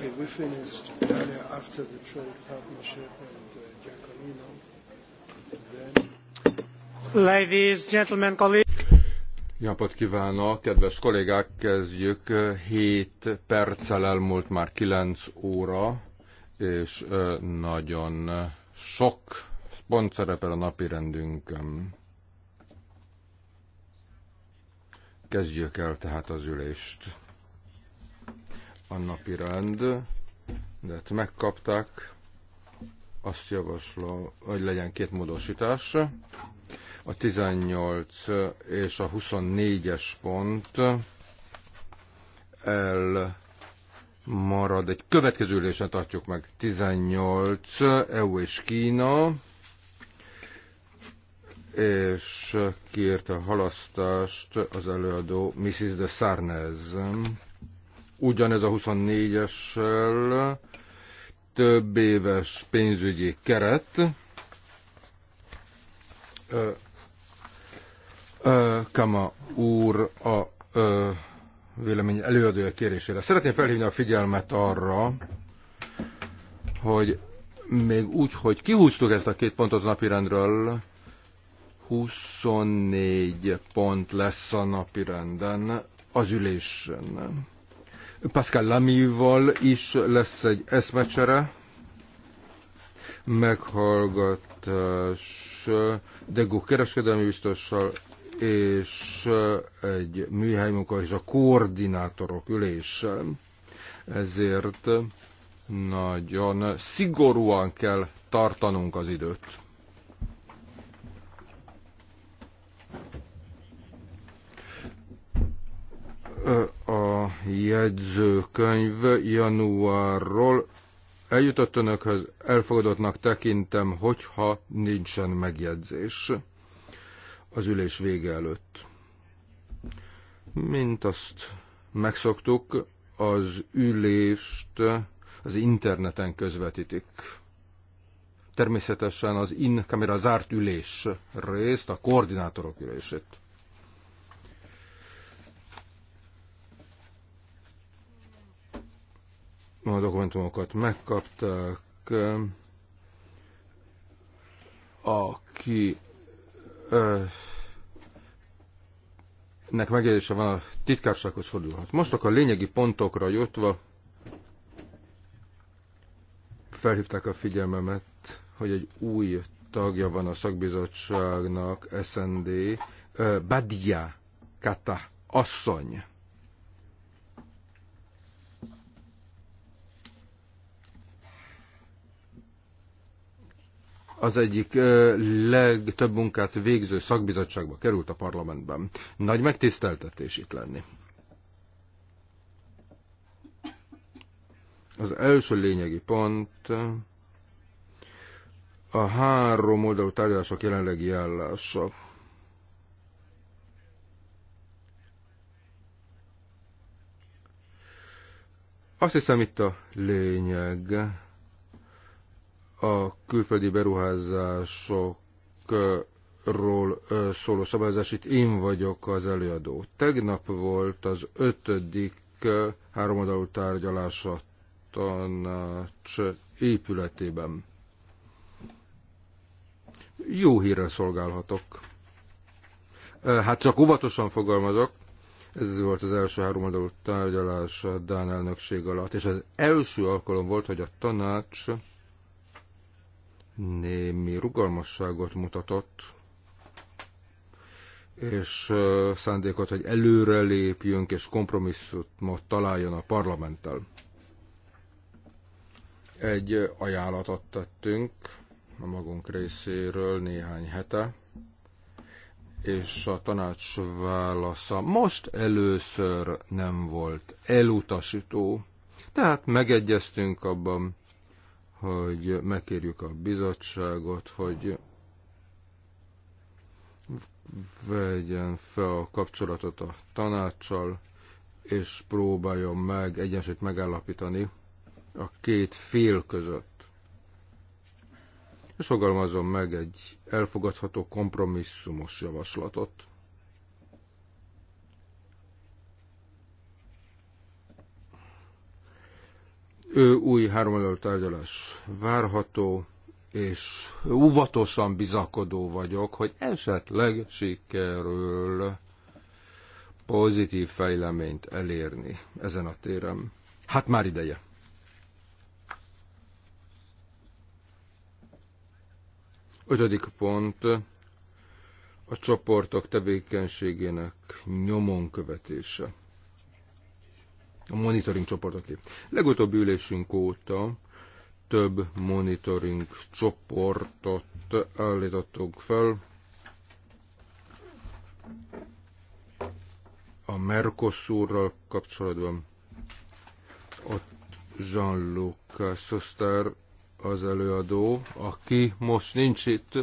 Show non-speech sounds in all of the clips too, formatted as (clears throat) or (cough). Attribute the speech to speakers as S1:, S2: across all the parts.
S1: Okay, we finished earlier after the trade
S2: partnership and uh, Giacomino. And
S1: then...
S3: Ladies, gentlemen, colleagues.
S1: Jó Napot kívánok, kedves kollégák, kezdjük. 7 perccel elmúlt már 9 óra, és nagyon sok pont szerepel a napi rendünkön. Kezdjük el tehát az ülést a napi rend, de hát megkapták, azt javaslom, hogy legyen két módosítás. A 18 és a 24-es pont el marad. Egy következő ülésen tartjuk meg. 18 EU és Kína és kiírta a halasztást az előadó Mrs. de Sarnez. Ugyanez a 24-essel több éves pénzügyi keret. Kama úr a vélemény előadója kérésére. Szeretném felhívni a figyelmet arra, hogy még úgy, hogy kihúztuk ezt a két pontot a napirendről, 24 pont lesz a napirenden az ülésen. Pascal Lamival is lesz egy eszmecsere, meghallgatás Degó kereskedelmi biztossal, és egy műhely munka és a koordinátorok ülése. Ezért nagyon szigorúan kell tartanunk az időt. A jegyzőkönyv januárról eljutott önökhöz, elfogadottnak tekintem, hogyha nincsen megjegyzés az ülés vége előtt. Mint azt megszoktuk, az ülést az interneten közvetítik. Természetesen az in kamera zárt ülés részt, a koordinátorok ülését. a dokumentumokat megkapták. Aki nek megjegyzése van, a titkársághoz fordulhat. Most akkor a lényegi pontokra jutva felhívták a figyelmemet, hogy egy új tagja van a szakbizottságnak, SND, Badia Kata asszony. az egyik legtöbb munkát végző szakbizottságba került a parlamentben. Nagy megtiszteltetés itt lenni. Az első lényegi pont a három oldalú tárgyalások jelenlegi állása. Azt hiszem itt a lényeg a külföldi beruházásokról szóló szabályozás. Itt én vagyok az előadó. Tegnap volt az ötödik háromadalú a tanács épületében. Jó hírre szolgálhatok. Hát csak óvatosan fogalmazok. Ez volt az első háromadalú tárgyalás a Dán elnökség alatt, és az első alkalom volt, hogy a tanács némi rugalmasságot mutatott, és szándékot, hogy előre lépjünk és kompromisszumot találjon a parlamenttel. Egy ajánlatot tettünk a magunk részéről néhány hete, és a tanács válasza most először nem volt elutasító. Tehát megegyeztünk abban, hogy megkérjük a bizottságot, hogy vegyen fel a kapcsolatot a tanácssal, és próbáljon meg egyensúlyt megállapítani a két fél között. És fogalmazom meg egy elfogadható kompromisszumos javaslatot. új háromadal tárgyalás várható, és óvatosan bizakodó vagyok, hogy esetleg sikerül pozitív fejleményt elérni ezen a téren. Hát már ideje. Ötödik pont a csoportok tevékenységének nyomon követése a monitoring csoportoké. Legutóbbi ülésünk óta több monitoring csoportot állítottunk fel, a Mercosurral kapcsolatban. Ott Jean-Luc Soster az előadó, aki most nincs itt,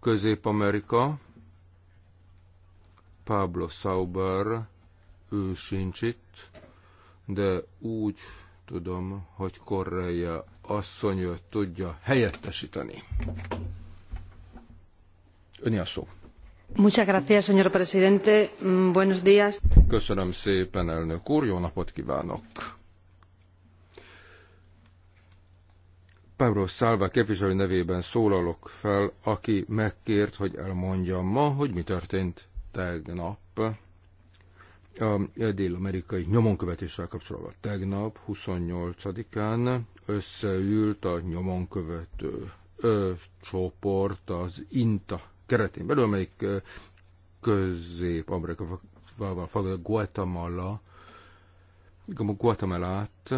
S1: Közép-Amerika, Pablo Sauber, ő sincs itt, de úgy tudom, hogy korreja asszonyot tudja helyettesíteni. Öni a szó.
S3: Muchas gracias, señor presidente. Mm, buenos días.
S1: Köszönöm szépen, elnök úr. Jó napot kívánok. Pablo Szálva képviselő nevében szólalok fel, aki megkért, hogy elmondjam ma, hogy mi történt tegnap a dél-amerikai nyomonkövetéssel kapcsolatban. Tegnap, 28-án összeült a nyomonkövető ö, csoport az INTA keretén belül, amelyik közép-amerikával foglalkozik Guatemala, Guatemalát,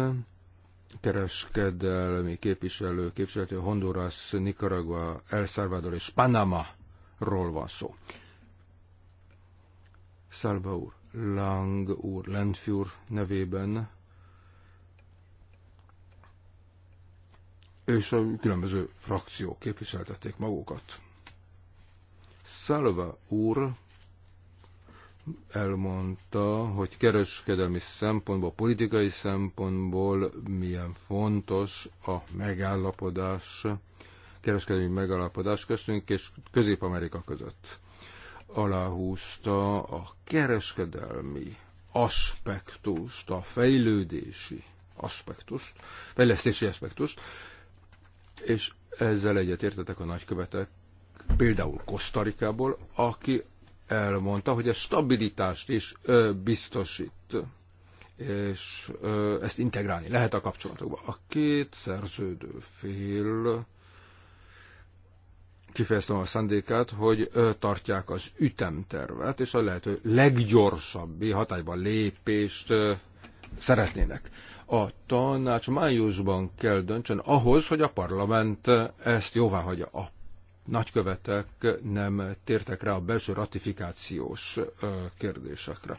S1: kereskedelmi képviselő, képviselő Honduras, Nicaragua, El Salvador és Panama ról van szó. Szalva úr. Lang úr, Lentfi nevében, és a különböző frakciók képviseltették magukat. Szalva úr elmondta, hogy kereskedelmi szempontból, politikai szempontból milyen fontos a megállapodás, kereskedelmi megállapodás köztünk és Közép-Amerika között aláhúzta a kereskedelmi aspektust, a fejlődési aspektust, fejlesztési aspektust, és ezzel egyetértetek a nagykövetek, például Kosztarikából, aki elmondta, hogy a stabilitást is ö, biztosít, és ö, ezt integrálni lehet a kapcsolatokba. A két szerződő fél kifejeztem a szándékát, hogy tartják az ütemtervet, és a lehető leggyorsabbi hatályban lépést szeretnének. A tanács májusban kell döntsön ahhoz, hogy a parlament ezt jóvá hagyja. A nagykövetek nem tértek rá a belső ratifikációs kérdésekre.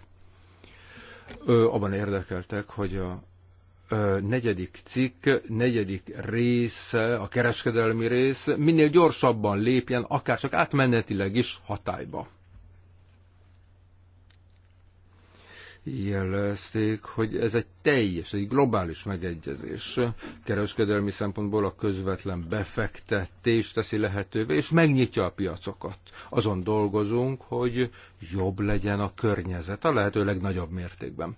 S1: Abban érdekeltek, hogy a negyedik cikk, negyedik rész, a kereskedelmi rész minél gyorsabban lépjen, akár csak átmenetileg is hatályba. jelezték, hogy ez egy teljes, egy globális megegyezés. Kereskedelmi szempontból a közvetlen befektetés teszi lehetővé, és megnyitja a piacokat. Azon dolgozunk, hogy jobb legyen a környezet a lehető legnagyobb mértékben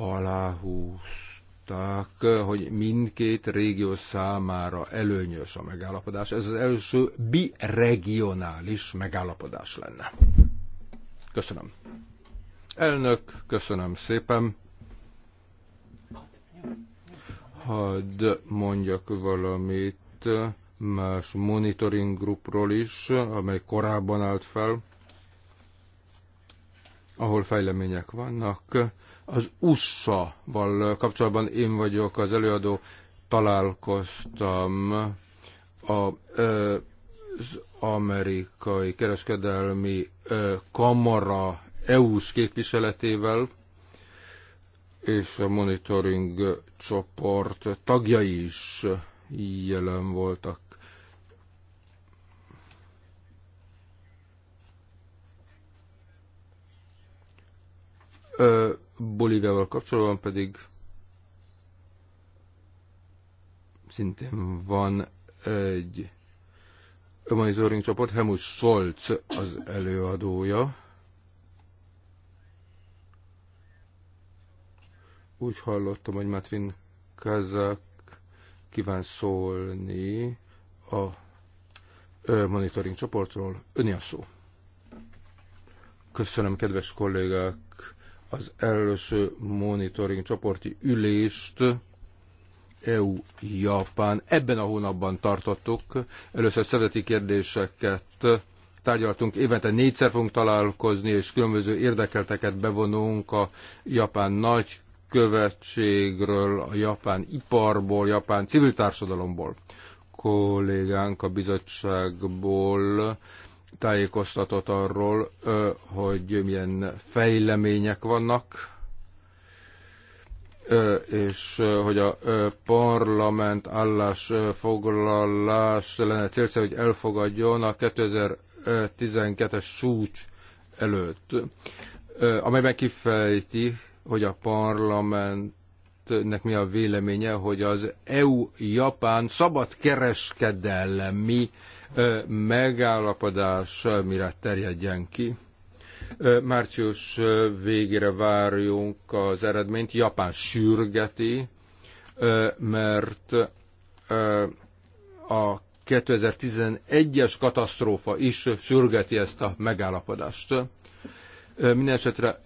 S1: aláhúztak, hogy mindkét régió számára előnyös a megállapodás. Ez az első biregionális megállapodás lenne. Köszönöm. Elnök, köszönöm szépen. Hadd mondjak valamit más monitoring grupról is, amely korábban állt fel, ahol fejlemények vannak az USA-val kapcsolatban én vagyok az előadó, találkoztam a, az amerikai kereskedelmi kamara EU-s képviseletével, és a monitoring csoport tagjai is jelen voltak. Ö, Bolíviával kapcsolatban pedig szintén van egy monitoring csapat, Hemus Scholz az előadója. Úgy hallottam, hogy Matrin Kazak kíván szólni a monitoring csoportról. Öni a szó. Köszönöm, kedves kollégák! Az első monitoring csoporti ülést EU-Japán ebben a hónapban tartottuk. Először szöveti kérdéseket tárgyaltunk, évente négyszer fogunk találkozni, és különböző érdekelteket bevonunk a japán nagy követségről, a japán iparból, japán civil társadalomból. Kollégánk a bizottságból tájékoztatott arról, hogy milyen fejlemények vannak, és hogy a parlament állásfoglalás lenne célszerű, hogy elfogadjon a 2012-es súcs előtt, amelyben kifejti, hogy a parlamentnek mi a véleménye, hogy az EU-Japán szabadkereskedelmi megállapodás mire terjedjen ki. Március végére várjunk az eredményt. Japán sürgeti, mert a 2011-es katasztrófa is sürgeti ezt a megállapodást. Mindenesetre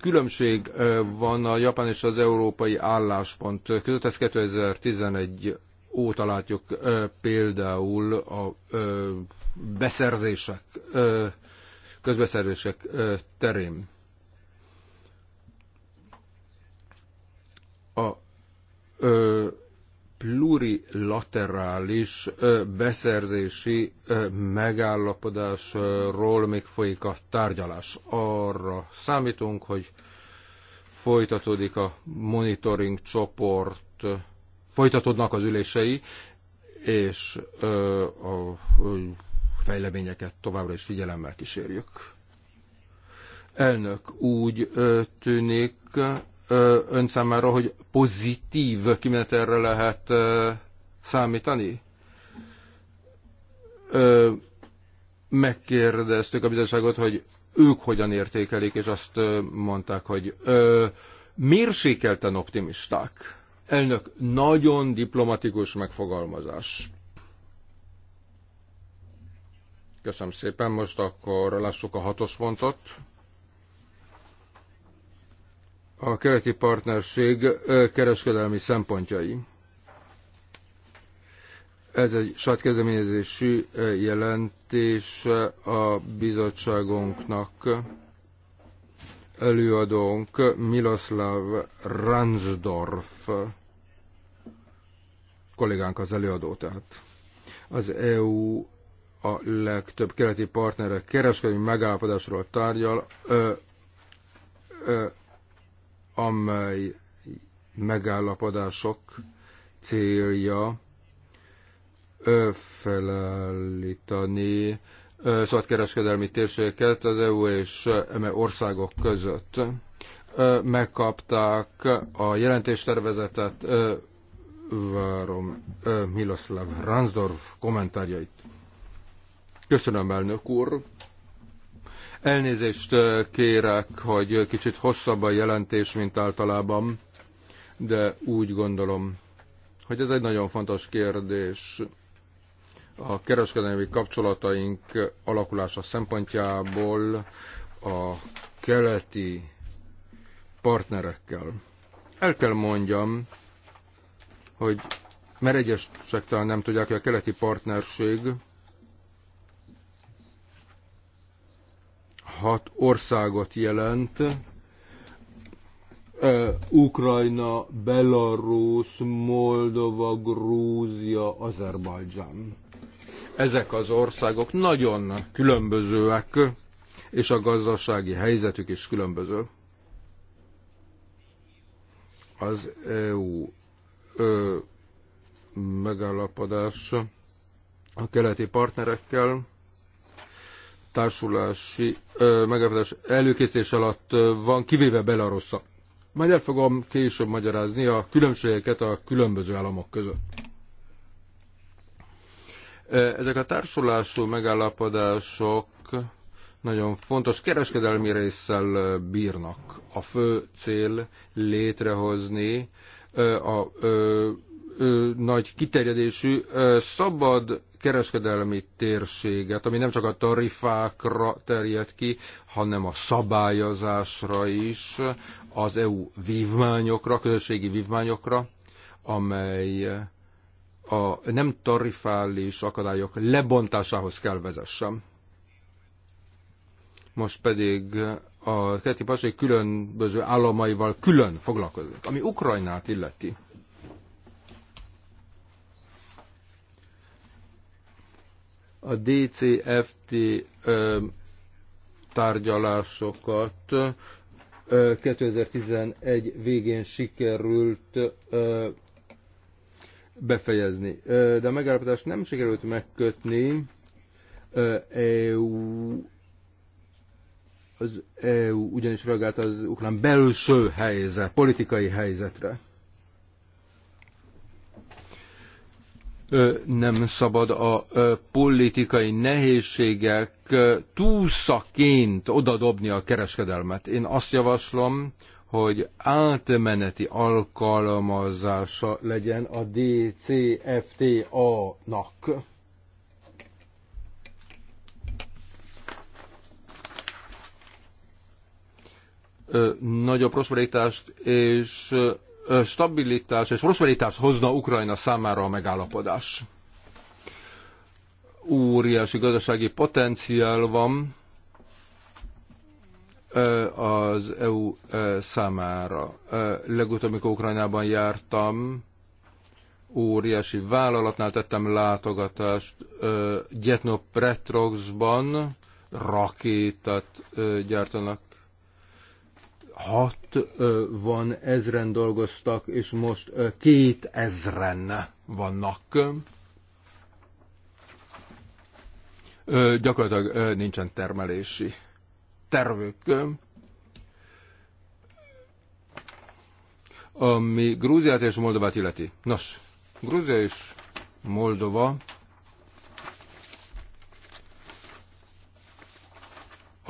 S1: különbség van a japán és az európai álláspont között, ez 2011 óta látjuk például a beszerzések, közbeszerzések terén. A plurilaterális beszerzési megállapodásról még folyik a tárgyalás. Arra számítunk, hogy folytatódik a monitoring csoport folytatódnak az ülései, és a fejleményeket továbbra is figyelemmel kísérjük. Elnök úgy tűnik ön számára, hogy pozitív kimenetelre lehet számítani? Megkérdeztük a bizottságot, hogy ők hogyan értékelik, és azt mondták, hogy mérsékelten optimisták Elnök, nagyon diplomatikus megfogalmazás. Köszönöm szépen, most akkor lássuk a hatos pontot. A keleti partnerség kereskedelmi szempontjai. Ez egy saját kezdeményezésű jelentés a bizottságunknak. Előadónk Miloslav Ransdorf kollégánk az előadó, tehát az EU a legtöbb keleti partnere kereskedelmi megállapodásról tárgyal, ö, ö, amely megállapodások célja ö, felállítani kereskedelmi térségeket az EU és EME országok között. Megkapták a jelentéstervezetet, várom Miloslav Ransdorf kommentárjait. Köszönöm, elnök úr. Elnézést kérek, hogy kicsit hosszabb a jelentés, mint általában, de úgy gondolom, hogy ez egy nagyon fontos kérdés a kereskedelmi kapcsolataink alakulása szempontjából a keleti partnerekkel. El kell mondjam, hogy mert egyesek talán nem tudják, hogy a keleti partnerség hat országot jelent, Ukrajna, Belarus, Moldova, Grúzia, Azerbajdzsán. Ezek az országok nagyon különbözőek, és a gazdasági helyzetük is különböző. Az EU ö, megállapodás a keleti partnerekkel, társulási ö, megállapodás előkészítés alatt van, kivéve Belarusza. Majd el fogom később magyarázni a különbségeket a különböző államok között. Ezek a társulású megállapodások nagyon fontos kereskedelmi résszel bírnak. A fő cél létrehozni a nagy kiterjedésű szabad kereskedelmi térséget, ami nem csak a tarifákra terjed ki, hanem a szabályozásra is, az EU vívmányokra, közösségi vívmányokra, amely a nem tarifális akadályok lebontásához kell vezessem. Most pedig a keleti partnerség különböző államaival külön foglalkozunk. ami Ukrajnát illeti. A DCFT ö, tárgyalásokat ö, 2011 végén sikerült ö, befejezni. Ö, de a megállapodást nem sikerült megkötni. EU az EU ugyanis reagált az ukrán belső helyzet, politikai helyzetre. nem szabad a politikai nehézségek túlszaként odadobni a kereskedelmet. Én azt javaslom, hogy átmeneti alkalmazása legyen a DCFTA-nak. nagyobb prosperitást és stabilitást és prosperitást hozna Ukrajna számára a megállapodás. Óriási gazdasági potenciál van az EU számára. Legutóbb, amikor Ukrajnában jártam, óriási vállalatnál tettem látogatást Retroxban, rakétát gyártanak Hat van ezren dolgoztak, és most két ezren vannak. Ö, gyakorlatilag ö, nincsen termelési tervük. Ami Grúziát és Moldovát illeti. Nos, Grúzia és Moldova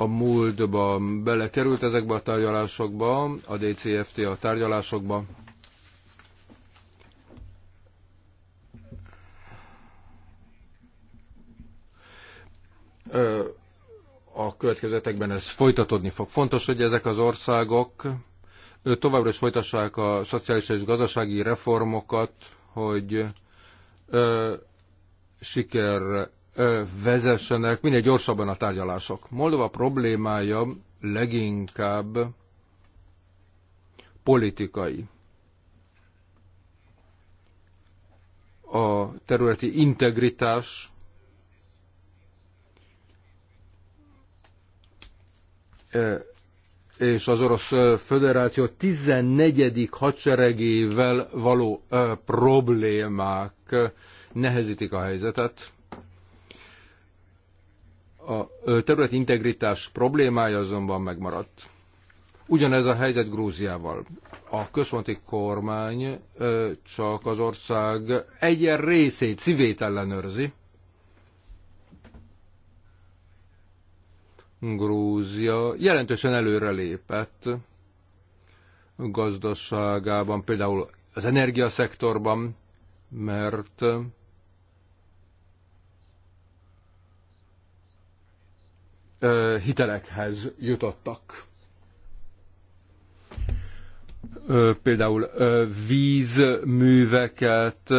S1: a múltban belekerült ezekbe a tárgyalásokba, a DCFT a tárgyalásokba. A következetekben ez folytatódni fog. Fontos, hogy ezek az országok továbbra is folytassák a szociális és gazdasági reformokat, hogy siker vezessenek minél gyorsabban a tárgyalások. Moldova problémája leginkább politikai. A területi integritás és az Orosz Föderáció 14. hadseregével való problémák nehezítik a helyzetet a területi integritás problémája azonban megmaradt. Ugyanez a helyzet Grúziával. A központi kormány csak az ország egyen részét, szívét ellenőrzi. Grúzia jelentősen előrelépett gazdaságában, például az energiaszektorban, mert hitelekhez jutottak. Például vízműveket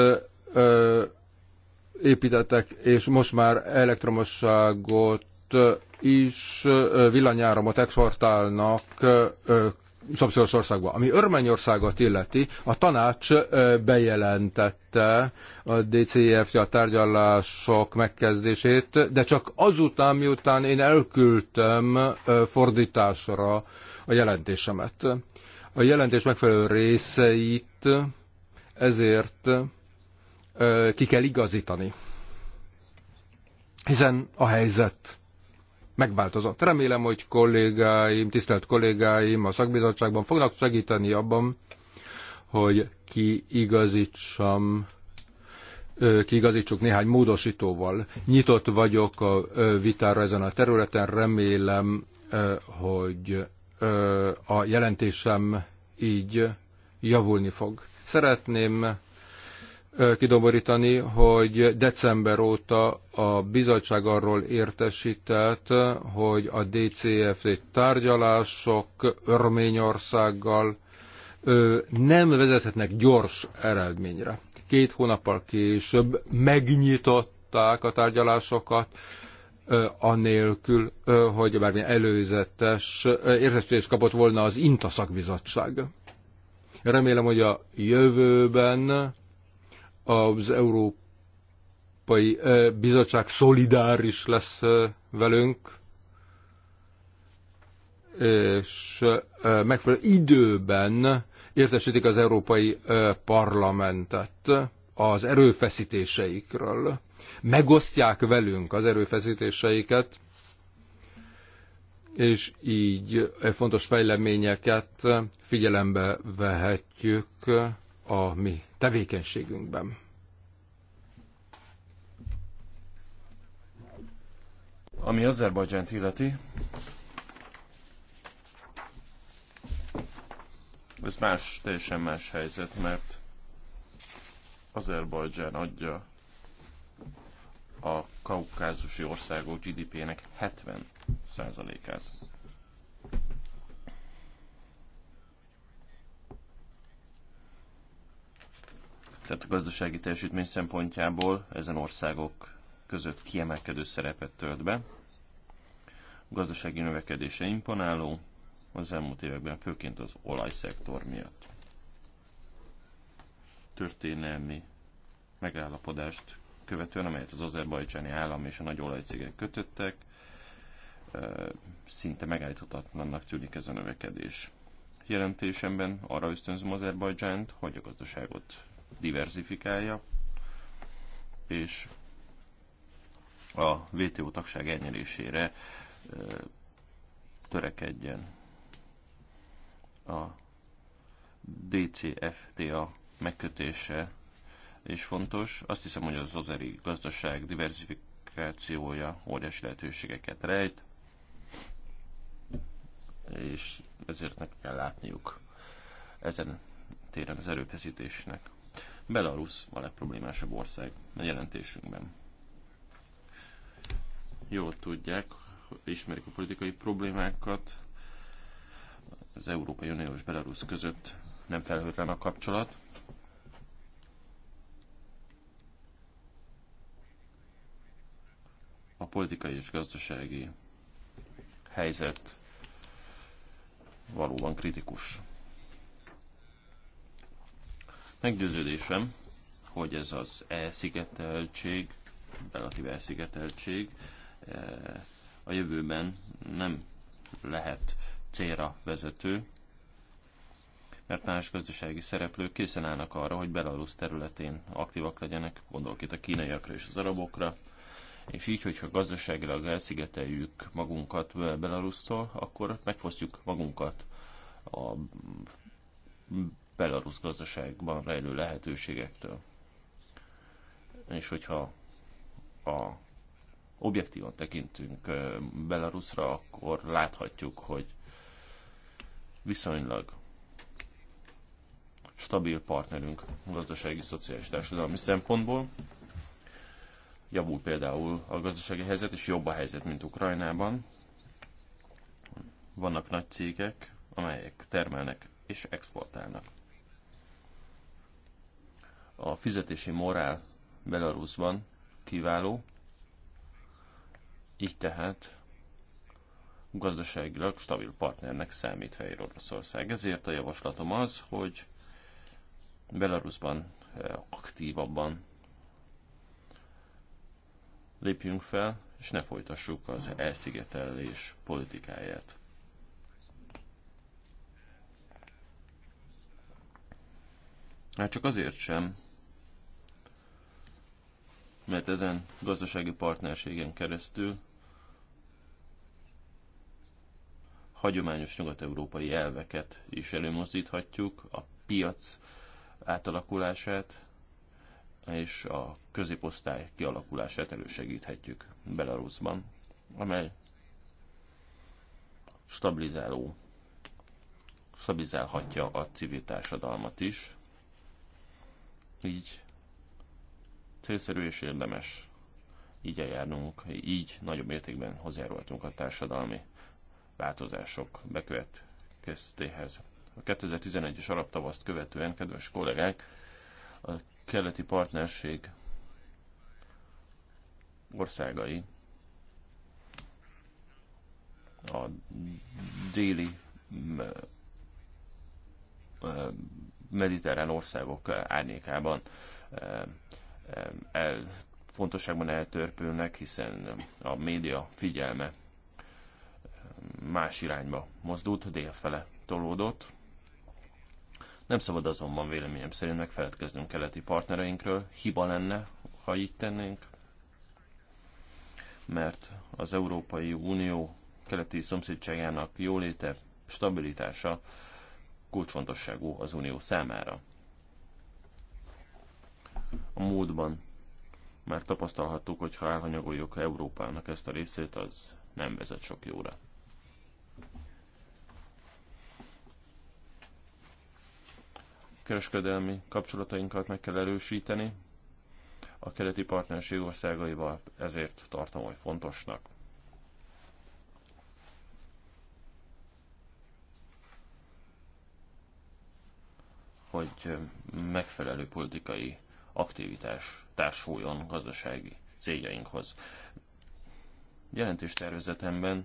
S1: építettek, és most már elektromosságot is villanyáramot exportálnak szomszédos országba. Ami Örményországot illeti, a tanács bejelentette a DCF a tárgyalások megkezdését, de csak azután, miután én elküldtem fordításra a jelentésemet. A jelentés megfelelő részeit ezért ki kell igazítani. Hiszen a helyzet megváltozott. Remélem, hogy kollégáim, tisztelt kollégáim a szakbizottságban fognak segíteni abban, hogy kiigazítsam kiigazítsuk néhány módosítóval. Nyitott vagyok a vitára ezen a területen, remélem, hogy a jelentésem így javulni fog. Szeretném kidomborítani, hogy december óta a bizottság arról értesített, hogy a DCFT tárgyalások Örményországgal nem vezethetnek gyors eredményre. Két hónappal később megnyitották a tárgyalásokat, anélkül, hogy bármilyen előzetes értesítést kapott volna az INTA szakbizottság. Remélem, hogy a jövőben az Európai Bizottság szolidáris lesz velünk, és megfelelő időben értesítik az Európai Parlamentet az erőfeszítéseikről. Megosztják velünk az erőfeszítéseiket, és így fontos fejleményeket figyelembe vehetjük a mi tevékenységünkben.
S2: Ami Azerbajdzsánt illeti, ez más, teljesen más helyzet, mert Azerbajdzsán adja a kaukázusi országok GDP-nek 70%-át. tehát a gazdasági teljesítmény szempontjából ezen országok között kiemelkedő szerepet tölt be. A gazdasági növekedése imponáló, az elmúlt években főként az olajszektor miatt. Történelmi megállapodást követően, amelyet az azerbajcsáni állam és a nagy olajcégek kötöttek, szinte megállíthatatlannak tűnik ez a növekedés. Jelentésemben arra ösztönzöm Azerbajdzsánt, hogy a gazdaságot diversifikálja, és a VTO tagság elnyerésére törekedjen. A DCFTA megkötése és fontos. Azt hiszem, hogy az ozeri gazdaság diversifikációja óriási lehetőségeket rejt, és ezért meg kell látniuk ezen téren az erőfeszítésnek. Belarus a legproblémásabb ország a jelentésünkben. Jól tudják, ismerik a politikai problémákat, az Európai Unió és Belarus között nem felhőtlen a kapcsolat. A politikai és gazdasági helyzet valóban kritikus. Meggyőződésem, hogy ez az elszigeteltség, relatív elszigeteltség eh, a jövőben nem lehet célra vezető, mert más gazdasági szereplők készen állnak arra, hogy Belarus területén aktívak legyenek, gondolok itt a kínaiakra és az arabokra, és így, hogyha gazdaságilag elszigeteljük magunkat Belarusztól, akkor megfosztjuk magunkat a belarusz gazdaságban rejlő lehetőségektől. És hogyha a objektívan tekintünk Belarusra, akkor láthatjuk, hogy viszonylag stabil partnerünk gazdasági, szociális, társadalmi szempontból. Javul például a gazdasági helyzet, és jobb a helyzet, mint Ukrajnában. Vannak nagy cégek, amelyek termelnek és exportálnak. A fizetési morál Belarusban kiváló, így tehát gazdaságilag stabil partnernek számít Fehér Oroszország. Ezért a javaslatom az, hogy Belarusban eh, aktívabban lépjünk fel, és ne folytassuk az elszigetelés politikáját. Hát csak azért sem, mert ezen gazdasági partnerségen keresztül hagyományos nyugat-európai elveket is előmozdíthatjuk, a piac átalakulását és a középosztály kialakulását elősegíthetjük Belarusban, amely stabilizáló, stabilizálhatja a civil társadalmat is, így célszerű és érdemes így eljárnunk, így nagyobb mértékben hozzájárultunk a társadalmi változások bekövetkeztéhez. A 2011-es alaptavaszt követően, kedves kollégák, a keleti partnerség országai a déli mediterrán országok árnyékában eh, el, fontosságban eltörpülnek, hiszen a média figyelme más irányba mozdult, délfele tolódott. Nem szabad azonban véleményem szerint megfeledkeznünk keleti partnereinkről. Hiba lenne, ha így tennénk, mert az Európai Unió keleti szomszédságának jóléte, stabilitása kulcsfontosságú az Unió számára. A módban, mert tapasztalhattuk, hogy ha elhanyagoljuk Európának ezt a részét, az nem vezet sok jóra. Kereskedelmi kapcsolatainkat meg kell erősíteni, a keleti partnerség országaival ezért tartom, hogy fontosnak. hogy megfelelő politikai aktivitás társuljon gazdasági céljainkhoz. Jelentéstervezetemben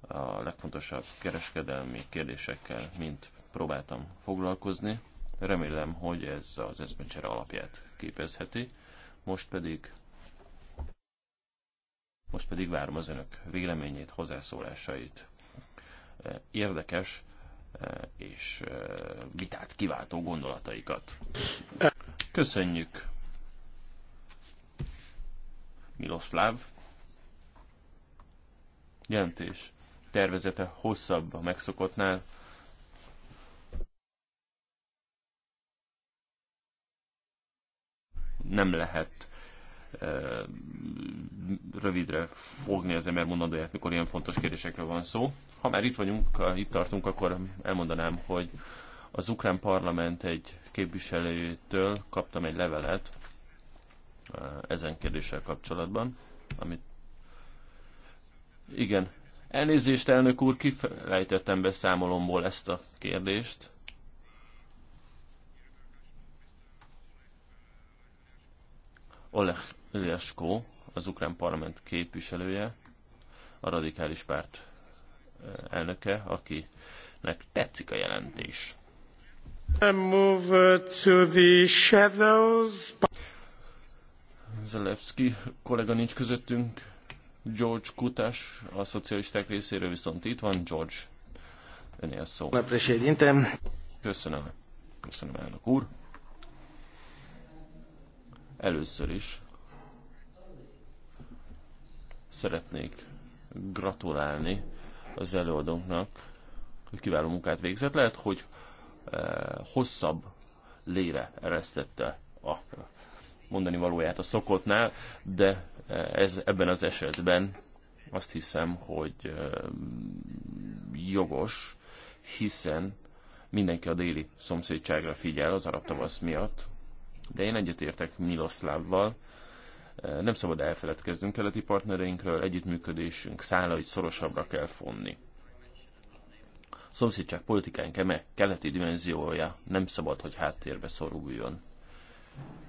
S2: a legfontosabb kereskedelmi kérdésekkel mint próbáltam foglalkozni. Remélem, hogy ez az eszmecsere alapját képezheti. Most pedig most pedig várom az önök véleményét, hozzászólásait. Érdekes eh, és eh, vitát kiváltó gondolataikat. Köszönjük. Miloszláv. Jelentés tervezete hosszabb a megszokottnál. Nem lehet rövidre fogni az ember mondandóját, mikor ilyen fontos kérdésekről van szó. Ha már itt vagyunk, itt tartunk, akkor elmondanám, hogy az ukrán parlament egy képviselőjétől kaptam egy levelet ezen kérdéssel kapcsolatban, amit igen, elnézést elnök úr, kifelejtettem beszámolomból ezt a kérdést. Oleg Ilyesko, az ukrán parlament képviselője, a radikális párt elnöke, akinek tetszik a jelentés.
S3: Uh,
S2: Zalewski, kollega nincs közöttünk, George Kutas a szocialisták részéről viszont itt van, George, önél szó. Köszönöm. Köszönöm, elnök úr. Először is szeretnék gratulálni az előadónknak, hogy kiváló munkát végzett. Lehet, hogy hosszabb lére eresztette a mondani valóját a szokottnál, de ez ebben az esetben azt hiszem, hogy jogos, hiszen mindenki a déli szomszédságra figyel az arab tavasz miatt, de én egyetértek Miloszlávval, nem szabad elfeledkeznünk keleti partnereinkről, együttműködésünk szálait szorosabbra kell fonni szomszédság politikánk eme keleti dimenziója nem szabad, hogy háttérbe szoruljon.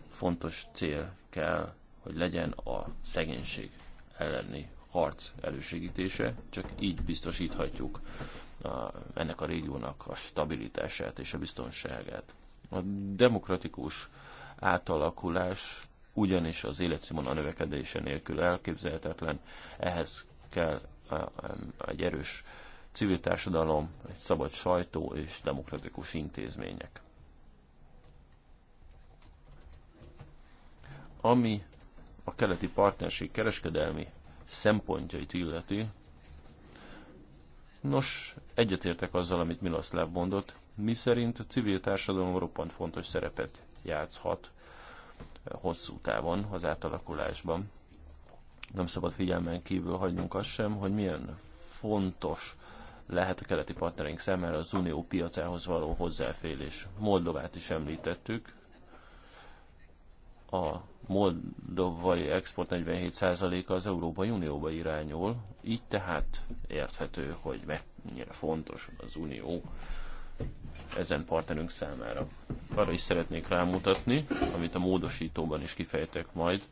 S2: Fontos cél kell, hogy legyen a szegénység elleni harc elősegítése, csak így biztosíthatjuk a, ennek a régiónak a stabilitását és a biztonságát. A demokratikus átalakulás ugyanis az életszínvonal növekedése nélkül elképzelhetetlen, ehhez kell egy erős civil társadalom, egy szabad sajtó és demokratikus intézmények. Ami a keleti partnerség kereskedelmi szempontjait illeti, nos, egyetértek azzal, amit Miloszláv mondott, mi szerint a civil társadalom roppant fontos szerepet játszhat eh, hosszú távon az átalakulásban. Nem szabad figyelmen kívül hagynunk azt sem, hogy milyen fontos lehet a keleti partnereink számára az unió piacához való hozzáférés. Moldovát is említettük. A moldovai export 47%-a az Európai Unióba irányul, így tehát érthető, hogy mennyire fontos az unió ezen partnerünk számára. Arra is szeretnék rámutatni, amit a módosítóban is kifejtek majd,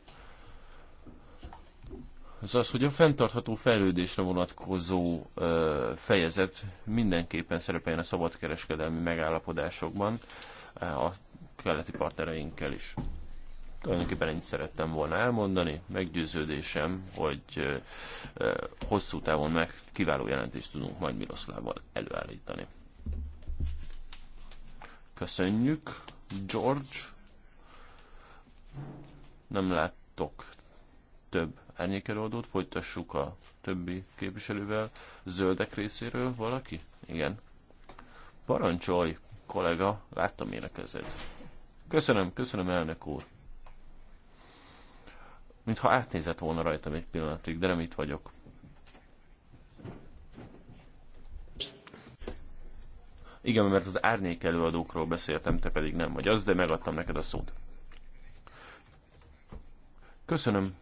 S2: az az, hogy a fenntartható fejlődésre vonatkozó ö, fejezet mindenképpen szerepeljen a szabadkereskedelmi megállapodásokban a keleti partnereinkkel is. Tulajdonképpen ennyit szerettem volna elmondani. Meggyőződésem, hogy ö, ö, hosszú távon meg kiváló jelentést tudunk majd Miroszlával előállítani. Köszönjük, George. Nem láttok több árnyékelőadót, folytassuk a többi képviselővel. Zöldek részéről valaki? Igen. Parancsolj, kollega, láttam én a kezed. Köszönöm, köszönöm, elnök úr. Mintha átnézett volna rajtam egy pillanatig, de nem itt vagyok. Igen, mert az árnyék előadókról beszéltem, te pedig nem vagy az, de megadtam neked a szót. Köszönöm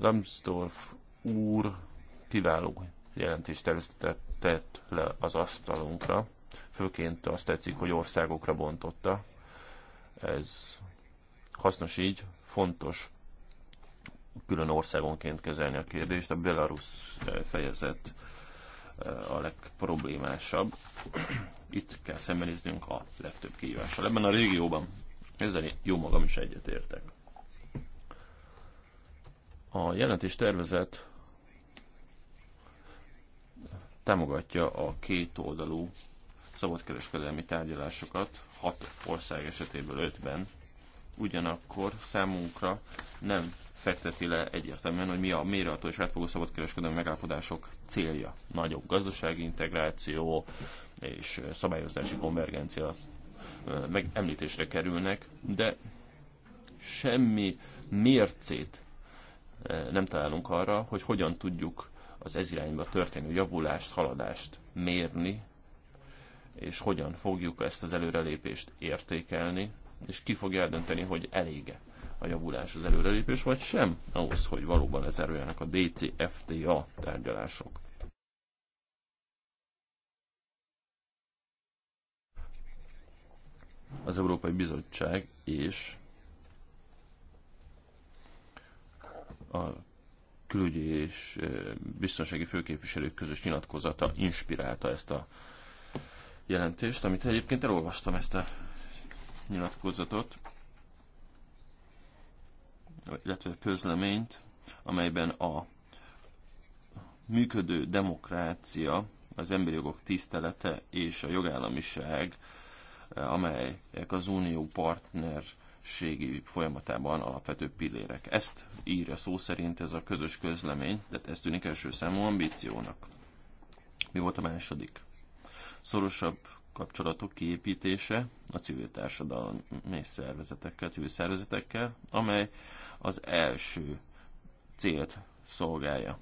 S2: Lambsdorff úr kiváló jelentést tett le az asztalunkra. Főként azt tetszik, hogy országokra bontotta. Ez hasznos így, fontos külön országonként kezelni a kérdést. A Belarus eh, fejezet eh, a legproblémásabb. Itt kell szembenéznünk a legtöbb kihívással ebben a régióban. Ezzel jó magam is egyetértek. A jelentés tervezet támogatja a két oldalú szabadkereskedelmi tárgyalásokat, hat ország esetéből ötben, ugyanakkor számunkra nem fekteti le egyértelműen, hogy mi a mérható és átfogó szabadkereskedelmi megállapodások célja. Nagyobb gazdasági integráció és szabályozási konvergencia meg említésre kerülnek, de semmi mércét nem találunk arra, hogy hogyan tudjuk az ez irányba történő javulást, haladást mérni, és hogyan fogjuk ezt az előrelépést értékelni, és ki fogja eldönteni, hogy elége a javulás az előrelépés, vagy sem, ahhoz, hogy valóban lezáruljanak a DCFTA tárgyalások. Az Európai Bizottság és a külügyi és biztonsági főképviselők közös nyilatkozata inspirálta ezt a jelentést, amit egyébként elolvastam ezt a nyilatkozatot, illetve közleményt, amelyben a működő demokrácia, az emberi jogok tisztelete és a jogállamiság, amelyek az unió partner ségi folyamatában alapvető pillérek. Ezt írja szó szerint ez a közös közlemény, tehát ez tűnik első számú ambíciónak. Mi volt a második? Szorosabb kapcsolatok kiépítése a civil társadalmi szervezetekkel, civil szervezetekkel, amely az első célt szolgálja.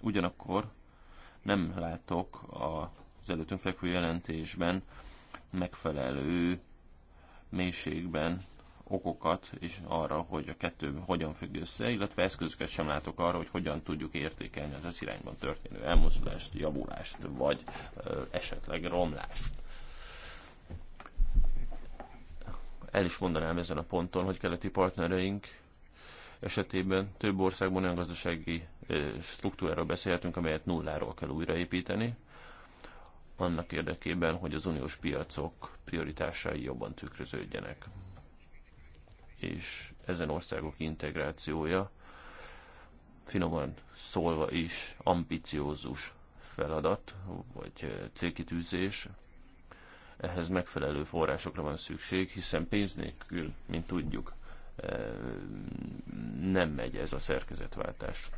S2: Ugyanakkor nem látok az előttünk fekvő jelentésben megfelelő mélységben okokat is arra, hogy a kettő hogyan függ össze, illetve eszközöket sem látok arra, hogy hogyan tudjuk értékelni az ez irányban történő elmozdulást, javulást, vagy esetleg romlást. El is mondanám ezen a ponton, hogy keleti partnereink esetében több országban olyan gazdasági struktúráról beszélhetünk, amelyet nulláról kell újraépíteni, annak érdekében, hogy az uniós piacok prioritásai jobban tükröződjenek és ezen országok integrációja finoman szólva is ambiciózus feladat, vagy célkitűzés, ehhez megfelelő forrásokra van szükség, hiszen pénz nélkül, mint tudjuk, nem megy ez a szerkezetváltás.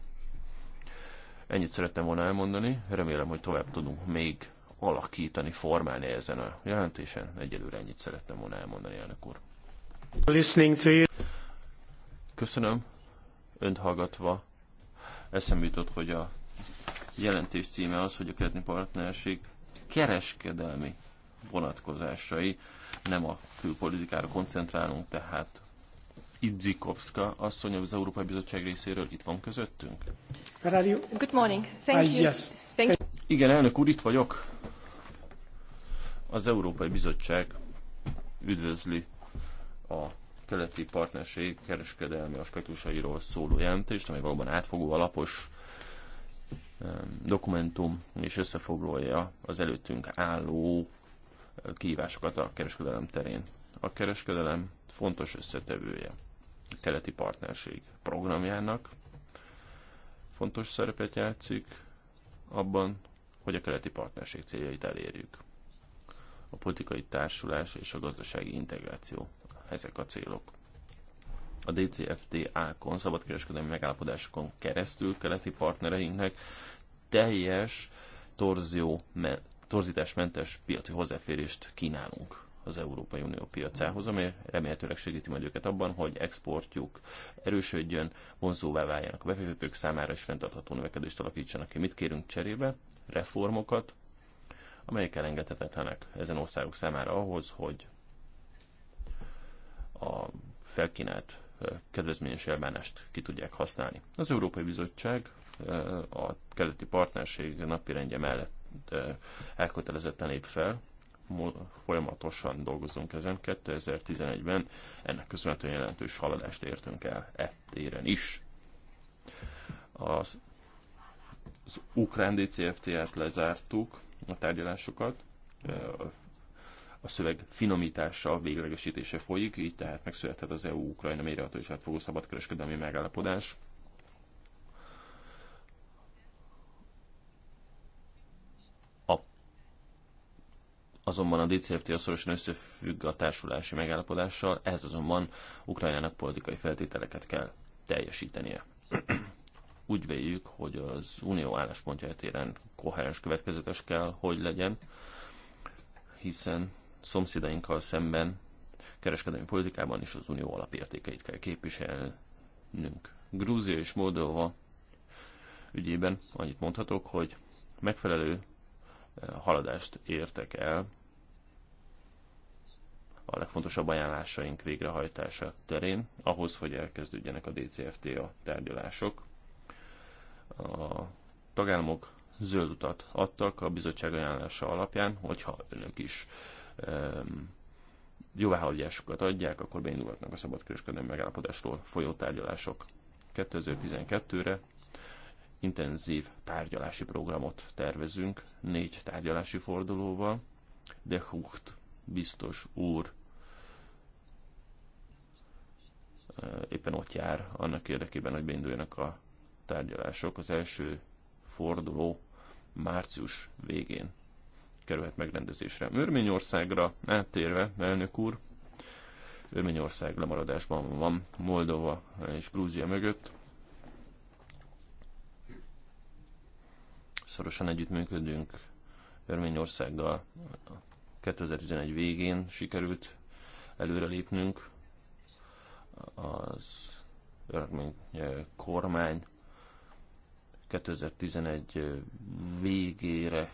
S2: Ennyit szerettem volna elmondani, remélem, hogy tovább tudunk még alakítani, formálni ezen a jelentésen. Egyelőre ennyit szerettem volna elmondani, elnök úr. Köszönöm. Önt hallgatva eszem jutott, hogy a jelentés címe az, hogy a keleti partnerség kereskedelmi vonatkozásai, nem a külpolitikára koncentrálunk, tehát Idzikovska asszony az Európai Bizottság részéről itt van közöttünk. Good morning. Thank ah, you. yes. Thank you. Igen, elnök úr, itt vagyok. Az Európai Bizottság üdvözli a keleti partnerség kereskedelmi aspektusairól szóló jelentést, amely valóban átfogó, alapos dokumentum, és összefoglalja az előttünk álló kihívásokat a kereskedelem terén. A kereskedelem fontos összetevője a keleti partnerség programjának. Fontos szerepet játszik abban, hogy a keleti partnerség céljait elérjük. A politikai társulás és a gazdasági integráció ezek a célok. A DCFTA-kon, szabadkereskedelmi megállapodásokon keresztül keleti partnereinknek teljes torzió, torzításmentes piaci hozzáférést kínálunk az Európai Unió piacához, ami remélhetőleg segíti majd őket abban, hogy exportjuk erősödjön, vonzóvá váljanak a befektetők számára, és fenntartható növekedést alakítsanak ki. Mit kérünk cserébe? Reformokat, amelyek elengedhetetlenek ezen országok számára ahhoz, hogy a felkínált kedvezményes elbánást ki tudják használni. Az Európai Bizottság a keleti partnerség napirendje mellett elkötelezetten lép fel, folyamatosan dolgozunk ezen. 2011-ben ennek köszönhetően jelentős haladást értünk el e téren is. Az, az ukrán DCFT-t lezártuk, a tárgyalásokat, a szöveg finomítása, véglegesítése folyik, így tehát megszülethet az EU-Ukrajna mélyreható és átfogó szabadkereskedelmi megállapodás. A, azonban a DCFT szorosan összefügg a társulási megállapodással, ez azonban Ukrajnának politikai feltételeket kell teljesítenie. (clears throat) Úgy véljük, hogy az unió álláspontja téren koherens következetes kell, hogy legyen, hiszen szomszédainkkal szemben kereskedelmi politikában is az unió alapértékeit kell képviselnünk. Grúzia és Moldova ügyében annyit mondhatok, hogy megfelelő eh, haladást értek el a legfontosabb ajánlásaink végrehajtása terén, ahhoz, hogy elkezdődjenek a DCFTA tárgyalások. A tagállamok zöld utat adtak a bizottság ajánlása alapján, hogyha önök is jóváhagyásokat adják, akkor beindulhatnak a szabadkereskedelmi megállapodásról folyó tárgyalások. 2012-re intenzív tárgyalási programot tervezünk, négy tárgyalási fordulóval, de Hucht biztos úr éppen ott jár annak érdekében, hogy beinduljanak a tárgyalások. Az első forduló március végén kerülhet megrendezésre. Örményországra áttérve, elnök úr, Örményország lemaradásban van Moldova és Grúzia mögött. Szorosan együttműködünk Örményországgal 2011 végén sikerült előrelépnünk. Az örmény eh, kormány 2011 végére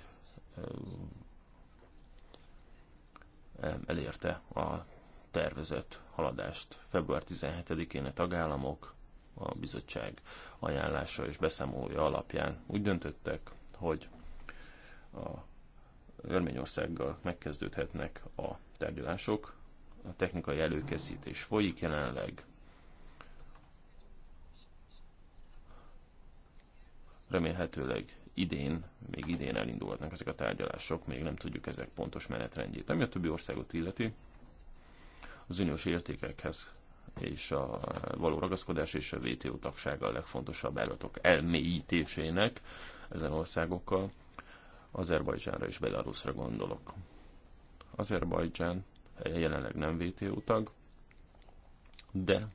S2: elérte a tervezett haladást. Február 17-én a tagállamok a bizottság ajánlása és beszámolója alapján úgy döntöttek, hogy a Örményországgal megkezdődhetnek a tárgyalások. A technikai előkészítés folyik jelenleg. Remélhetőleg idén, még idén elindulhatnak ezek a tárgyalások, még nem tudjuk ezek pontos menetrendjét. Ami a többi országot illeti, az uniós értékekhez és a való ragaszkodás és a WTO tagsága a legfontosabb állatok elmélyítésének ezen országokkal. Azerbajdzsánra és Belarusra gondolok. Azerbajdzsán jelenleg nem WTO tag, de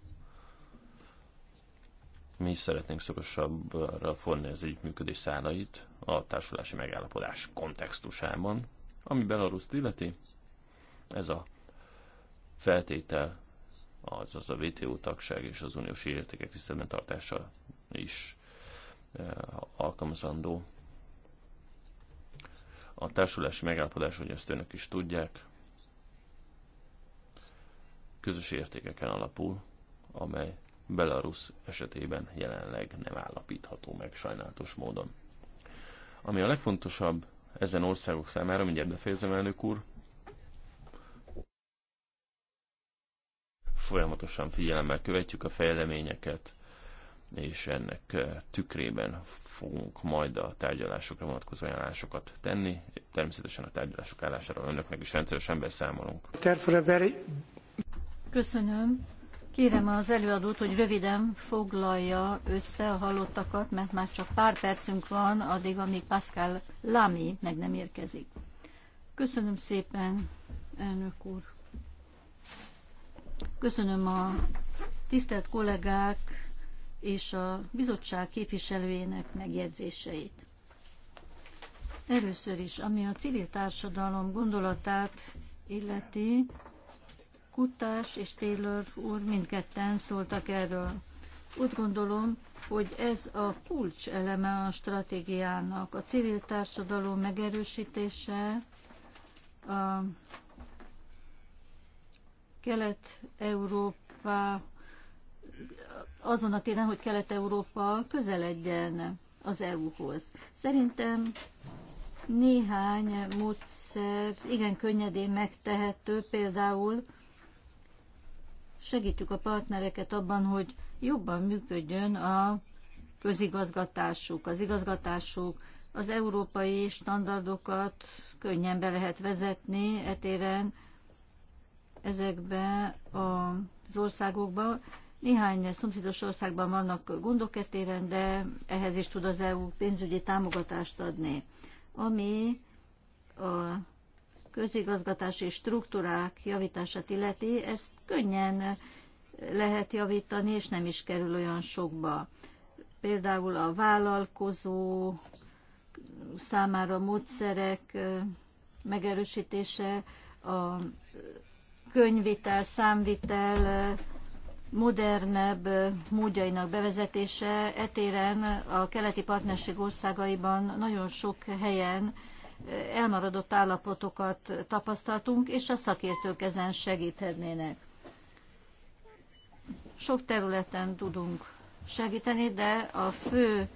S2: mi is szeretnénk szorosabbra fonni az együttműködés szálait a társulási megállapodás kontextusában, ami Belaruszt illeti. Ez a feltétel, azaz a WTO tagság és az uniós értékek tiszteletben tartása is eh, alkalmazandó. A társulási megállapodás, hogy ezt önök is tudják, közös értékeken alapul, amely Belarus esetében jelenleg nem állapítható meg sajnálatos módon. Ami a legfontosabb ezen országok számára, mindjárt befejezem elnök úr, folyamatosan figyelemmel követjük a fejleményeket, és ennek tükrében fogunk majd a tárgyalásokra vonatkozó ajánlásokat tenni. Természetesen a tárgyalások állásáról önöknek is rendszeresen beszámolunk.
S3: Köszönöm. Kérem az előadót, hogy röviden foglalja össze a hallottakat, mert már csak pár percünk van, addig, amíg Pascal Lamy meg nem érkezik. Köszönöm szépen, elnök úr. Köszönöm a tisztelt kollégák és a bizottság képviselőjének megjegyzéseit. Először is, ami a civil társadalom gondolatát illeti, Kutás és Taylor úr mindketten szóltak erről. Úgy gondolom, hogy ez a kulcs eleme a stratégiának. A civil társadalom megerősítése, a Kelet-Európa, azon a téren, hogy Kelet-Európa közeledjen az EU-hoz. Szerintem néhány módszer igen könnyedén megtehető, például segítjük a partnereket abban, hogy jobban működjön a közigazgatásuk, az igazgatásuk, az európai standardokat könnyen be lehet vezetni etéren ezekbe az országokba. Néhány szomszédos országban vannak gondok etéren, de ehhez is tud az EU pénzügyi támogatást adni, ami a közigazgatási struktúrák javítását illeti, ezt könnyen lehet javítani, és nem is kerül olyan sokba. Például a vállalkozó számára módszerek megerősítése, a könyvitel, számvitel modernebb módjainak bevezetése etéren a keleti partnerség országaiban nagyon sok helyen elmaradott állapotokat tapasztaltunk, és a szakértők ezen segíthetnének. Sok területen tudunk segíteni, de a fő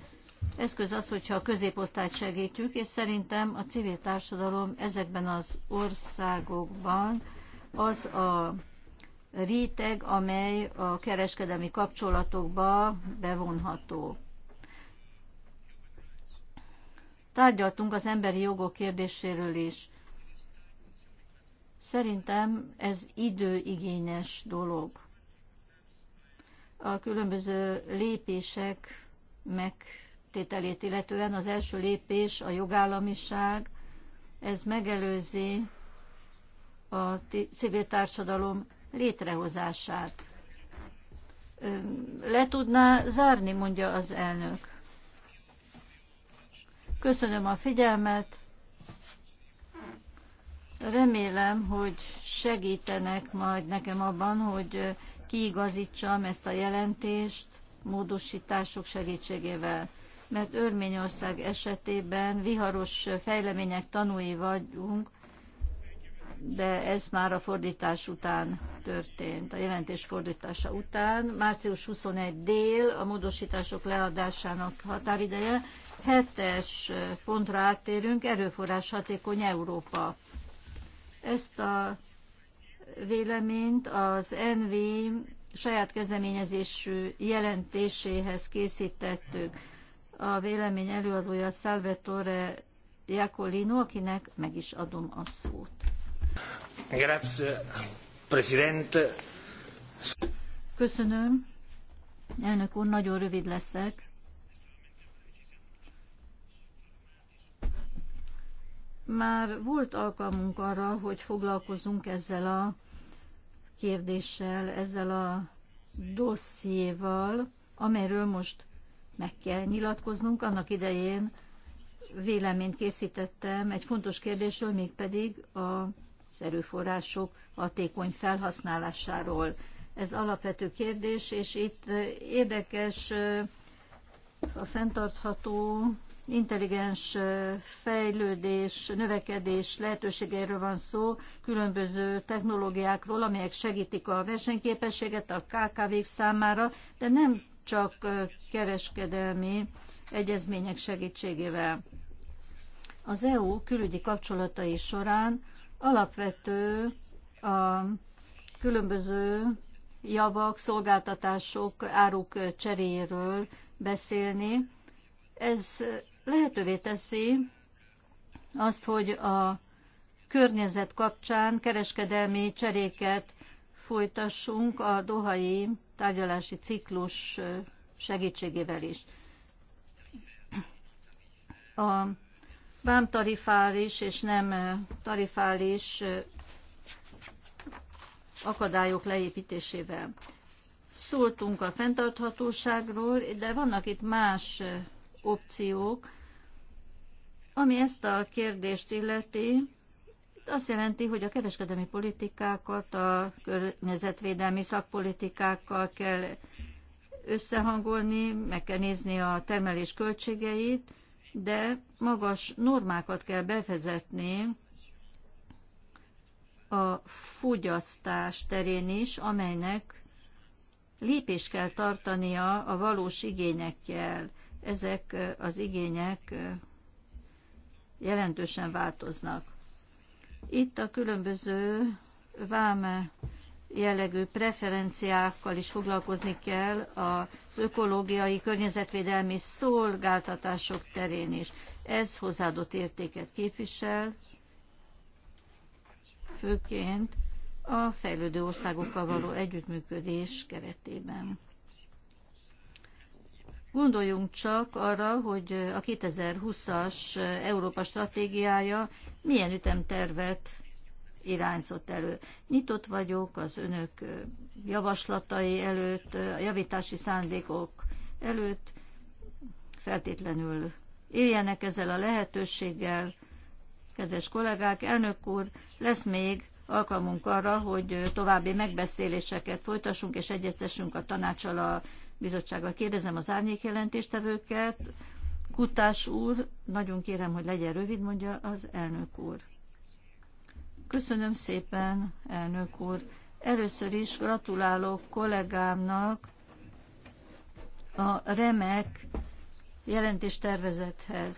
S3: eszköz az, hogyha a középosztályt segítjük, és szerintem a civil társadalom ezekben az országokban az a réteg, amely a kereskedelmi kapcsolatokba bevonható. Tárgyaltunk az emberi jogok kérdéséről is. Szerintem ez időigényes dolog. A különböző lépések megtételét illetően az első lépés a jogállamiság, ez megelőzi a civil társadalom létrehozását. Le tudná zárni, mondja az elnök. Köszönöm a figyelmet. Remélem, hogy segítenek majd nekem abban, hogy kiigazítsam ezt a jelentést módosítások segítségével. Mert Örményország esetében viharos fejlemények tanúi vagyunk, de ez már a fordítás után történt, a jelentés fordítása után. Március 21 dél a módosítások leadásának határideje, hetes pontra áttérünk, erőforrás hatékony Európa. Ezt a véleményt az NV saját kezdeményezésű jelentéséhez készítettük. A vélemény előadója Salvatore Iacolino, akinek meg is adom a szót. Grazie, President. Köszönöm. Elnök úr, nagyon rövid leszek. Már volt alkalmunk arra, hogy foglalkozunk ezzel a kérdéssel, ezzel a dossziéval, amelyről most meg kell nyilatkoznunk. Annak idején véleményt készítettem egy fontos kérdésről, mégpedig az erőforrások hatékony felhasználásáról. Ez alapvető kérdés, és itt érdekes a fenntartható intelligens fejlődés, növekedés lehetőségeiről van szó, különböző technológiákról, amelyek segítik a versenyképességet a KKV-k számára, de nem csak kereskedelmi egyezmények segítségével. Az EU külügyi kapcsolatai során alapvető a különböző javak, szolgáltatások, áruk cseréjéről beszélni. Ez lehetővé teszi azt, hogy a környezet kapcsán kereskedelmi cseréket folytassunk a dohai tárgyalási ciklus segítségével is. A vámtarifális és nem tarifális akadályok leépítésével. Szóltunk a fenntarthatóságról, de vannak itt más opciók. Ami ezt a kérdést illeti, azt jelenti, hogy a kereskedelmi politikákat a környezetvédelmi szakpolitikákkal kell összehangolni, meg kell nézni a termelés költségeit, de magas normákat kell bevezetni a fogyasztás terén is, amelynek lépés kell tartania a valós igényekkel ezek az igények jelentősen változnak. Itt a különböző vám jellegű preferenciákkal is foglalkozni kell az ökológiai, környezetvédelmi szolgáltatások terén is. Ez hozzáadott értéket képvisel, főként a fejlődő országokkal való együttműködés keretében. Gondoljunk csak arra, hogy a 2020-as Európa stratégiája milyen ütemtervet irányzott elő. Nyitott vagyok az önök javaslatai előtt, a javítási szándékok előtt. Feltétlenül éljenek ezzel a lehetőséggel. Kedves kollégák, elnök úr, lesz még alkalmunk arra, hogy további megbeszéléseket folytassunk és egyeztessünk a tanácsal a bizottsággal. Kérdezem az árnyék jelentéstevőket. Kutás úr, nagyon kérem, hogy legyen rövid, mondja az elnök úr. Köszönöm szépen, elnök úr. Először is gratulálok kollégámnak a remek jelentéstervezethez.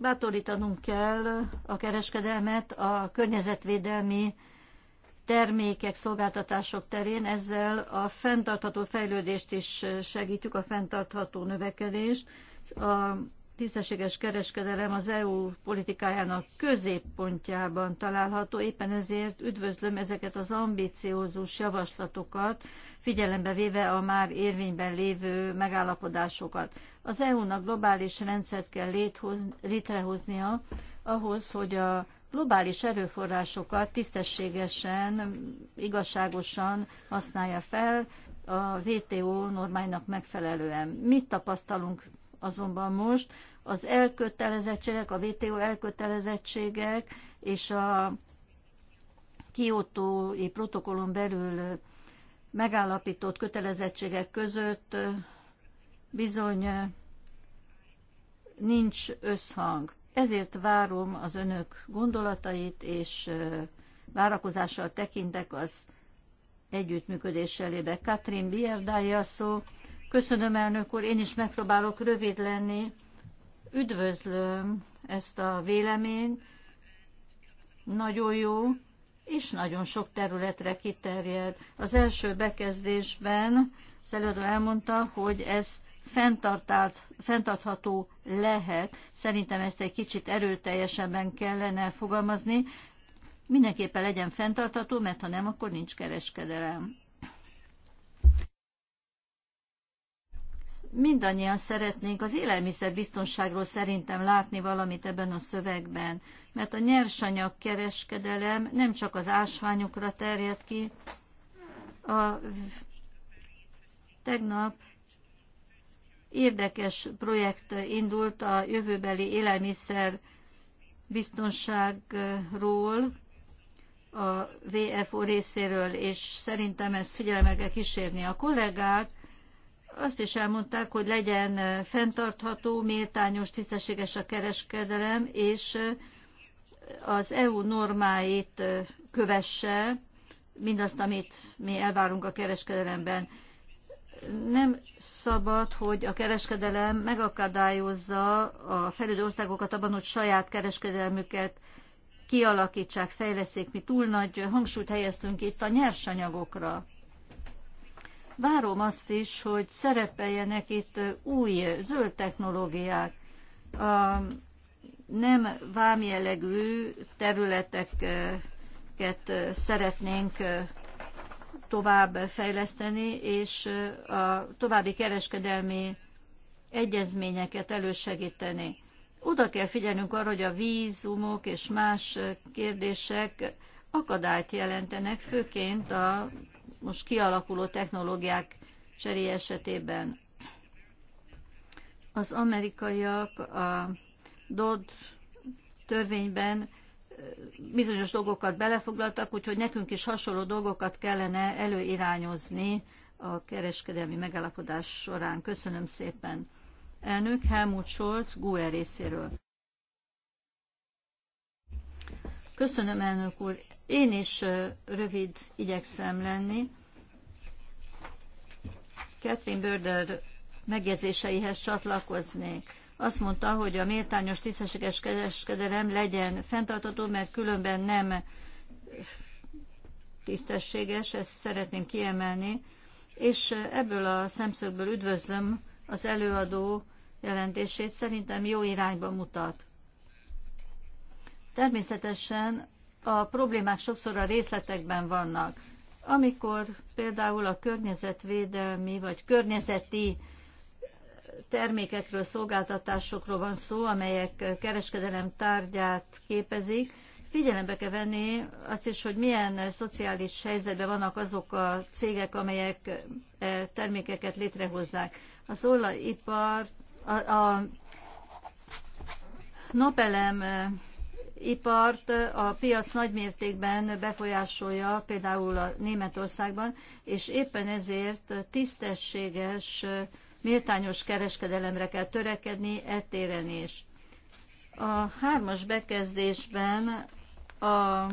S3: Bátorítanunk kell a kereskedelmet a környezetvédelmi termékek, szolgáltatások terén, ezzel a fenntartható fejlődést is segítjük, a fenntartható növekedést. A tisztességes kereskedelem az EU politikájának középpontjában található, éppen ezért üdvözlöm ezeket az ambiciózus javaslatokat, figyelembe véve a már érvényben lévő megállapodásokat. Az EU-nak globális rendszert kell létrehoznia ahhoz, hogy a globális erőforrásokat tisztességesen, igazságosan használja fel a WTO normáinak megfelelően. Mit tapasztalunk azonban most? Az elkötelezettségek, a WTO elkötelezettségek és a kiótói protokollon belül megállapított kötelezettségek között bizony nincs összhang. Ezért várom az önök gondolatait, és várakozással tekintek az együttműködéselébe. Katrin Bierdája szó. Köszönöm, elnök úr, én is megpróbálok rövid lenni. Üdvözlöm ezt a véleményt. Nagyon jó, és nagyon sok területre kiterjed. Az első bekezdésben az előadó elmondta, hogy ezt fenntartható lehet. Szerintem ezt egy kicsit erőteljesebben kellene fogalmazni. Mindenképpen legyen fenntartható, mert ha nem, akkor nincs kereskedelem. mindannyian szeretnénk az élelmiszerbiztonságról szerintem látni valamit ebben a szövegben, mert a nyersanyag kereskedelem nem csak az ásványokra terjed ki. A, tegnap érdekes projekt indult a jövőbeli élelmiszer biztonságról a VFO részéről, és szerintem ezt figyelemmel kell kísérni a kollégák. Azt is elmondták, hogy legyen fenntartható, méltányos, tisztességes a kereskedelem, és az EU normáit kövesse, mindazt, amit mi elvárunk a kereskedelemben nem szabad, hogy a kereskedelem megakadályozza a fejlődő országokat abban, hogy saját kereskedelmüket kialakítsák, fejleszék. Mi túl nagy hangsúlyt helyeztünk itt a nyersanyagokra. Várom azt is, hogy szerepeljenek itt új zöld technológiák. A nem vámjellegű területeket szeretnénk tovább fejleszteni, és a további kereskedelmi egyezményeket elősegíteni. Oda kell figyelnünk arra, hogy a vízumok és más kérdések akadályt jelentenek, főként a most kialakuló technológiák cseréje esetében. Az amerikaiak a DOD törvényben bizonyos dolgokat belefoglaltak, úgyhogy nekünk is hasonló dolgokat kellene előirányozni a kereskedelmi megállapodás során. Köszönöm szépen. Elnök Helmut Scholz, GUE részéről. Köszönöm, elnök úr. Én is rövid igyekszem lenni. Catherine Börder megjegyzéseihez csatlakoznék azt mondta, hogy a méltányos tisztességes kereskedelem legyen fenntartható, mert különben nem tisztességes, ezt szeretném kiemelni, és ebből a szemszögből üdvözlöm az előadó jelentését, szerintem jó irányba mutat. Természetesen a problémák sokszor a részletekben vannak. Amikor például a környezetvédelmi vagy környezeti termékekről, szolgáltatásokról van szó, amelyek kereskedelem tárgyát képezik, figyelembe kell venni azt is, hogy milyen szociális helyzetben vannak azok a cégek, amelyek e, termékeket létrehozzák. Az olajipar, a, a napelem e, ipart a piac nagymértékben befolyásolja, például a Németországban, és éppen ezért tisztességes méltányos kereskedelemre kell törekedni ettéren is. A hármas bekezdésben a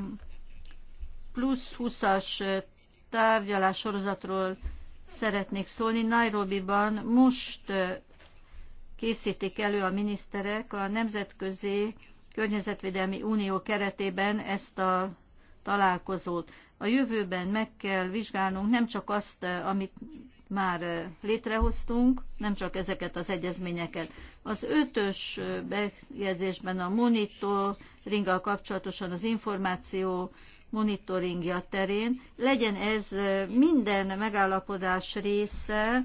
S3: plusz 20-as tárgyalás sorozatról szeretnék szólni. Nairobiban most készítik elő a miniszterek a Nemzetközi Környezetvédelmi Unió keretében ezt a találkozót. A jövőben meg kell vizsgálnunk nem csak azt, amit már létrehoztunk, nem csak ezeket az egyezményeket. Az ötös bejegyzésben a monitoringgal kapcsolatosan az információ monitoringja terén legyen ez minden megállapodás része,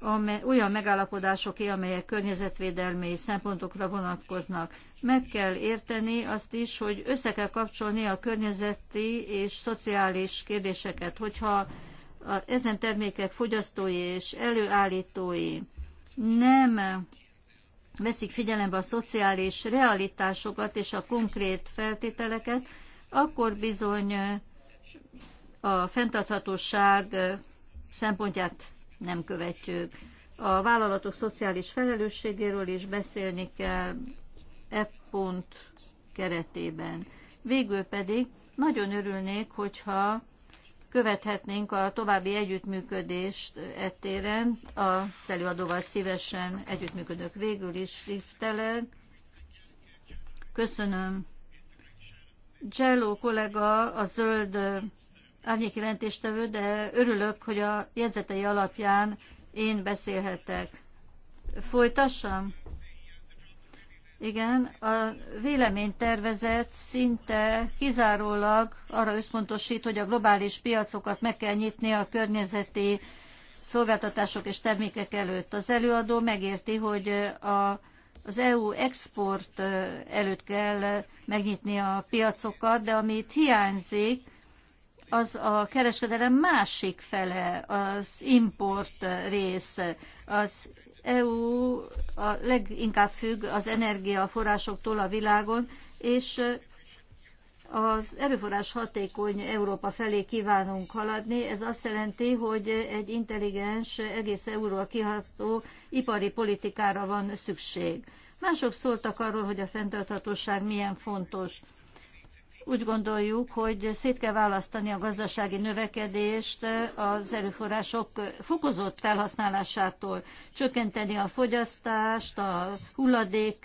S3: amely, olyan megállapodásoké, amelyek környezetvédelmi szempontokra vonatkoznak. Meg kell érteni azt is, hogy össze kell kapcsolni a környezeti és szociális kérdéseket. Hogyha a, ezen termékek fogyasztói és előállítói nem veszik figyelembe a szociális realitásokat és a konkrét feltételeket, akkor bizony a fenntarthatóság szempontját nem követjük. A vállalatok szociális felelősségéről is beszélni kell e pont keretében. Végül pedig nagyon örülnék, hogyha követhetnénk a további együttműködést ettéren. A előadóval szívesen együttműködök végül is, Riftelen. Köszönöm. Gello kollega a zöld árnyék jelentéstevő, de örülök, hogy a jegyzetei alapján én beszélhetek. Folytassam? Igen, a véleménytervezet szinte kizárólag arra összpontosít, hogy a globális piacokat meg kell nyitni a környezeti szolgáltatások és termékek előtt. Az előadó megérti, hogy a, az EU export előtt kell megnyitni a piacokat, de amit hiányzik, az a kereskedelem másik fele, az import rész. Az EU a leginkább függ az energiaforrásoktól a világon, és az erőforrás hatékony Európa felé kívánunk haladni. Ez azt jelenti, hogy egy intelligens, egész euróra kiható ipari politikára van szükség. Mások szóltak arról, hogy a fenntarthatóság milyen fontos. Úgy gondoljuk, hogy szét kell választani a gazdasági növekedést az erőforrások fokozott felhasználásától, csökkenteni a fogyasztást, a hulladék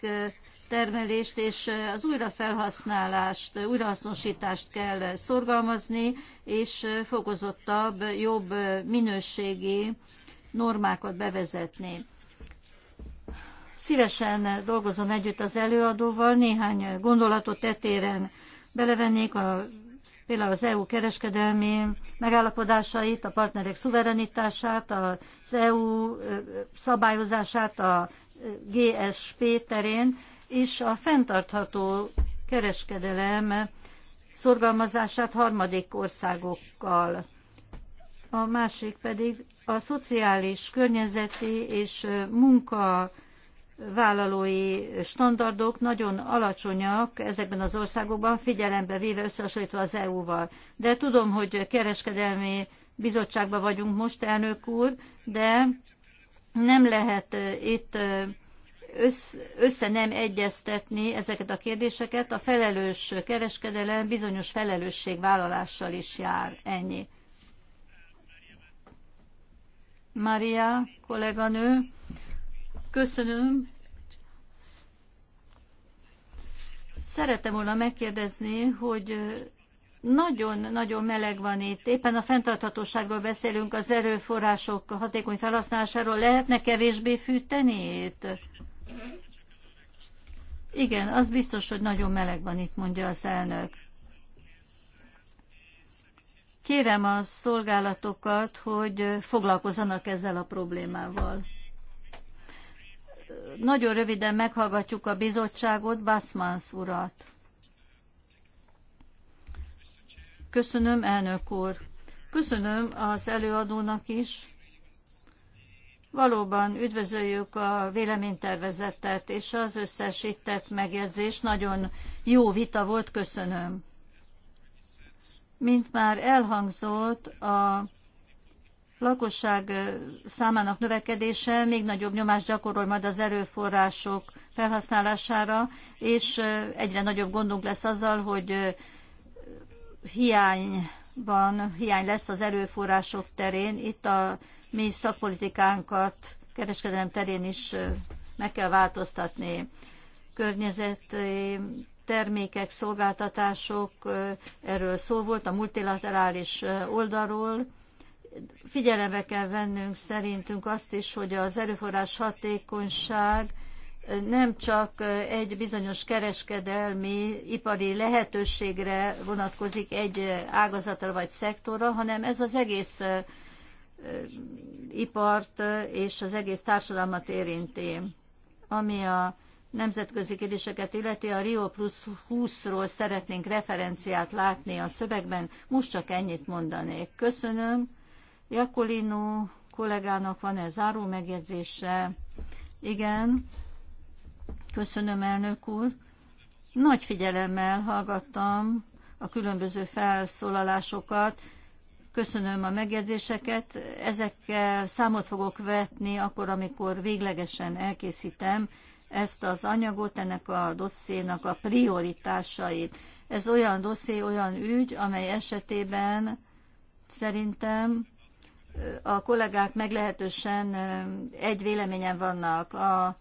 S3: termelést és az újrafelhasználást, újrahasznosítást kell szorgalmazni, és fokozottabb, jobb minőségi normákat bevezetni. Szívesen dolgozom együtt az előadóval, néhány gondolatot tetéren belevennék a, például az EU kereskedelmi megállapodásait, a partnerek szuverenitását, az EU szabályozását a GSP terén, és a fenntartható kereskedelem szorgalmazását harmadik országokkal. A másik pedig a szociális, környezeti és munka vállalói standardok nagyon alacsonyak ezekben az országokban, figyelembe véve összehasonlítva az EU-val. De tudom, hogy kereskedelmi bizottságban vagyunk most, elnök úr, de nem lehet eh, itt eh, össze nem egyeztetni ezeket a kérdéseket. A felelős kereskedelem bizonyos felelősségvállalással is jár. Ennyi. Maria kolléganő, Köszönöm. Szerettem volna megkérdezni, hogy nagyon-nagyon meleg van itt. Éppen a fenntarthatóságról beszélünk, az erőforrások hatékony felhasználásáról. Lehetne kevésbé fűteni itt? Igen, az biztos, hogy nagyon meleg van itt, mondja az elnök. Kérem a szolgálatokat, hogy foglalkozzanak ezzel a problémával nagyon röviden meghallgatjuk a bizottságot, Baszmans urat. Köszönöm, elnök úr. Köszönöm az előadónak is. Valóban üdvözöljük a véleménytervezetet és az összesített megjegyzés. Nagyon jó vita volt, köszönöm. Mint már elhangzott, a lakosság számának növekedése még nagyobb nyomást gyakorol majd az erőforrások felhasználására, és egyre nagyobb gondunk lesz azzal, hogy hiányban, hiány lesz az erőforrások terén. Itt a mi szakpolitikánkat kereskedelem terén is meg kell változtatni. Környezeti termékek, szolgáltatások, erről szó volt a multilaterális oldalról, Figyelembe kell vennünk szerintünk azt is, hogy az erőforrás hatékonyság nem csak egy bizonyos kereskedelmi, ipari lehetőségre vonatkozik egy ágazatra vagy szektorra, hanem ez az egész ipart és az egész társadalmat érinti. Ami a nemzetközi kérdéseket illeti, a Rio Plus 20-ról szeretnénk referenciát látni a szövegben. Most csak ennyit mondanék. Köszönöm. Jakolino kollégának van-e záró megjegyzése? Igen, köszönöm elnök úr. Nagy figyelemmel hallgattam a különböző felszólalásokat, köszönöm a megjegyzéseket, ezekkel számot fogok vetni akkor, amikor véglegesen elkészítem ezt az anyagot, ennek a dosszénak a prioritásait. Ez olyan dosszé, olyan ügy, amely esetében szerintem a kollégák meglehetősen egy véleményen vannak. A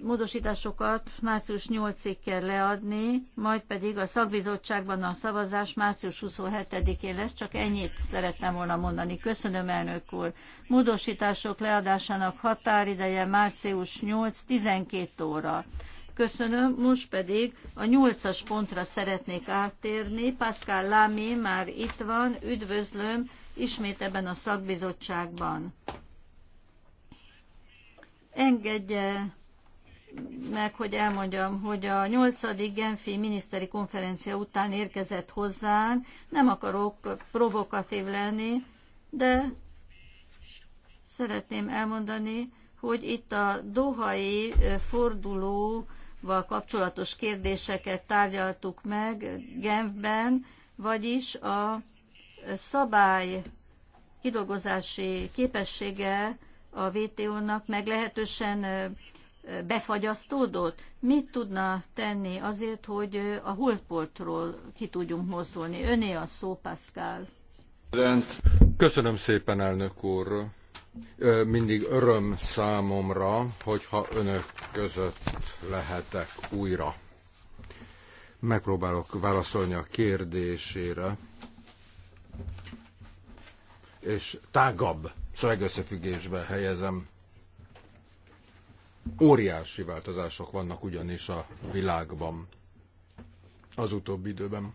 S3: módosításokat március 8-ig kell leadni, majd pedig a szakbizottságban a szavazás március 27-én lesz, csak ennyit szerettem volna mondani. Köszönöm, elnök úr. Módosítások leadásának határideje március 8-12 óra. Köszönöm, most pedig a nyolcas pontra szeretnék áttérni. Pascal Lamy már itt van, üdvözlöm ismét ebben a szakbizottságban. Engedje meg, hogy elmondjam, hogy a 8. Genfi miniszteri konferencia után érkezett hozzánk. Nem akarok provokatív lenni, de szeretném elmondani, hogy itt a dohai fordulóval kapcsolatos kérdéseket tárgyaltuk meg Genfben, vagyis a szabály kidolgozási képessége a vto nak meglehetősen befagyasztódott? Mit tudna tenni azért, hogy a holtportról ki tudjunk mozdulni? Öné a szó, Pascal.
S1: Köszönöm szépen, elnök úr. Mindig öröm számomra, hogyha önök között lehetek újra. Megpróbálok válaszolni a kérdésére, és tágabb szövegösszefüggésbe helyezem. Óriási változások vannak ugyanis a világban az utóbbi időben.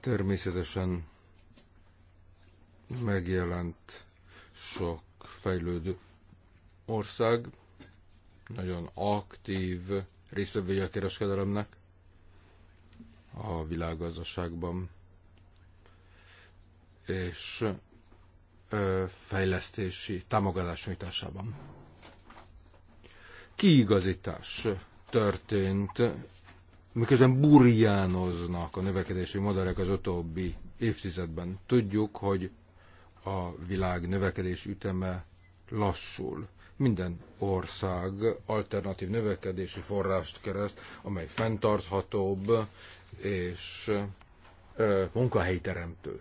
S1: Természetesen megjelent sok fejlődő ország, nagyon aktív részvevője a kereskedelemnek, a világgazdaságban, és fejlesztési támogatás nyújtásában. Kiigazítás történt, miközben burjánoznak a növekedési modellek az utóbbi évtizedben. Tudjuk, hogy a világ növekedés üteme lassul. Minden ország alternatív növekedési forrást kereszt, amely fenntarthatóbb és munkahelyteremtő.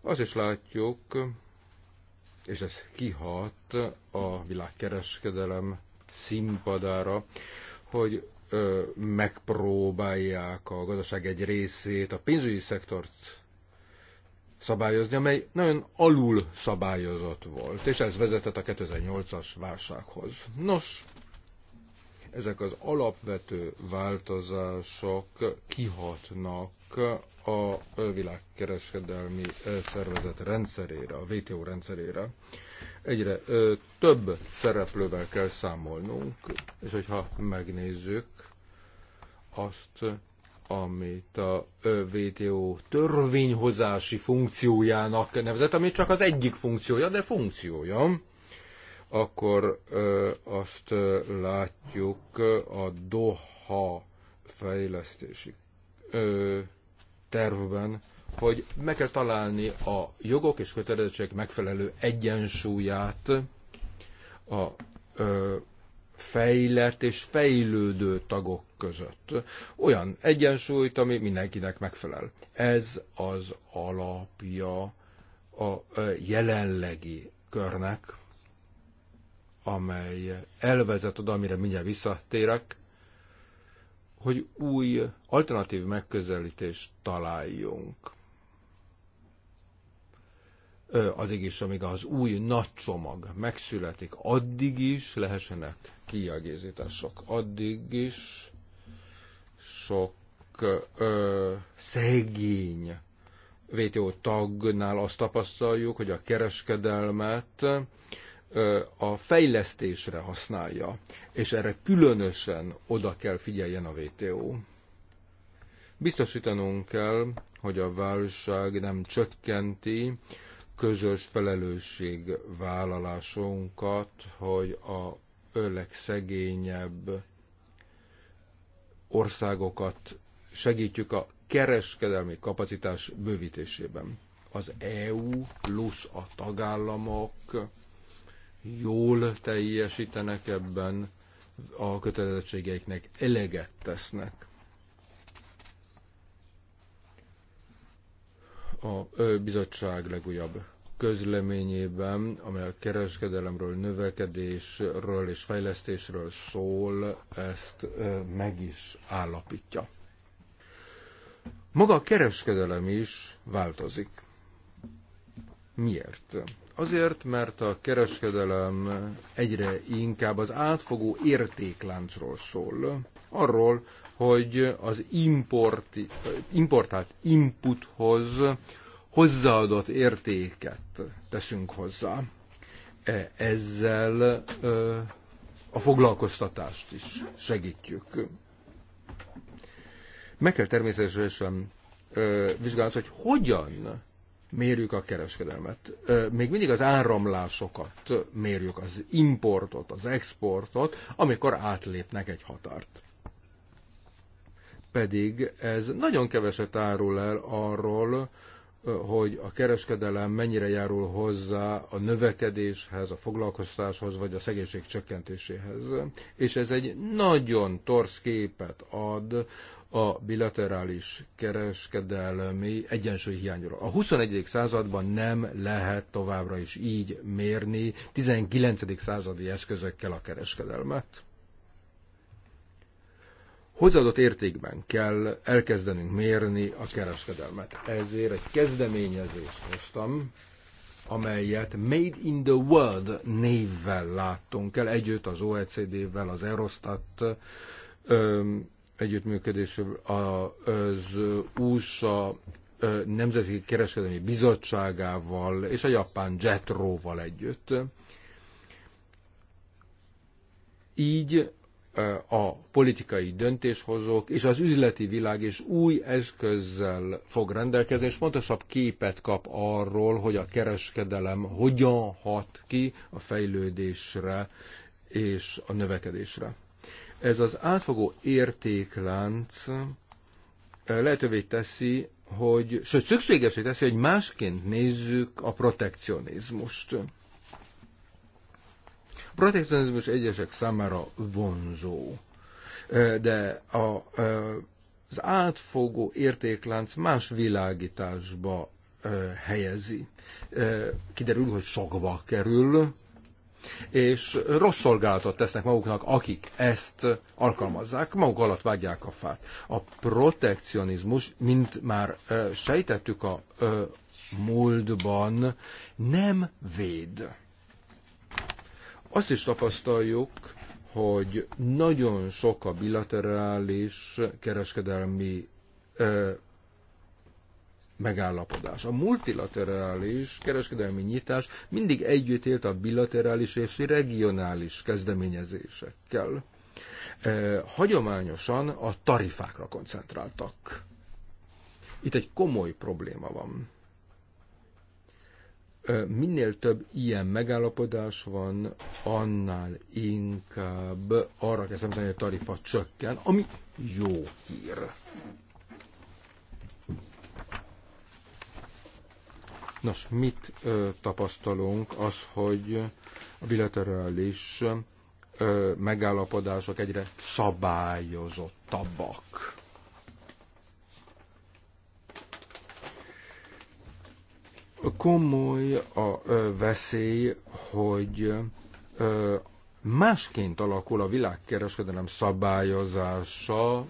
S1: Az is látjuk, és ez kihat a világkereskedelem színpadára, hogy megpróbálják a gazdaság egy részét, a pénzügyi szektort szabályozni, amely nagyon alul szabályozott volt, és ez vezetett a 2008-as válsághoz. Nos, ezek az alapvető változások kihatnak a világkereskedelmi szervezet rendszerére, a WTO rendszerére. Egyre több szereplővel kell számolnunk, és hogyha megnézzük azt, amit a VTO törvényhozási funkciójának nevezett, ami csak az egyik funkciója, de funkciója, akkor azt látjuk a Doha fejlesztési tervben, hogy meg kell találni a jogok és kötelezettségek megfelelő egyensúlyát a fejlett és fejlődő tagok között. Olyan egyensúlyt, ami mindenkinek megfelel. Ez az alapja a jelenlegi körnek, amely elvezet oda, amire mindjárt visszatérek, hogy új alternatív megközelítést találjunk addig is, amíg az új nagy csomag megszületik, addig is lehessenek kiegészítások, addig is sok ö, szegény VTO tagnál azt tapasztaljuk, hogy a kereskedelmet ö, a fejlesztésre használja, és erre különösen oda kell figyeljen a VTO. Biztosítanunk kell, hogy a válság nem csökkenti közös felelősség vállalásunkat, hogy a legszegényebb országokat segítjük a kereskedelmi kapacitás bővítésében. Az EU plusz a tagállamok jól teljesítenek ebben, a kötelezettségeiknek eleget tesznek. A bizottság legújabb közleményében, amely a kereskedelemről, növekedésről és fejlesztésről szól, ezt meg is állapítja. Maga a kereskedelem is változik. Miért? Azért, mert a kereskedelem egyre inkább az átfogó értékláncról szól, arról, hogy az importi, importált inputhoz hozzáadott értéket teszünk hozzá. E, ezzel a foglalkoztatást is segítjük. Meg kell természetesen vizsgálni, hogy hogyan mérjük a kereskedelmet. Még mindig az áramlásokat mérjük, az importot, az exportot, amikor átlépnek egy határt pedig ez nagyon keveset árul el arról, hogy a kereskedelem mennyire járul hozzá a növekedéshez, a foglalkoztáshoz, vagy a szegénység csökkentéséhez. És ez egy nagyon torsz képet ad a bilaterális kereskedelmi egyensúly hiányról. A 21. században nem lehet továbbra is így mérni 19. századi eszközökkel a kereskedelmet hozadott értékben kell elkezdenünk mérni a kereskedelmet. Ezért egy kezdeményezést hoztam, amelyet Made in the World névvel láttunk el, együtt az OECD-vel, az Eurostat együttműködésével, az USA Nemzeti Kereskedelmi Bizottságával és a japán val együtt. Így a politikai döntéshozók és az üzleti világ is új eszközzel fog rendelkezni, és pontosabb képet kap arról, hogy a kereskedelem hogyan hat ki a fejlődésre és a növekedésre. Ez az átfogó értéklánc eh, lehetővé teszi, hogy, sőt szükségesé teszi, hogy másként nézzük a protekcionizmust protekcionizmus egyesek számára vonzó, de a, az átfogó értéklánc más világításba helyezi. Kiderül, hogy sokba kerül, és rossz szolgálatot tesznek maguknak, akik ezt alkalmazzák, maguk alatt vágják a fát. A protekcionizmus, mint már sejtettük a múltban, nem véd azt is tapasztaljuk, hogy nagyon sok a bilaterális kereskedelmi ö, megállapodás. A multilaterális kereskedelmi nyitás mindig együtt élt a bilaterális és regionális kezdeményezésekkel. E, hagyományosan a tarifákra koncentráltak. Itt egy komoly probléma van minél több ilyen megállapodás van, annál inkább arra kezdem tenni, hogy a tarifa csökken, ami jó hír. Nos, mit ö, tapasztalunk? Az, hogy a bilaterális ö, megállapodások egyre szabályozottabbak. Komoly a veszély, hogy másként alakul a világkereskedelem szabályozása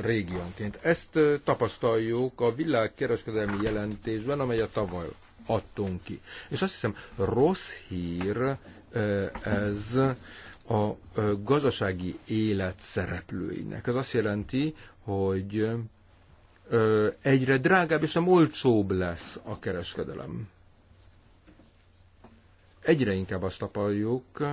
S1: régiónként. Ezt tapasztaljuk a világkereskedelmi jelentésben, amelyet tavaly adtunk ki. És azt hiszem, rossz hír ez a gazdasági élet szereplőinek. Ez azt jelenti, hogy egyre drágább és nem olcsóbb lesz a kereskedelem. Egyre inkább azt tapaljuk,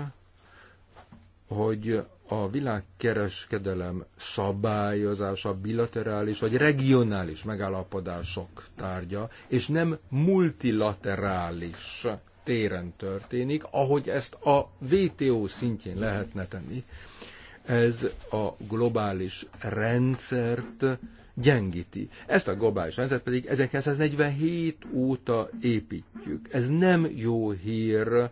S1: hogy a világkereskedelem szabályozása bilaterális vagy regionális megállapodások tárgya, és nem multilaterális téren történik, ahogy ezt a WTO szintjén lehetne tenni. Ez a globális rendszert gyengíti. Ezt a globális rendszert pedig 1947 óta építjük. Ez nem jó hír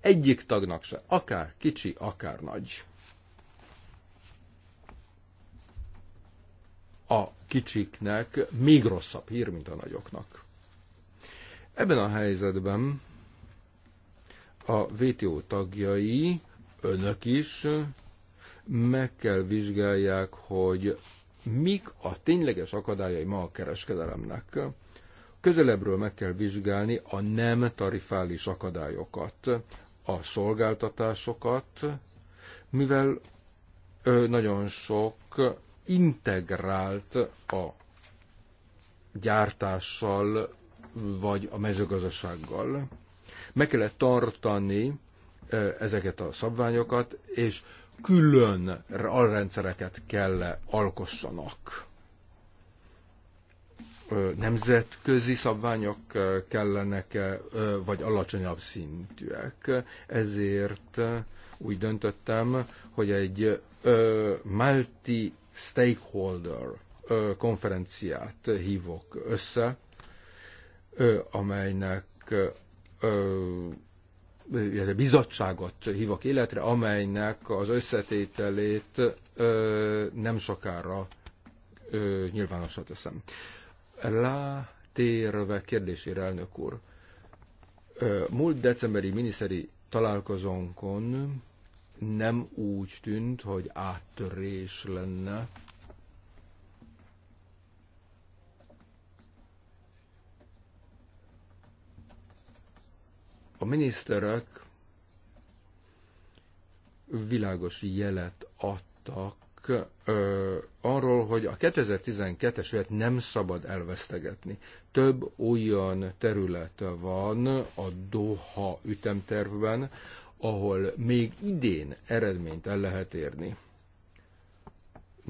S1: egyik tagnak se, akár kicsi, akár nagy. A kicsiknek még rosszabb hír, mint a nagyoknak. Ebben a helyzetben a VTO tagjai, önök is meg kell vizsgálják, hogy mik a tényleges akadályai ma a kereskedelemnek. Közelebbről meg kell vizsgálni a nem tarifális akadályokat, a szolgáltatásokat, mivel nagyon sok integrált a gyártással vagy a mezőgazdasággal. Meg kellett tartani ezeket a szabványokat, és külön alrendszereket kell alkossanak. Nemzetközi szabványok kellenek, vagy alacsonyabb szintűek. Ezért úgy döntöttem, hogy egy multi-stakeholder konferenciát hívok össze, amelynek illetve bizottságot hívok életre, amelynek az összetételét ö, nem sokára ö, nyilvánosra teszem. Rátérve kérdésére, elnök úr, ö, múlt decemberi miniszteri találkozónkon nem úgy tűnt, hogy áttörés lenne A miniszterek világos jelet adtak ö, arról, hogy a 2012-es évet nem szabad elvesztegetni. Több olyan terület van a Doha ütemtervben, ahol még idén eredményt el lehet érni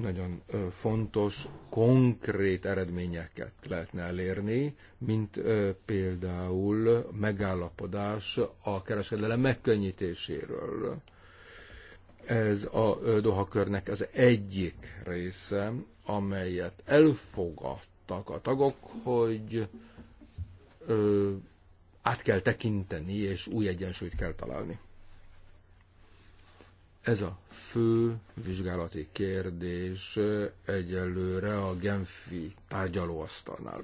S1: nagyon fontos, konkrét eredményeket lehetne elérni, mint például megállapodás a kereskedelem megkönnyítéséről. Ez a Doha körnek az egyik része, amelyet elfogadtak a tagok, hogy át kell tekinteni, és új egyensúlyt kell találni. Ez a fő vizsgálati kérdés egyelőre a Genfi tárgyalóasztalnál.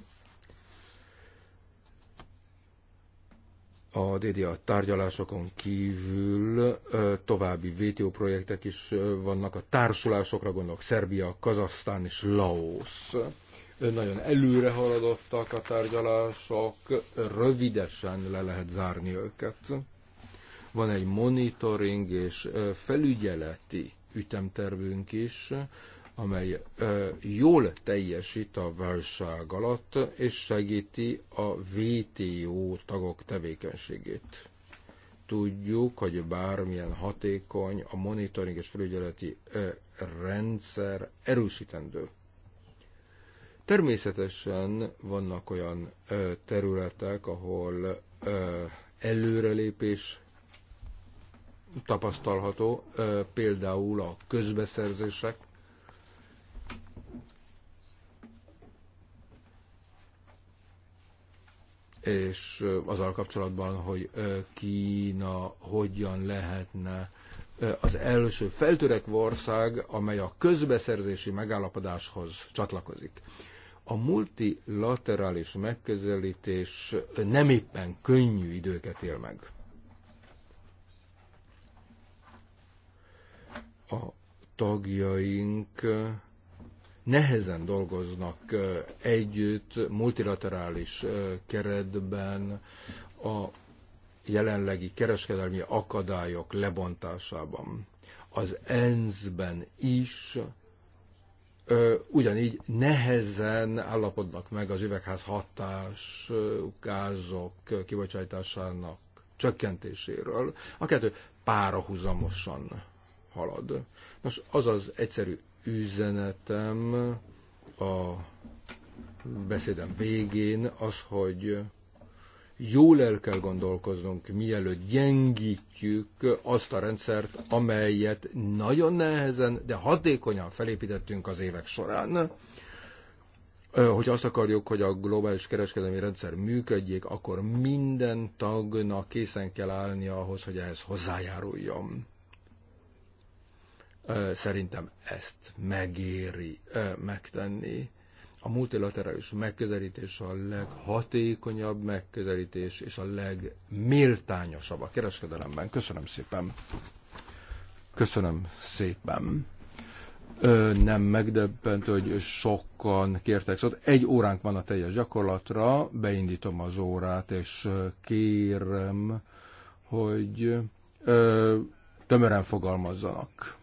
S1: a DDA tárgyalásokon kívül további VTO projektek is vannak, a társulásokra gondolok, Szerbia, Kazasztán és Laos. Nagyon előre haladottak a tárgyalások, rövidesen le lehet zárni őket. Van egy monitoring és felügyeleti ütemtervünk is, amely jól teljesít a válság alatt, és segíti a VTO tagok tevékenységét. Tudjuk, hogy bármilyen hatékony a monitoring és felügyeleti rendszer erősítendő. Természetesen vannak olyan területek, ahol előrelépés tapasztalható, például a közbeszerzések, és azzal kapcsolatban, hogy Kína hogyan lehetne az első feltörekvő ország, amely a közbeszerzési megállapodáshoz csatlakozik. A multilaterális megközelítés nem éppen könnyű időket él meg. a tagjaink nehezen dolgoznak együtt multilaterális keretben a jelenlegi kereskedelmi akadályok lebontásában. Az ENSZ-ben is ö, ugyanígy nehezen állapodnak meg az üvegház hatás gázok kibocsátásának csökkentéséről. A kettő párahuzamosan halad. Nos, az az egyszerű üzenetem a beszédem végén az, hogy jól el kell gondolkoznunk, mielőtt gyengítjük azt a rendszert, amelyet nagyon nehezen, de hatékonyan felépítettünk az évek során. Hogyha azt akarjuk, hogy a globális kereskedelmi rendszer működjék, akkor minden tagnak készen kell állnia ahhoz, hogy ehhez hozzájáruljon. Szerintem ezt megéri megtenni. A multilaterális megközelítés a leghatékonyabb megközelítés és a legméltányosabb a kereskedelemben. Köszönöm szépen. Köszönöm szépen. Ö, nem megdöbbentő, hogy sokan kértek szót. Egy óránk van a teljes gyakorlatra, beindítom az órát, és kérem, hogy ö, tömören fogalmazzanak.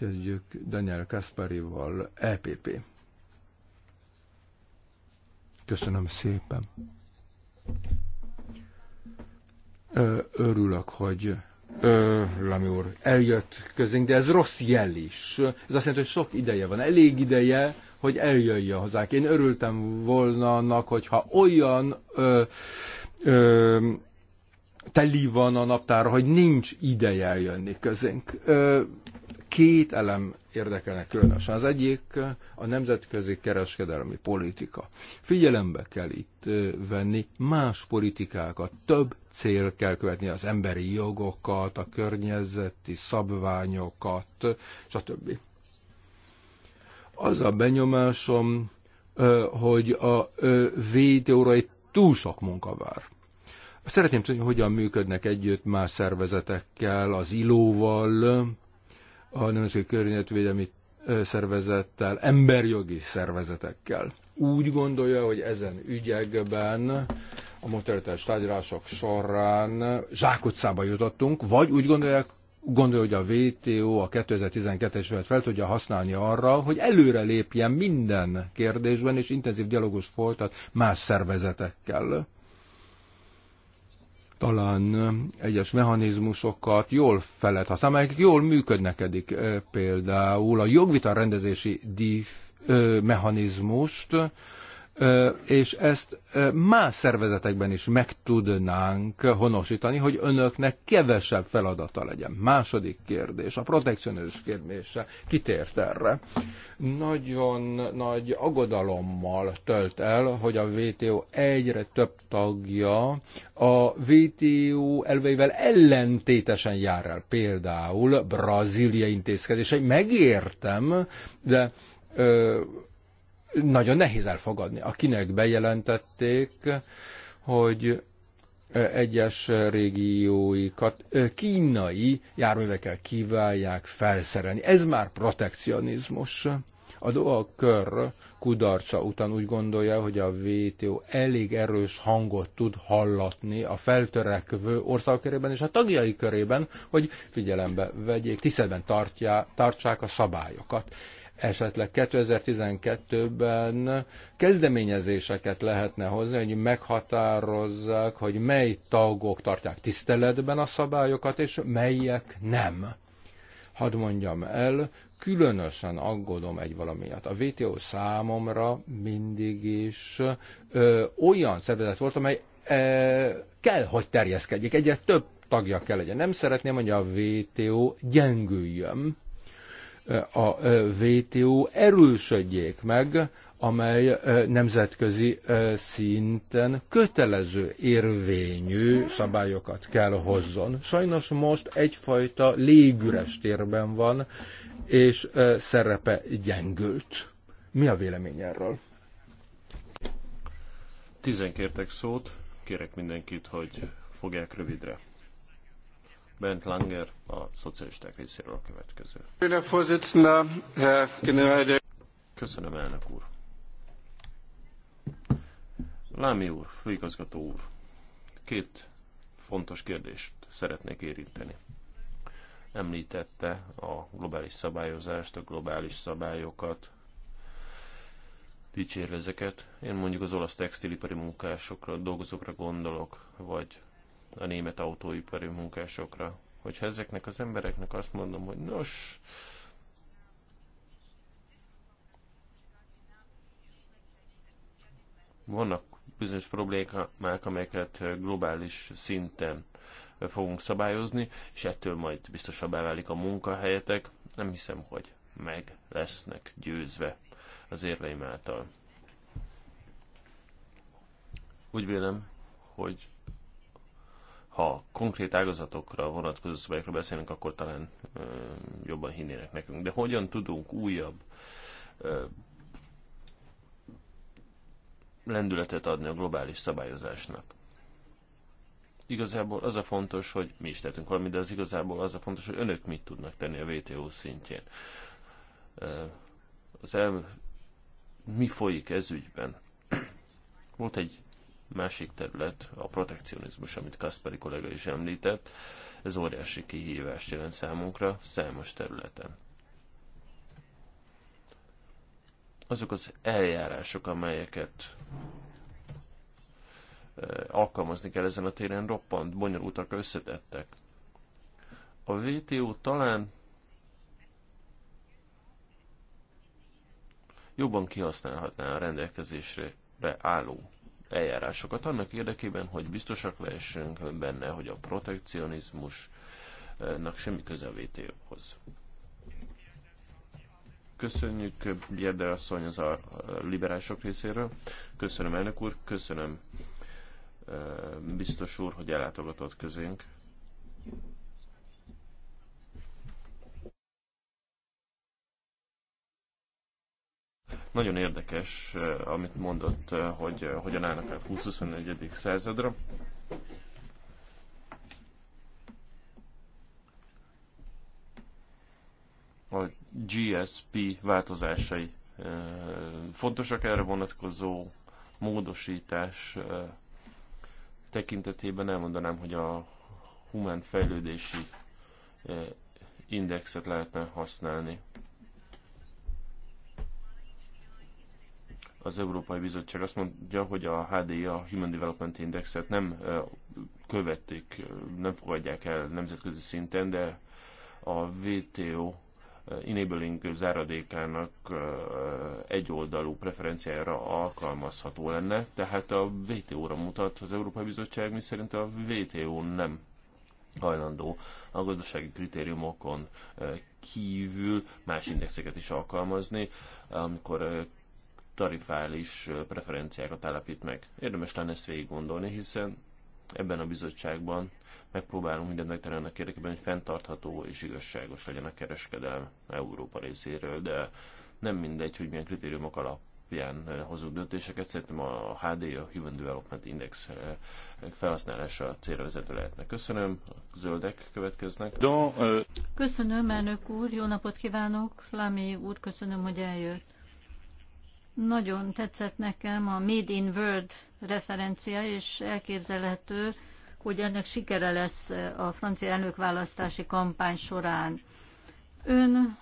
S1: Kezdjük Daniel Kasparival, EPP. Köszönöm szépen. Örülök, hogy Ö, Lami úr eljött közénk, de ez rossz jel is. Ez azt jelenti, hogy sok ideje van, elég ideje, hogy eljöjjön hozzánk. Én örültem volna annak, hogyha olyan ö, ö, teli van a naptára, hogy nincs ideje eljönni közénk. Ö, Két elem érdekelne különösen. Az egyik a nemzetközi kereskedelmi politika. Figyelembe kell itt venni más politikákat, több cél kell követni az emberi jogokat, a környezeti szabványokat, stb. Az a benyomásom, hogy a VTO-ra egy túl sok munka vár. Szeretném tudni, hogyan működnek együtt más szervezetekkel, az ilóval a nemzeti Környezetvédelmi szervezettel, emberjogi szervezetekkel. Úgy gondolja, hogy ezen ügyekben a motoritárs tárgyalások során zsákutcába jutottunk, vagy úgy gondolják, gondolja, hogy a WTO a 2012-es évet fel tudja használni arra, hogy előre lépjen minden kérdésben, és intenzív dialógus folytat más szervezetekkel talán egyes mechanizmusokat jól felett használ, amelyek jól működnek eddig. Például a jogvita rendezési díj mechanizmust és ezt más szervezetekben is meg tudnánk honosítani, hogy önöknek kevesebb feladata legyen. Második kérdés, a protekcionális kérdése kitért erre. Nagyon nagy aggodalommal tölt el, hogy a WTO egyre több tagja a WTO elveivel ellentétesen jár el. Például Brazília intézkedései. Megértem, de ö, nagyon nehéz elfogadni. Akinek bejelentették, hogy egyes régióikat kínai járművekkel kívánják felszerelni. Ez már protekcionizmus. A kör kudarca után úgy gondolja, hogy a VTO elég erős hangot tud hallatni a feltörekvő országok körében és a tagjai körében, hogy figyelembe vegyék, tiszteletben tartják a szabályokat esetleg 2012-ben kezdeményezéseket lehetne hozni, hogy meghatározzák, hogy mely tagok tartják tiszteletben a szabályokat, és melyek nem. Hadd mondjam el, különösen aggódom egy valamiatt. A VTO számomra mindig is ö, olyan szervezet volt, amely ö, kell, hogy terjeszkedjék. Egyre több tagja kell legyen. Nem szeretném, hogy a VTO gyengüljön a VTO erősödjék meg, amely nemzetközi szinten kötelező érvényű szabályokat kell hozzon. Sajnos most egyfajta légüres térben van, és szerepe gyengült. Mi a vélemény erről?
S2: Tizenkértek szót, kérek mindenkit, hogy fogják rövidre. Bernd Langer a szocialisták részéről a következő. Köszönöm, elnök úr. Lámi úr, főigazgató úr, két fontos kérdést szeretnék érinteni. Említette a globális szabályozást, a globális szabályokat, dicsérve ezeket. Én mondjuk az olasz textilipari munkásokra, dolgozókra gondolok, vagy a német autóipari munkásokra. Hogyha ezeknek az embereknek azt mondom, hogy nos, vannak bizonyos problémák, amelyeket globális szinten fogunk szabályozni, és ettől majd biztosabbá válik a munkahelyetek. Nem hiszem, hogy meg lesznek győzve az érveim által. Úgy vélem, hogy ha konkrét ágazatokra vonatkozó szabályokra beszélünk, akkor talán ö, jobban hinnének nekünk. De hogyan tudunk újabb ö, lendületet adni a globális szabályozásnak? Igazából az a fontos, hogy mi is tettünk valamit, de az igazából az a fontos, hogy önök mit tudnak tenni a WTO szintjén. az el, mi folyik ez ügyben? Volt egy másik terület a protekcionizmus, amit Kasperi kollega is említett. Ez óriási kihívást jelent számunkra számos területen. Azok az eljárások, amelyeket eh, alkalmazni kell ezen a téren, roppant, bonyolultak, összetettek. A VTO talán jobban kihasználhatná a rendelkezésre álló eljárásokat annak érdekében, hogy biztosak lehessünk benne, hogy a protekcionizmusnak semmi köze a WTO-hoz. Köszönjük Gyerde asszony az a liberálisok részéről. Köszönöm elnök úr, köszönöm biztos úr, hogy ellátogatott közénk. Nagyon érdekes, eh, amit mondott, eh, hogy eh, hogyan állnak át 20-21. századra. A GSP változásai fontosak erre vonatkozó módosítás tekintetében elmondanám, hogy a humán fejlődési indexet lehetne használni. az Európai Bizottság azt mondja, hogy a HDI, a Human Development Indexet nem követik, nem fogadják el nemzetközi szinten, de a WTO enabling záradékának egyoldalú preferenciára alkalmazható lenne, tehát a WTO-ra mutat az Európai Bizottság, mi szerint a WTO nem hajlandó a gazdasági kritériumokon kívül más indexeket is alkalmazni, amikor tarifális preferenciákat állapít meg. Érdemes lenne ezt végig gondolni, hiszen ebben a bizottságban megpróbálunk mindent megtenni annak érdekében, hogy fenntartható és igazságos legyen a kereskedelem Európa részéről, de nem mindegy, hogy milyen kritériumok alapján hozunk döntéseket. Szerintem a HD, a Human Development Index felhasználása célra vezető lehetne. Köszönöm, a zöldek következnek.
S3: Köszönöm, elnök úr, jó napot kívánok. Lámi úr, köszönöm, hogy eljött. Nagyon tetszett nekem a Made in World referencia, és elképzelhető, hogy ennek sikere lesz a francia elnökválasztási kampány során. Ön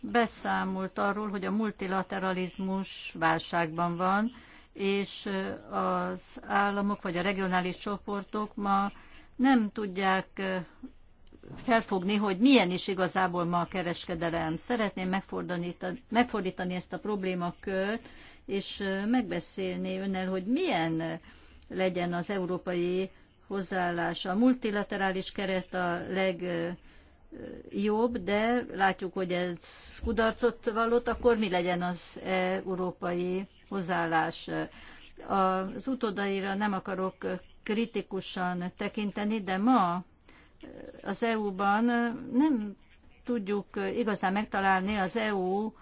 S3: beszámolt arról, hogy a multilateralizmus válságban van, és az államok vagy a regionális csoportok ma nem tudják felfogni, hogy milyen is igazából ma a kereskedelem. Szeretném megfordítani, megfordítani ezt a problémakört, és megbeszélni önnel, hogy milyen legyen az európai hozzáállás. A multilaterális keret a legjobb, de látjuk, hogy ez kudarcot vallott, akkor mi legyen az európai hozzáállás. Az utódaira nem akarok kritikusan tekinteni, de ma az EU-ban nem tudjuk igazán megtalálni az EU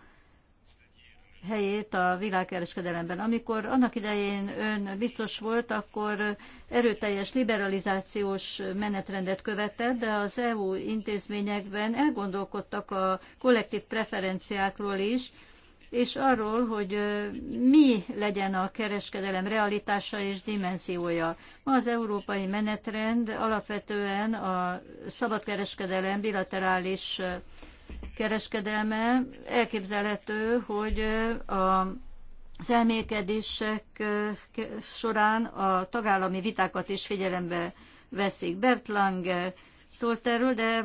S3: helyét a világkereskedelemben. Amikor annak idején ön biztos volt, akkor erőteljes liberalizációs menetrendet követett, de az EU intézményekben elgondolkodtak a kollektív preferenciákról is, és arról, hogy mi legyen a kereskedelem realitása és dimenziója. Ma az európai menetrend alapvetően a szabadkereskedelem bilaterális kereskedelme elképzelhető, hogy a az elmélkedések során a tagállami vitákat is figyelembe veszik. Bert Lang szólt erről, de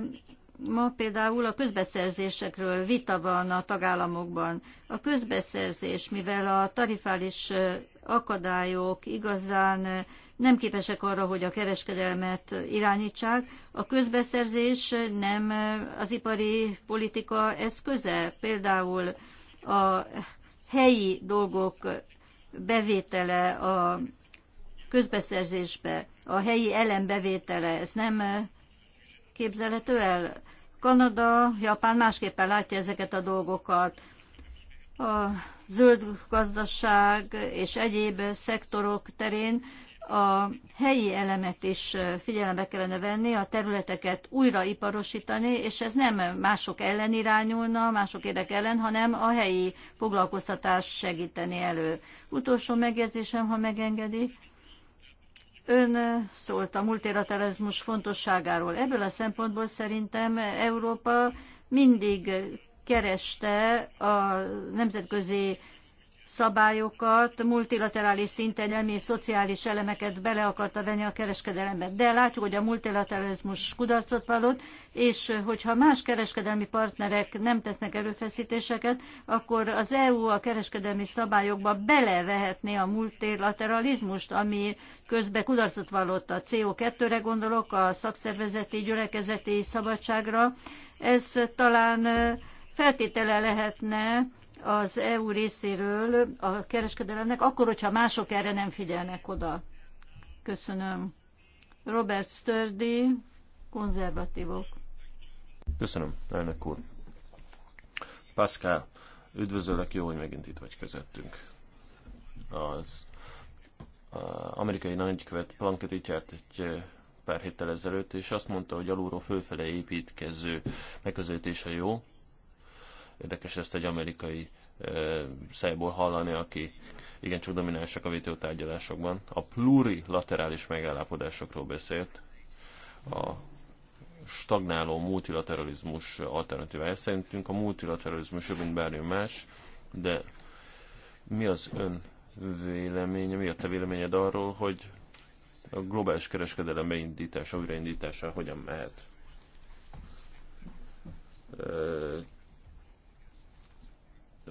S3: Ma például a közbeszerzésekről vita van a tagállamokban. A közbeszerzés, mivel a tarifális akadályok igazán nem képesek arra, hogy a kereskedelmet irányítsák, a közbeszerzés nem az ipari politika eszköze. Például a helyi dolgok bevétele a közbeszerzésbe, a helyi elem ez nem képzelhető el? Kanada, Japán másképpen látja ezeket a dolgokat. A zöld gazdaság és egyéb szektorok terén a helyi elemet is figyelembe kellene venni, a területeket újraiparosítani, és ez nem mások ellen irányulna, mások érdek ellen, hanem a helyi foglalkoztatás segíteni elő. Utolsó megjegyzésem, ha megengedik Ön eh, szólt a multilateralizmus fontosságáról. Ebből a szempontból szerintem Európa mindig kereste a nemzetközi szabályokat, multilaterális szinten elmi szociális elemeket bele akarta venni a kereskedelembe. De látjuk, hogy a multilateralizmus kudarcot vallott, és hogyha más kereskedelmi partnerek nem tesznek erőfeszítéseket, akkor az EU a kereskedelmi szabályokba belevehetné a multilateralizmust, ami közben kudarcot vallott a CO2-re gondolok, a szakszervezeti gyülekezeti szabadságra. Ez talán feltétele lehetne az EU részéről a kereskedelemnek, akkor, hogyha mások erre nem figyelnek oda. Köszönöm. Robert Sturdy, konzervatívok.
S2: Köszönöm, elnök úr. Pascal, üdvözöllek, jó, hogy megint itt vagy közöttünk. Az amerikai nagykövet Plunkett itt járt egy eh, pár héttel ezelőtt, és azt mondta, hogy alulról fölfele építkező megközelítése jó, Érdekes ezt egy amerikai szájból hallani, aki igencsak dominánsak a WTO tárgyalásokban. A plurilaterális megállapodásokról beszélt, a stagnáló multilateralizmus alternatívája. Szerintünk a multilateralizmus jobb, mint bármi más, de mi az ön véleménye, mi a te véleményed arról, hogy a globális kereskedelem beindítása, újraindítása hogyan mehet?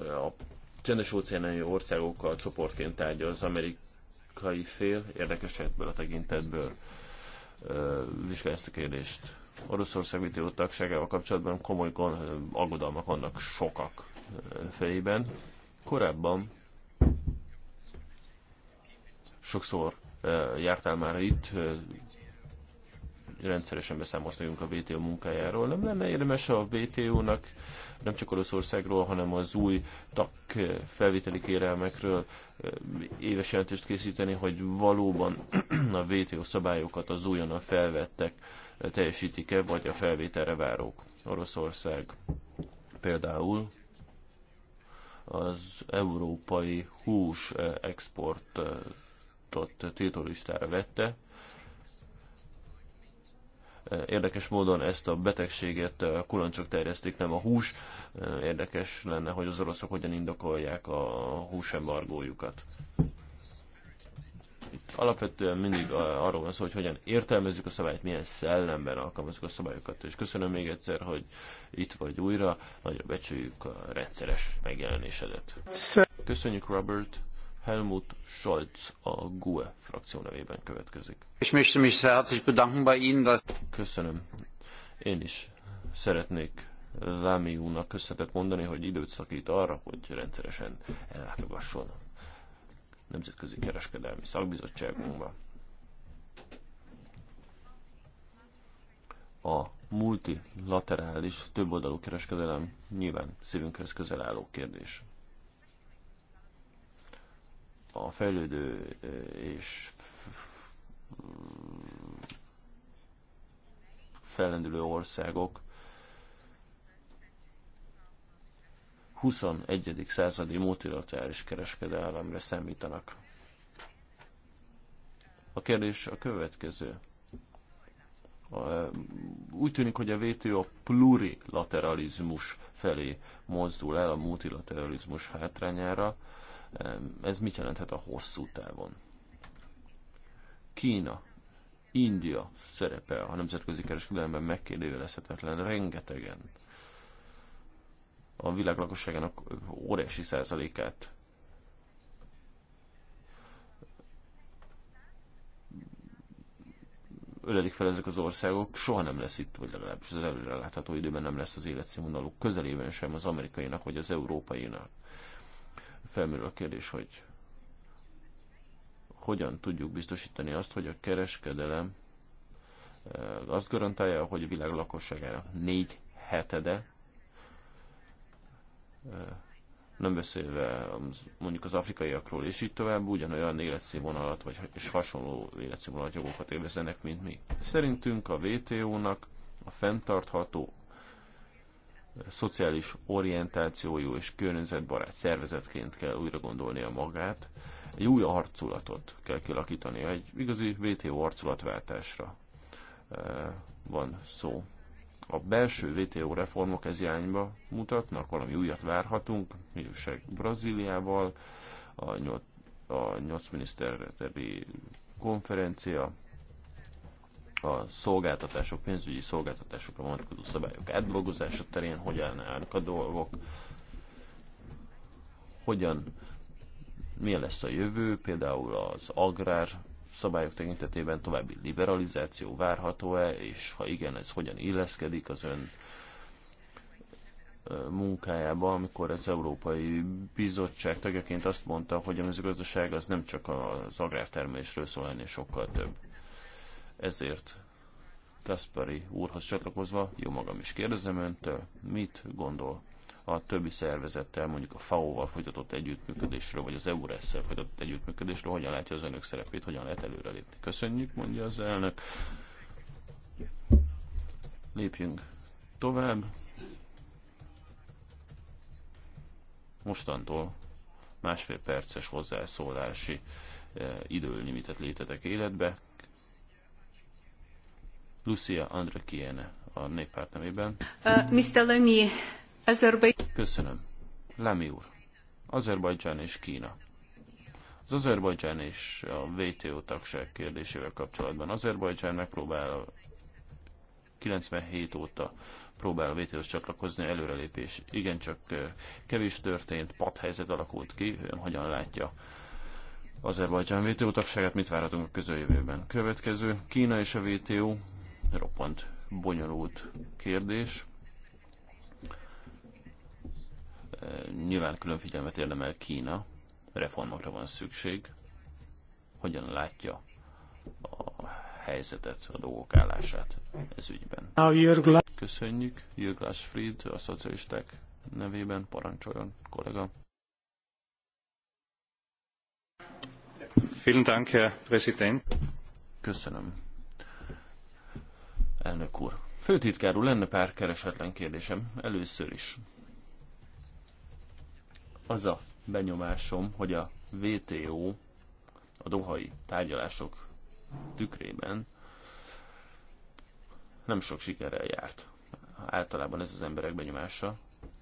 S2: a csendes óceáni országokkal csoportként tárgya az amerikai fél, érdekes ebből a tekintetből vizsgálja ezt a kérdést. Oroszország videó tagságával kapcsolatban komoly aggodalmak vannak sokak fejében. Korábban sokszor jártál már itt, rendszeresen beszámolsz a WTO munkájáról. Nem lenne érdemes a WTO-nak nem csak Oroszországról, hanem az új tak felvételi kérelmekről eh, éves jelentést készíteni, hogy valóban (clears throat) a WTO szabályokat az újonnan felvettek eh, teljesítik-e, vagy a felvételre várók. Oroszország például az európai hús eh, exportot tiltólistára vette, Érdekes módon ezt a betegséget a kulancsok terjesztik, nem a hús. Érdekes lenne, hogy az oroszok hogyan indokolják a húsembargójukat. Itt alapvetően mindig arról van szó, hogy hogyan értelmezzük a szabályt, milyen szellemben alkalmazzuk a szabályokat. És köszönöm még egyszer, hogy itt vagy újra, nagyon becsüljük a rendszeres megjelenésedet. Köszönjük, Robert! Helmut Scholz a GUE frakció nevében következik. möchte mich herzlich bedanken bei Ihnen, dass... Köszönöm. Én is szeretnék Lámi úrnak köszönetet mondani, hogy időt szakít arra, hogy rendszeresen ellátogasson Nemzetközi Kereskedelmi Szakbizottságunkba. A multilaterális, többoldalú kereskedelem nyilván szívünkhez közel álló kérdés a fejlődő és fellendülő országok 21. századi multilaterális kereskedelemre számítanak. A kérdés a következő. Úgy tűnik, hogy a a plurilateralizmus felé mozdul el a multilateralizmus hátrányára. Ez mit jelenthet a hosszú távon? Kína, India szerepe a nemzetközi kereskedelemben megkérdőjelezhetetlen rengetegen. A világ lakosságának óriási százalékát ölelik fel ezek az országok, soha nem lesz itt, vagy legalábbis az előre látható időben nem lesz az életszínvonaluk közelében sem az amerikainak vagy az európainak felmerül a kérdés, hogy hogyan tudjuk biztosítani azt, hogy a kereskedelem e, azt garantálja, hogy a világ lakosságára négy hetede, e, nem beszélve mondjuk az afrikaiakról, és így tovább ugyanolyan életszínvonalat, vagy és hasonló életszínvonalat jogokat élvezenek, mint mi. Szerintünk a WTO-nak a fenntartható szociális orientációjú és környezetbarát szervezetként kell újra gondolnia magát. Egy új arculatot kell kialakítania, egy igazi VTO arculatváltásra eh, van szó. A belső VTO reformok ez irányba mutatnak, valami újat várhatunk, mondjuk Brazíliával, a nyolc, a nyolc miniszteri konferencia a szolgáltatások, pénzügyi szolgáltatásokra vonatkozó szabályok átdolgozása terén, hogyan állnak a dolgok, hogyan, mi lesz a jövő, például az agrár szabályok tekintetében további liberalizáció várható-e, és ha igen, ez hogyan illeszkedik az ön munkájába, amikor az Európai Bizottság tagjaként azt mondta, hogy a mezőgazdaság az nem csak az agrártermelésről szól, hanem sokkal több. Ezért Kaspari úrhoz csatlakozva, jó magam is kérdezem öntől, mit gondol a többi szervezettel, mondjuk a FAO-val folytatott együttműködésről, vagy az EURES-szel folytatott együttműködésről, hogyan látja az önök szerepét, hogyan lehet előrelépni. Köszönjük, mondja az elnök. Lépjünk tovább. Mostantól másfél perces hozzászólási eh, időlimitet létetek életbe. Lucia Andrekiene a néppárt nevében.
S3: Uh,
S2: Köszönöm. Lemi úr. Azerbajdzsán és Kína. Az Azerbajdzsán és a WTO tagság kérdésével kapcsolatban. Azerbajdzsán megpróbál 97 óta próbál a WTO-hoz csatlakozni, előrelépés csak uh, kevés történt, Pat helyzet alakult ki, ön hogyan látja Azerbajdzsán WTO tagságát, mit várhatunk a közeljövőben? Következő, Kína és a WTO, roppant bonyolult kérdés. E, nyilván külön figyelmet érdemel Kína, reformokra van szükség. Hogyan látja a helyzetet, a dolgok állását ez ügyben? Köszönjük, Jürglás Fried, a szocialisták nevében parancsoljon, kollega. Vielen Dank, Herr Präsident. Köszönöm, Elnök úr. Főtitkár úr, lenne pár keresetlen kérdésem. Először is. Az a benyomásom, hogy a VTO, a dohai tárgyalások tükrében nem sok sikerrel járt. Általában ez az emberek benyomása.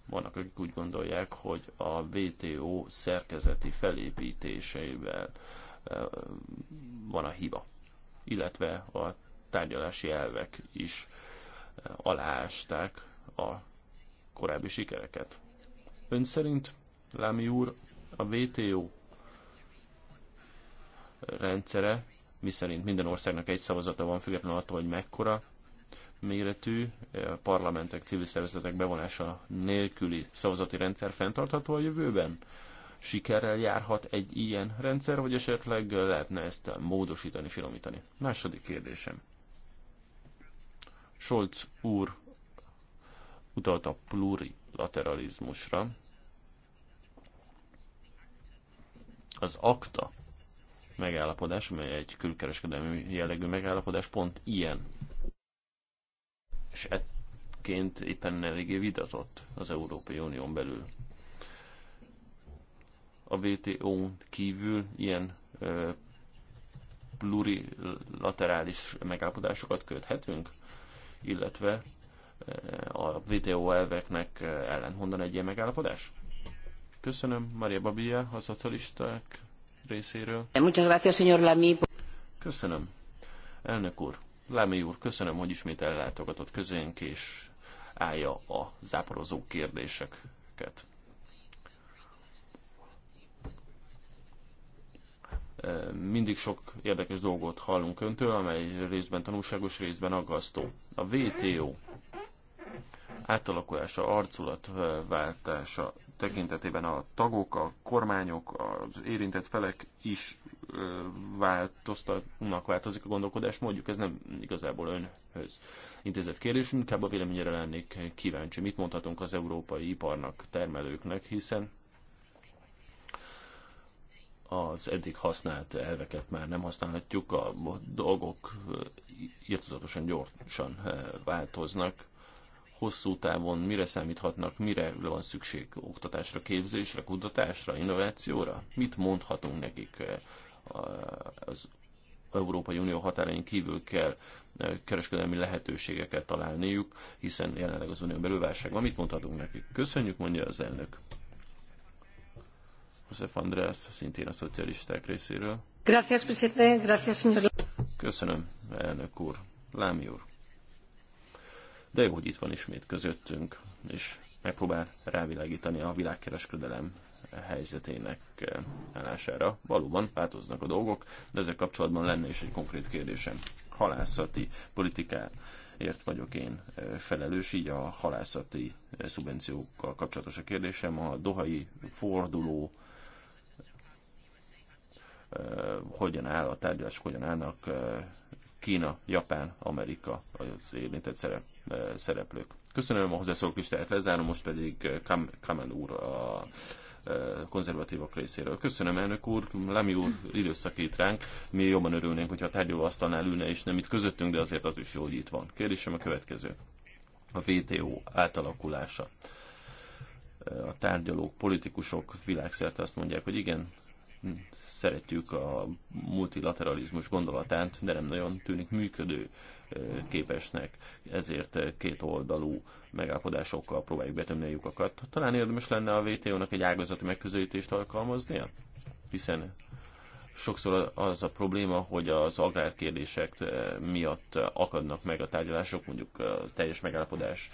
S2: Vannak, akik úgy gondolják, hogy a VTO szerkezeti felépítéseivel van a hiba. Illetve a tárgyalási elvek is eh, aláásták a korábbi sikereket. Ön szerint, Lámi úr, a VTO rendszere, miszerint minden országnak egy szavazata van, függetlenül attól, hogy mekkora méretű, eh, parlamentek, civil szervezetek bevonása nélküli szavazati rendszer fenntartható a jövőben? Sikerrel járhat egy ilyen rendszer, vagy esetleg eh, lehetne ezt módosítani, finomítani? Második kérdésem. Scholz úr utalt a plurilateralizmusra. Az akta megállapodás, amely egy külkereskedelmi jellegű megállapodás, pont ilyen. És ettként éppen eléggé vitatott az Európai Unión belül. A wto kívül ilyen ö, plurilaterális megállapodásokat köthetünk? illetve eh, a VTO elveknek eh, ellentmondan egy ilyen megállapodás? Köszönöm, Maria Babia, a szocialisták részéről.
S3: Muchas gracias, señor Lamy.
S2: Köszönöm. Elnök úr, Lámi úr, köszönöm, hogy ismét ellátogatott közénk, és állja a záporozó kérdéseket. mindig sok érdekes dolgot hallunk öntől, amely részben tanulságos, részben aggasztó. A VTO átalakulása, arculatváltása tekintetében a tagok, a kormányok, az érintett felek is változtatnak, változik a gondolkodás, mondjuk ez nem igazából önhöz intézett kérdés, inkább a véleményére lennék kíváncsi, mit mondhatunk az európai iparnak, termelőknek, hiszen az eddig használt elveket már nem használhatjuk, a dolgok irtozatosan gyorsan változnak. Hosszú távon mire számíthatnak, mire van szükség oktatásra, képzésre, kutatásra, innovációra? Mit mondhatunk nekik az Európai Unió határain kívül kell kereskedelmi lehetőségeket találniuk, hiszen jelenleg az unió belül válság van. Mit mondhatunk nekik? Köszönjük, mondja az elnök. Josef András, szintén a szocialisták részéről.
S3: Gracias, presidente. Gracias, señor.
S2: Köszönöm, elnök úr. Lámi úr. De jó, hogy itt van ismét közöttünk, és megpróbál rávilágítani a világkereskedelem helyzetének állására. Valóban változnak a dolgok, de ezzel kapcsolatban lenne is egy konkrét kérdésem. Halászati politikáért vagyok én e, felelős, így a halászati e, szubvenciókkal kapcsolatos a kérdésem. A dohai forduló hogyan áll a tárgyalások, hogyan állnak Kína, Japán, Amerika az érintett szereplők. Köszönöm a hozzászólók listáját, lezárom, most pedig Kam Kamen úr a konzervatívok részéről. Köszönöm, elnök úr, Lemi úr időszakít ránk. Mi jobban örülnénk, hogyha a tárgyalóasztalnál ülne, és nem itt közöttünk, de azért az is jó, hogy itt van. Kérdésem a következő. A VTO átalakulása. A tárgyalók, politikusok világszerte azt mondják, hogy igen, szeretjük a multilateralizmus gondolatát, de nem nagyon tűnik működő képesnek, ezért két oldalú megállapodásokkal próbáljuk betömni a lyukakat. Talán érdemes lenne a WTO-nak egy ágazati megközelítést alkalmaznia, hiszen sokszor az a probléma, hogy az agrárkérdések miatt akadnak meg a tárgyalások, mondjuk a teljes megállapodás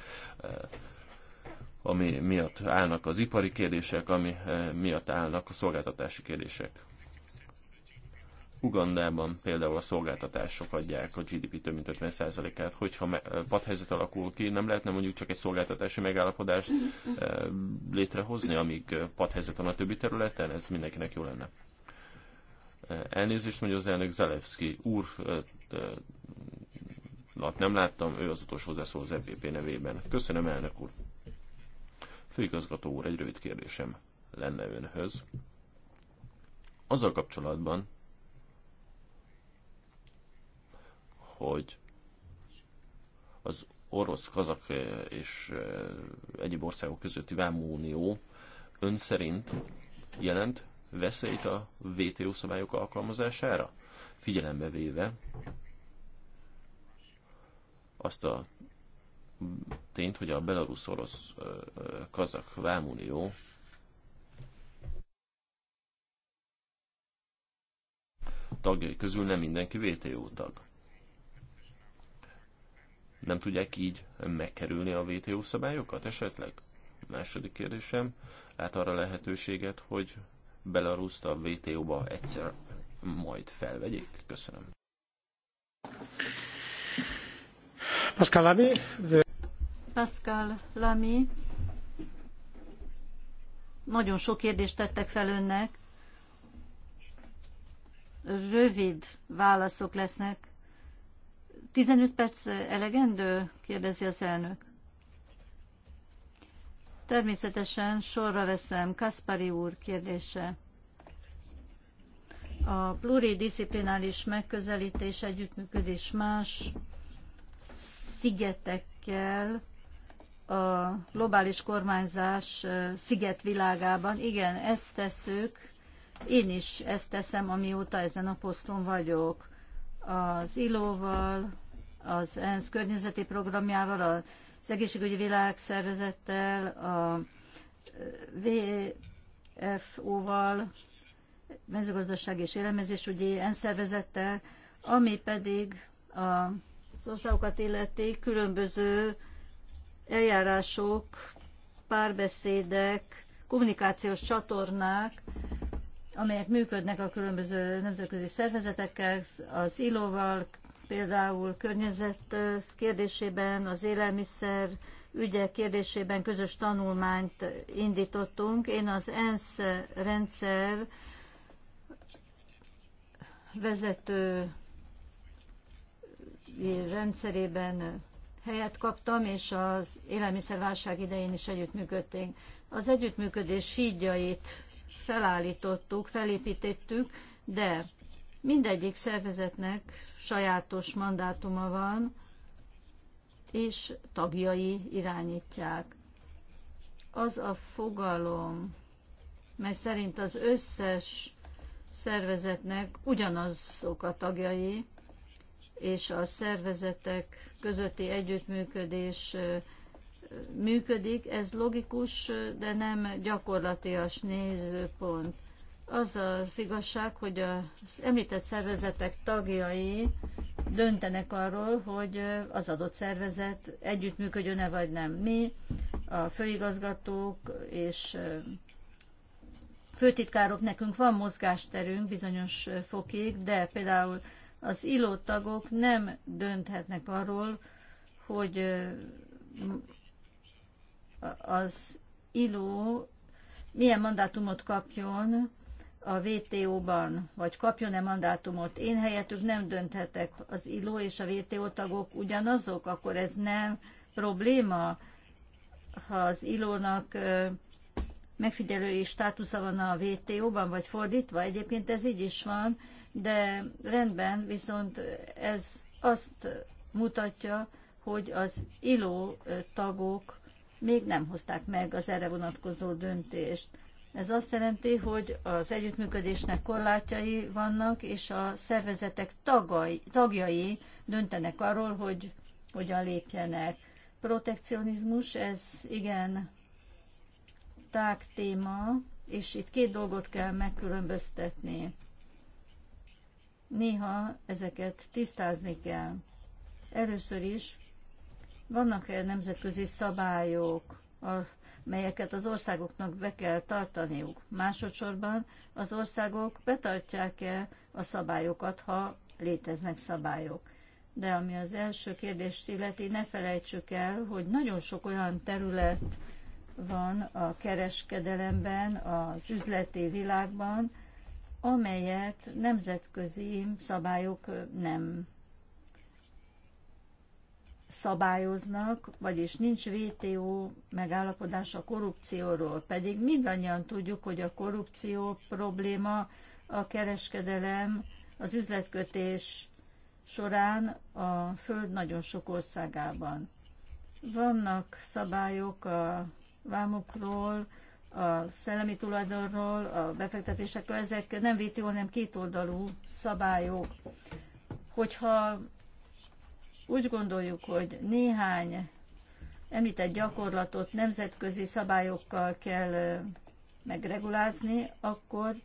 S2: ami miatt állnak az ipari kérdések, ami eh, miatt állnak a szolgáltatási kérdések. Ugandában például a szolgáltatások adják a GDP több mint 50%-át. Hogyha eh, padhelyzet alakul ki, nem lehetne mondjuk csak egy szolgáltatási megállapodást eh, létrehozni, amíg padhelyzet van a többi területen? Ez mindenkinek jó lenne. Elnézést mondja az elnök Zalewski úr, hát nem láttam, ő az utolsó hozzászól az EPP nevében. Köszönöm, elnök úr. Főigazgató úr, egy rövid kérdésem lenne önhöz. Azzal kapcsolatban, hogy az orosz, kazak és eh, egyéb országok közötti vámúnió ön szerint jelent veszélyt a WTO szabályok alkalmazására? Figyelembe véve azt a tényt, hogy a belarusz-orosz kazak vámunió tagjai közül nem mindenki VTO tag. Nem tudják így megkerülni a VTO szabályokat esetleg? Második kérdésem, lát arra lehetőséget, hogy Belaruszt a VTO-ba egyszer majd felvegyék? Köszönöm.
S3: Pascal Ami, Pascal Lamy, nagyon sok kérdést tettek fel önnek. Rövid válaszok lesznek. 15 perc elegendő? kérdezi az elnök. Természetesen sorra veszem Kaspari úr kérdése. A pluridisziplinális megközelítés együttműködés más szigetekkel a globális kormányzás szigetvilágában. Igen, ezt teszük én is ezt teszem, amióta ezen a poszton vagyok. Az ILO-val, az ENSZ környezeti programjával, az Egészségügyi Világszervezettel, a VFO-val, mezőgazdaság és ugye ENSZ szervezettel, ami pedig az országokat illeti különböző eljárások, párbeszédek, kommunikációs csatornák, amelyek működnek a különböző nemzetközi szervezetekkel, az ILO-val, például környezet kérdésében, az élelmiszer ügyek kérdésében közös tanulmányt indítottunk. Én az ENSZ rendszer vezető rendszerében helyet kaptam, és az élelmiszerválság idején is együttműködtünk. Az együttműködés hídjait felállítottuk, felépítettük, de mindegyik szervezetnek sajátos mandátuma van, és tagjai irányítják. Az a fogalom, mely szerint az összes szervezetnek ugyanazok a tagjai, és a szervezetek közötti együttműködés működik. Ez logikus, de nem gyakorlatias nézőpont. Az az igazság, hogy az említett szervezetek tagjai döntenek arról, hogy az adott szervezet együttműködjön-e vagy nem. Mi, a főigazgatók és főtitkárok, nekünk van mozgásterünk bizonyos fokig, de például az ILO tagok nem dönthetnek arról, hogy az ILO milyen mandátumot kapjon a vto ban vagy kapjon-e mandátumot. Én helyettük nem dönthetek. Az ILO és a VTO tagok ugyanazok, akkor ez nem probléma, ha az ILO-nak megfigyelői státusza van a WTO-ban, vagy fordítva, egyébként ez így is van, de rendben, viszont ez azt mutatja, hogy az ILO tagok még nem hozták meg az erre vonatkozó döntést. Ez azt jelenti, hogy az együttműködésnek korlátjai vannak, és a szervezetek tagai, tagjai döntenek arról, hogy hogyan lépjenek. Protekcionizmus, ez igen tág téma, és itt két dolgot kell megkülönböztetni. Néha ezeket tisztázni kell. Először is vannak -e nemzetközi szabályok, melyeket az országoknak be kell tartaniuk. Másodszorban az országok betartják-e a szabályokat, ha léteznek szabályok. De ami az első kérdést illeti, ne felejtsük el, hogy nagyon sok olyan terület van a kereskedelemben, az üzleti világban, amelyet nemzetközi szabályok nem szabályoznak, vagyis nincs VTO megállapodás a korrupcióról, pedig mindannyian tudjuk, hogy a korrupció probléma a kereskedelem, az üzletkötés során a Föld nagyon sok országában. Vannak szabályok a vámokról, a szellemi tulajdonról, a befektetésekről, ezek nem VTO, hanem kétoldalú szabályok. Hogyha úgy gondoljuk, hogy néhány említett gyakorlatot nemzetközi szabályokkal kell megregulázni, akkor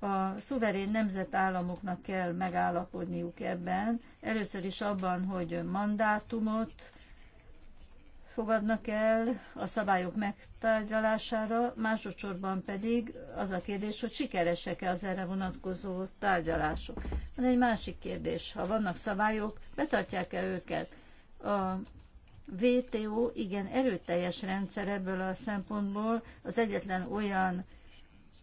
S3: a szuverén nemzetállamoknak kell megállapodniuk ebben. Először is abban, hogy mandátumot fogadnak el a szabályok megtárgyalására, másodszorban pedig az a kérdés, hogy sikeresek-e az erre vonatkozó tárgyalások. Van egy másik kérdés, ha vannak szabályok, betartják-e őket? A VTO igen erőteljes rendszer ebből a szempontból, az egyetlen olyan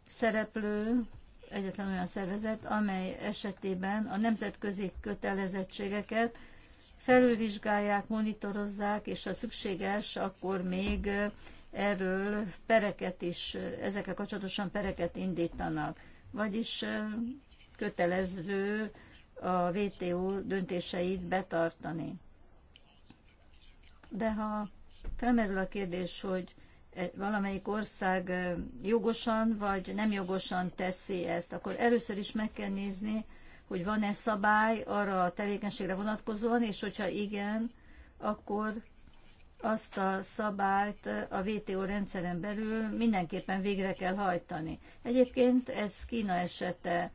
S3: szereplő, egyetlen olyan szervezet, amely esetében a nemzetközi kötelezettségeket felülvizsgálják, monitorozzák, és ha szükséges, akkor még erről pereket is, ezekkel kapcsolatosan pereket indítanak. Vagyis kötelező a WTO döntéseit betartani. De ha felmerül a kérdés, hogy valamelyik ország jogosan vagy nem jogosan teszi ezt, akkor először is meg kell nézni, hogy van-e szabály arra a tevékenységre vonatkozóan, és hogyha igen, akkor azt a szabályt a WTO rendszeren belül mindenképpen végre kell hajtani. Egyébként ez Kína esete.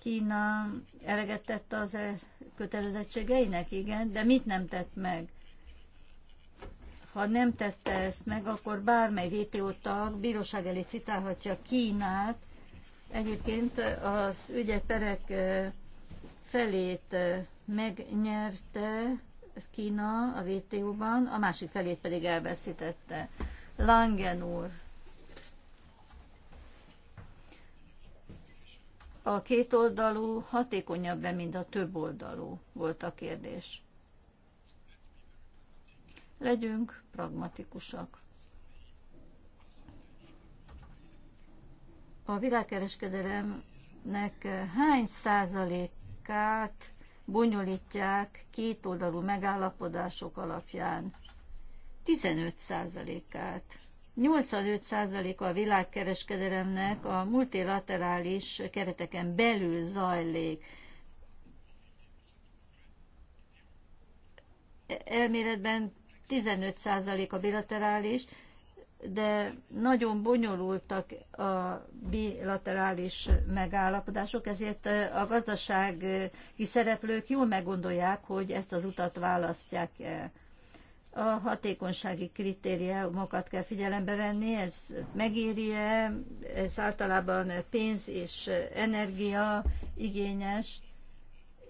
S3: Kína eleget tette az e- kötelezettségeinek, igen, de mit nem tett meg? Ha nem tette ezt meg, akkor bármely WTO tag bíróság elé citálhatja Kínát. Egyébként az ügyek perek felét megnyerte Kína a WTO-ban, a másik felét pedig elveszítette. Langen úr. A kétoldalú hatékonyabb -e, mint a többoldalú volt a kérdés. Legyünk pragmatikusak. A világkereskedelemnek hány százalék politikát bonyolítják kétoldalú megállapodások alapján. 15%-át. 85% a világkereskedelemnek a multilaterális kereteken belül zajlik. E-, elméletben 15% a bilaterális, de nagyon bonyolultak a bilaterális megállapodások, ezért a gazdasági szereplők jól meggondolják, hogy ezt az utat választják -e. A hatékonysági kritériumokat kell figyelembe venni, ez megéri-e, ez általában pénz és energia igényes,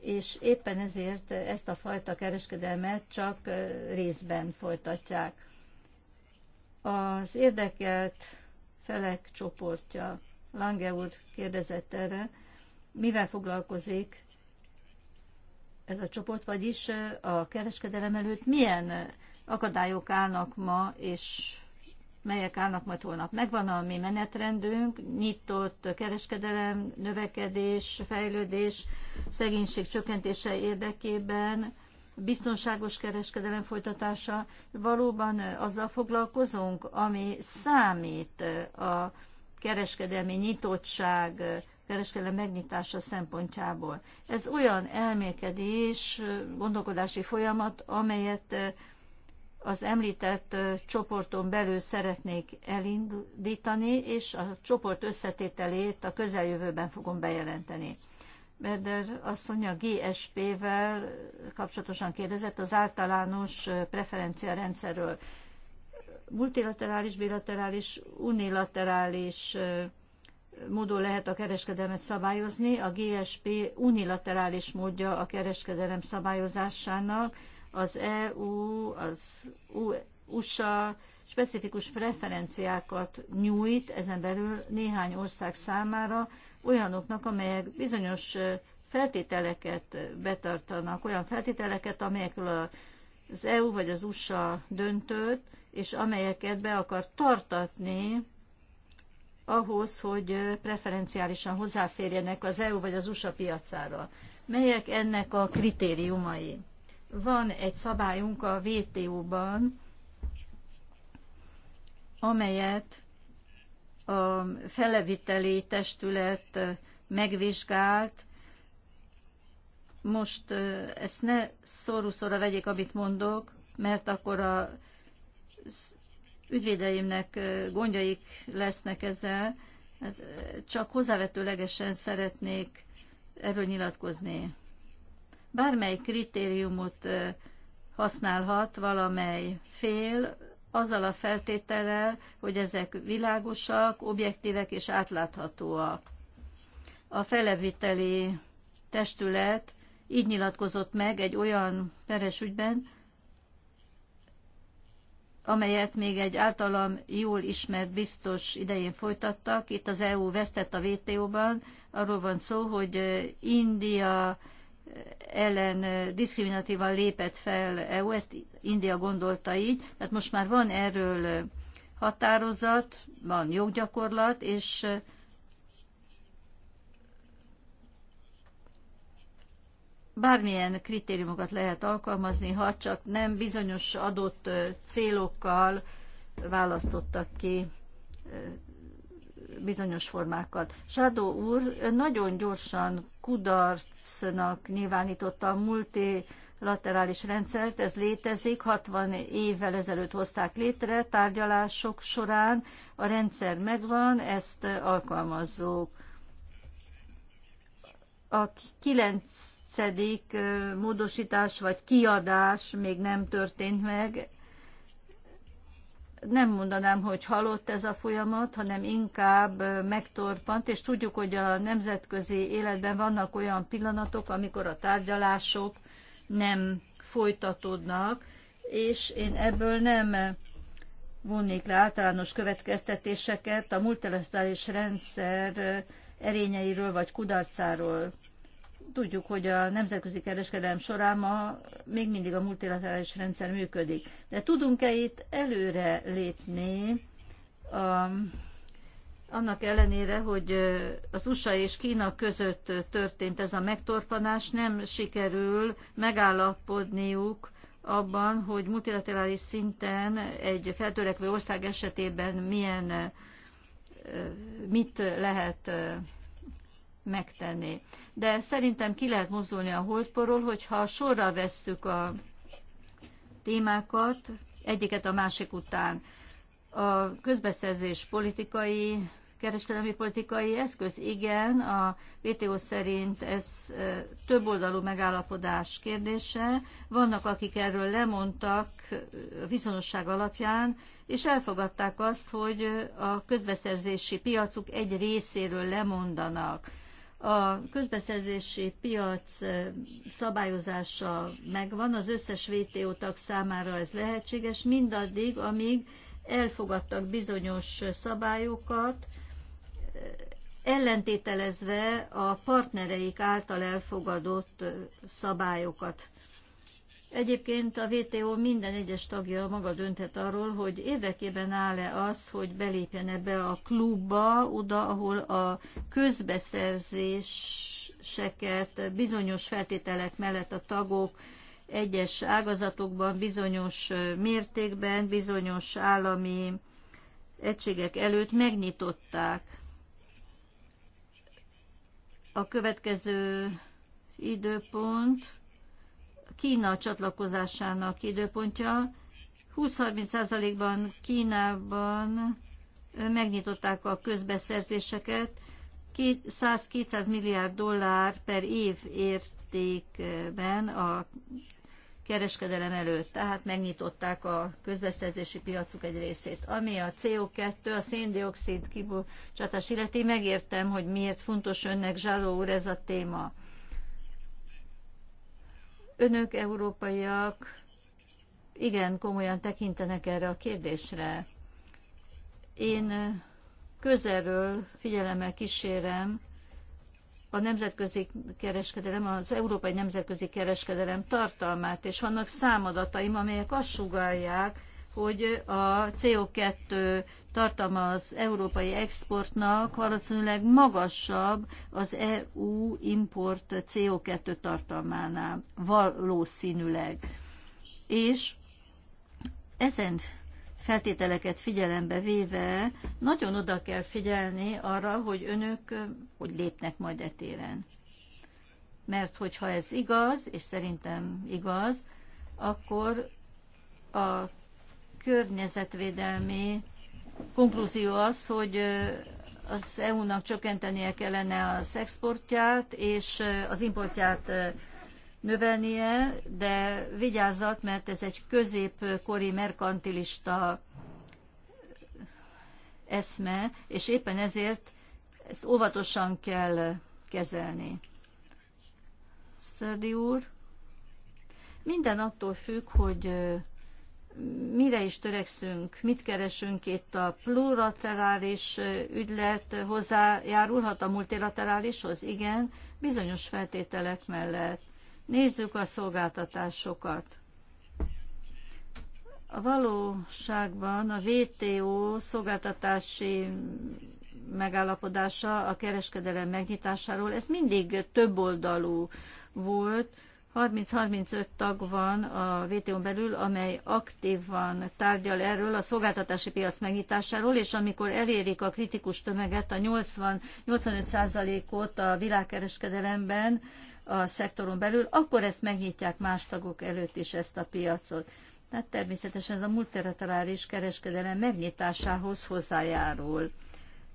S3: és éppen ezért ezt a fajta kereskedelmet csak részben folytatják az érdekelt felek csoportja, Lange úr kérdezett erre, mivel foglalkozik ez a csoport, vagyis a kereskedelem előtt milyen akadályok állnak ma, és melyek állnak majd holnap. Megvan a mi menetrendünk, nyitott kereskedelem, növekedés, fejlődés, szegénység csökkentése érdekében biztonságos kereskedelem folytatása, valóban azzal foglalkozunk, ami számít a kereskedelmi nyitottság, kereskedelem megnyitása szempontjából. Ez olyan elmélkedés, gondolkodási folyamat, amelyet az említett csoporton belül szeretnék elindítani, és a csoport összetételét a közeljövőben fogom bejelenteni. Berder asszony a GSP-vel kapcsolatosan kérdezett az általános preferencia rendszerről. Multilaterális, bilaterális, unilaterális módon lehet a kereskedelmet szabályozni. A GSP unilaterális módja a kereskedelem szabályozásának. Az EU, az USA specifikus preferenciákat nyújt ezen belül néhány ország számára olyanoknak, amelyek bizonyos feltételeket betartanak, olyan feltételeket, amelyekről az EU vagy az USA döntött, és amelyeket be akar tartatni ahhoz, hogy preferenciálisan hozzáférjenek az EU vagy az USA piacára. Melyek ennek a kritériumai? Van egy szabályunk a WTO-ban, amelyet a feleviteli testület megvizsgált. Most ezt ne szóruszóra vegyék, amit mondok, mert akkor a ügyvédeimnek gondjaik lesznek ezzel. Hát, csak hozzávetőlegesen szeretnék erről nyilatkozni. Bármely kritériumot használhat valamely fél, azzal a feltétellel, hogy ezek világosak, objektívek és átláthatóak. A feleviteli testület így nyilatkozott meg egy olyan peres ügyben, amelyet még egy általam jól ismert biztos idején folytattak. Itt az EU vesztett a WTO-ban. Arról van szó, hogy India ellen diszkriminatívan lépett fel EU, ezt India gondolta így, tehát most már van erről határozat, van joggyakorlat, és bármilyen kritériumokat lehet alkalmazni, ha csak nem bizonyos adott célokkal választottak ki bizonyos formákat. Sádó úr nagyon gyorsan kudarcnak nyilvánította a multilaterális rendszert, ez létezik, 60 évvel ezelőtt hozták létre, tárgyalások során a rendszer megvan, ezt alkalmazzuk. A kilencedik módosítás vagy kiadás még nem történt meg, nem mondanám, hogy halott ez a folyamat, hanem inkább megtorpant, és tudjuk, hogy a nemzetközi életben vannak olyan pillanatok, amikor a tárgyalások nem folytatódnak, és én ebből nem vonnék le általános következtetéseket a multilaterális rendszer erényeiről vagy kudarcáról. Tudjuk, hogy a nemzetközi kereskedelem során ma még mindig a multilaterális rendszer működik. De tudunk-e itt előre lépni a, annak ellenére, hogy az USA és Kína között történt ez a megtorpanás, nem sikerül megállapodniuk abban, hogy multilaterális szinten egy feltörekvő ország esetében milyen mit lehet megtenni. De szerintem ki lehet mozdulni a holdporról, hogyha sorra vesszük a témákat, egyiket a másik után. A közbeszerzés politikai, kereskedelmi politikai eszköz, igen, a WTO szerint ez többoldalú megállapodás kérdése. Vannak, akik erről lemondtak a viszonosság alapján, és elfogadták azt, hogy a közbeszerzési piacuk egy részéről lemondanak. A közbeszerzési piac eh, szabályozása megvan, az összes VTO tag számára ez lehetséges, mindaddig, amíg elfogadtak bizonyos szabályokat, eh, ellentételezve a partnereik által elfogadott eh, szabályokat. Egyébként a VTO minden egyes tagja maga dönthet arról, hogy érdekében áll-e az, hogy belépjen ebbe a klubba, oda, ahol a közbeszerzéseket bizonyos feltételek mellett a tagok egyes ágazatokban, bizonyos mértékben, bizonyos állami egységek előtt megnyitották. A következő időpont Kína csatlakozásának időpontja. 20-30%-ban Kínában megnyitották a közbeszerzéseket, 100-200 milliárd dollár per év értékben a kereskedelem előtt, tehát megnyitották a közbeszerzési piacuk egy részét. Ami a CO2, a széndiokszid kibocsátás illeti, megértem, hogy miért fontos önnek, Zsáló úr, ez a téma. Önök, európaiak, igen komolyan tekintenek erre a kérdésre. Én közelről figyelemmel kísérem a nemzetközi kereskedelem, az európai nemzetközi kereskedelem tartalmát, és vannak számadataim, amelyek azt sugalják, hogy a CO2 tartalma az európai exportnak valószínűleg magasabb az EU import CO2 tartalmánál, valószínűleg. És ezen feltételeket figyelembe véve nagyon oda kell figyelni arra, hogy önök hogy lépnek majd etéren. Mert hogyha ez igaz, és szerintem igaz, akkor a környezetvédelmi konklúzió az, hogy az EU-nak csökkentenie kellene az exportját, és az importját növelnie, de vigyázzat, mert ez egy középkori merkantilista eszme, és éppen ezért ezt óvatosan kell kezelni. Szerdi úr, minden attól függ, hogy mire is törekszünk, mit keresünk itt a plurilaterális ügylet hozzájárulhat a multilaterálishoz? Igen, bizonyos feltételek mellett. Nézzük a szolgáltatásokat. A valóságban a WTO szolgáltatási megállapodása a kereskedelem megnyitásáról, ez mindig többoldalú volt, 30-35 tag van a wto belül, amely aktívan tárgyal erről a szolgáltatási piac megnyitásáról, és amikor elérik a kritikus tömeget, a 80-85%-ot a világkereskedelemben a szektoron belül, akkor ezt megnyitják más tagok előtt is ezt a piacot. Tehát természetesen ez a multilaterális kereskedelem megnyitásához hozzájárul.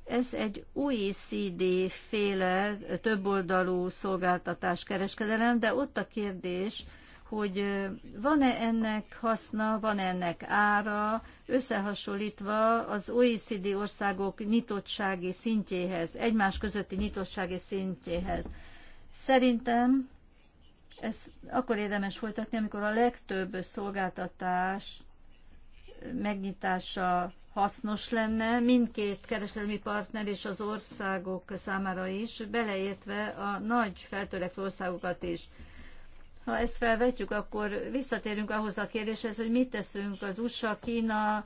S3: Ez egy OECD féle többoldalú szolgáltatás kereskedelem, de ott a kérdés, hogy van-e ennek haszna, van -e ennek ára, összehasonlítva az OECD országok nyitottsági szintjéhez, egymás közötti nyitottsági szintjéhez. Szerintem ez akkor érdemes folytatni, amikor a legtöbb szolgáltatás megnyitása hasznos lenne mindkét kereskedelmi partner és az országok számára is, beleértve a nagy feltörekvő országokat is. Ha ezt felvetjük, akkor visszatérünk ahhoz a kérdéshez, hogy mit teszünk az USA, Kína,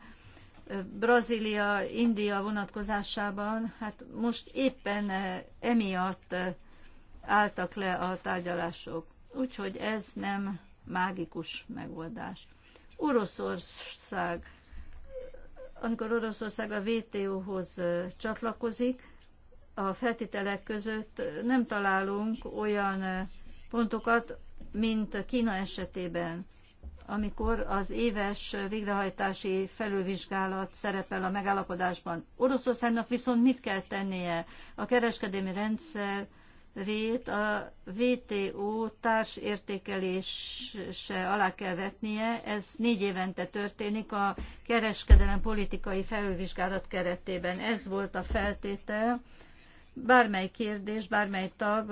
S3: Brazília, India vonatkozásában. Hát most éppen eh, emiatt eh, álltak le a tárgyalások. Úgyhogy ez nem mágikus megoldás. Oroszország amikor Oroszország a WTO-hoz csatlakozik, a feltételek között nem találunk olyan pontokat, mint Kína esetében, amikor az éves végrehajtási felülvizsgálat szerepel a megállapodásban. Oroszországnak viszont mit kell tennie? A kereskedelmi rendszer rét a VTO társértékelése alá kell vetnie. Ez négy évente történik a kereskedelem politikai felülvizsgálat keretében. Ez volt a feltétel. Bármely kérdés, bármely tag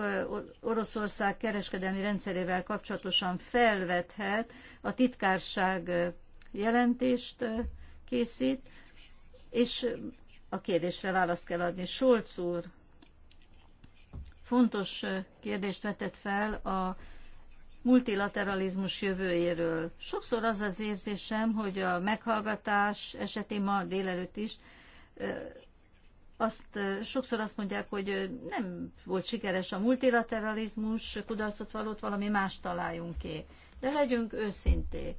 S3: Oroszország kereskedelmi rendszerével kapcsolatosan felvethet, a titkárság jelentést készít, és a kérdésre választ kell adni. Solc úr fontos kérdést vetett fel a multilateralizmus jövőjéről. Sokszor az az érzésem, hogy a meghallgatás esetén ma délelőtt is azt, sokszor azt mondják, hogy nem volt sikeres a multilateralizmus, kudarcot valót, valami más találjunk ki. De legyünk őszinték.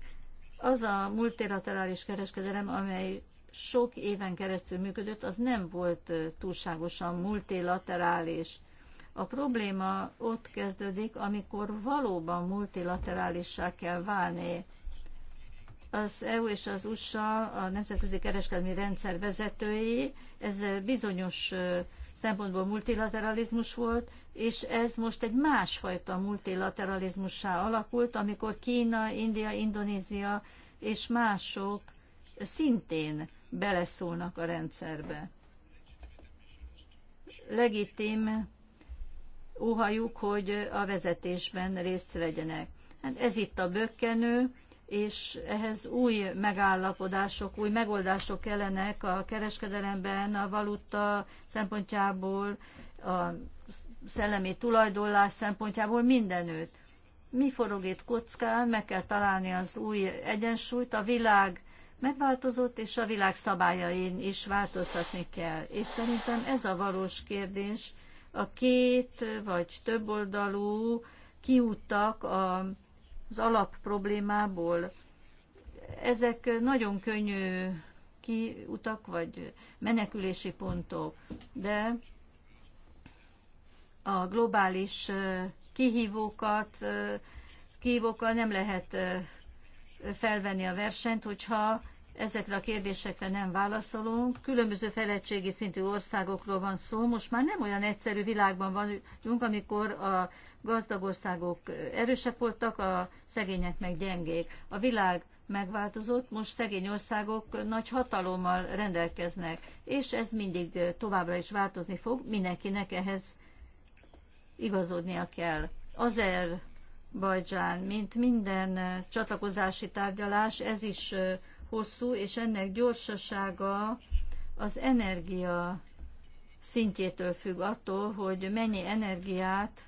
S3: Az a multilaterális kereskedelem, amely sok éven keresztül működött, az nem volt túlságosan multilaterális. A probléma ott kezdődik, amikor valóban multilaterálissá kell válni. Az EU és az USA, a Nemzetközi Kereskedelmi Rendszer vezetői, ez bizonyos szempontból multilateralizmus volt, és ez most egy másfajta multilateralizmussá alakult, amikor Kína, India, Indonézia és mások szintén beleszólnak a rendszerbe. Legitim óhajuk, hogy a vezetésben részt vegyenek. Hát ez itt a bökkenő, és ehhez új megállapodások, új megoldások kellenek a kereskedelemben, a valuta szempontjából, a szellemi tulajdonlás szempontjából mindenütt. Mi forog itt kockán, meg kell találni az új egyensúlyt, a világ megváltozott, és a világ szabályain is változtatni kell. És szerintem ez a valós kérdés, a két vagy több oldalú kiúttak az alap problémából. Ezek nagyon könnyű kiutak vagy menekülési pontok, de a globális kihívókat, kihívókkal nem lehet felvenni a versenyt, hogyha ezekre a kérdésekre nem válaszolunk. Különböző fejlettségi szintű országokról van szó. Most már nem olyan egyszerű világban vagyunk, amikor a gazdag országok erősek voltak, a szegények meg gyengék. A világ megváltozott, most szegény országok nagy hatalommal rendelkeznek, és ez mindig továbbra is változni fog, mindenkinek ehhez igazodnia kell. Azerbajdzsán, mint minden csatlakozási tárgyalás, ez is hosszú, és ennek gyorsasága az energia szintjétől függ attól, hogy mennyi energiát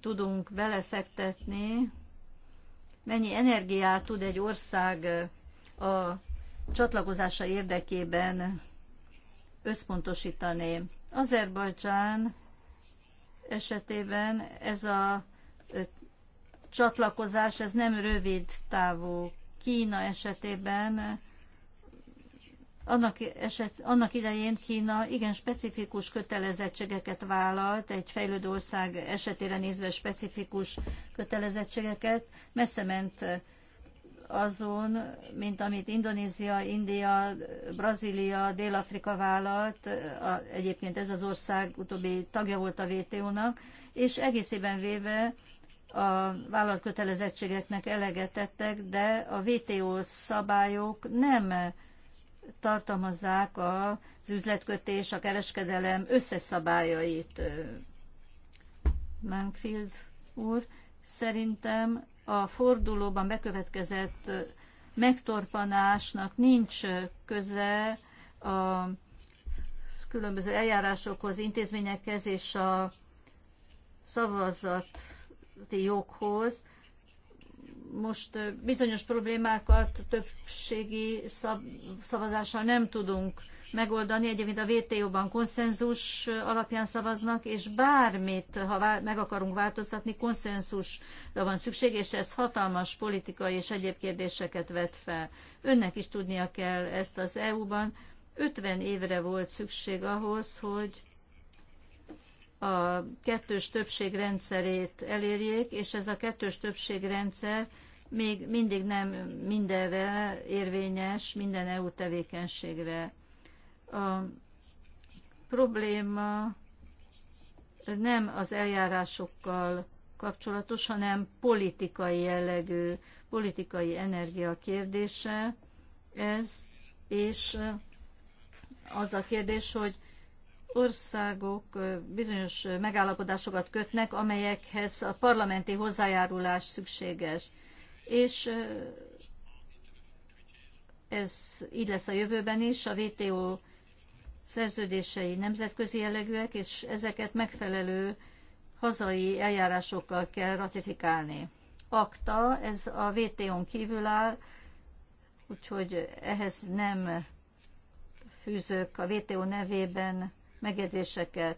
S3: tudunk belefektetni, mennyi energiát tud egy ország a csatlakozása érdekében összpontosítani. Azerbajdzsán esetében ez a csatlakozás ez nem rövid távú Kína esetében annak, eset, annak idején Kína igen specifikus kötelezettségeket vállalt, egy fejlődő ország esetére nézve specifikus kötelezettségeket, messze ment azon, mint amit Indonézia, India, Brazília, Dél-Afrika vállalt, a, egyébként ez az ország utóbbi tagja volt a WTO-nak, és egészében véve a vállalatkötelezettségeknek eleget tettek, de a VTO szabályok nem tartalmazzák az üzletkötés, a kereskedelem összes szabályait. Manfield úr, szerintem a fordulóban bekövetkezett megtorpanásnak nincs köze a különböző eljárásokhoz, intézményekhez és a szavazat joghoz. Most bizonyos problémákat többségi szavazással nem tudunk megoldani. Egyébként a vto ban konszenzus alapján szavaznak, és bármit, ha meg akarunk változtatni, konszenzusra van szükség, és ez hatalmas politikai és egyéb kérdéseket vet fel. Önnek is tudnia kell ezt az EU-ban. 50 évre volt szükség ahhoz, hogy a kettős többség rendszerét elérjék, és ez a kettős többség rendszer még mindig nem mindenre érvényes, minden EU tevékenységre. A probléma nem az eljárásokkal kapcsolatos, hanem politikai jellegű, politikai energia kérdése ez, és az a kérdés, hogy országok bizonyos megállapodásokat kötnek, amelyekhez a parlamenti hozzájárulás szükséges. És ez így lesz a jövőben is, a WTO szerződései nemzetközi jellegűek, és ezeket megfelelő hazai eljárásokkal kell ratifikálni. Akta, ez a WTO-n kívül áll, úgyhogy ehhez nem fűzök a WTO nevében megjegyzéseket.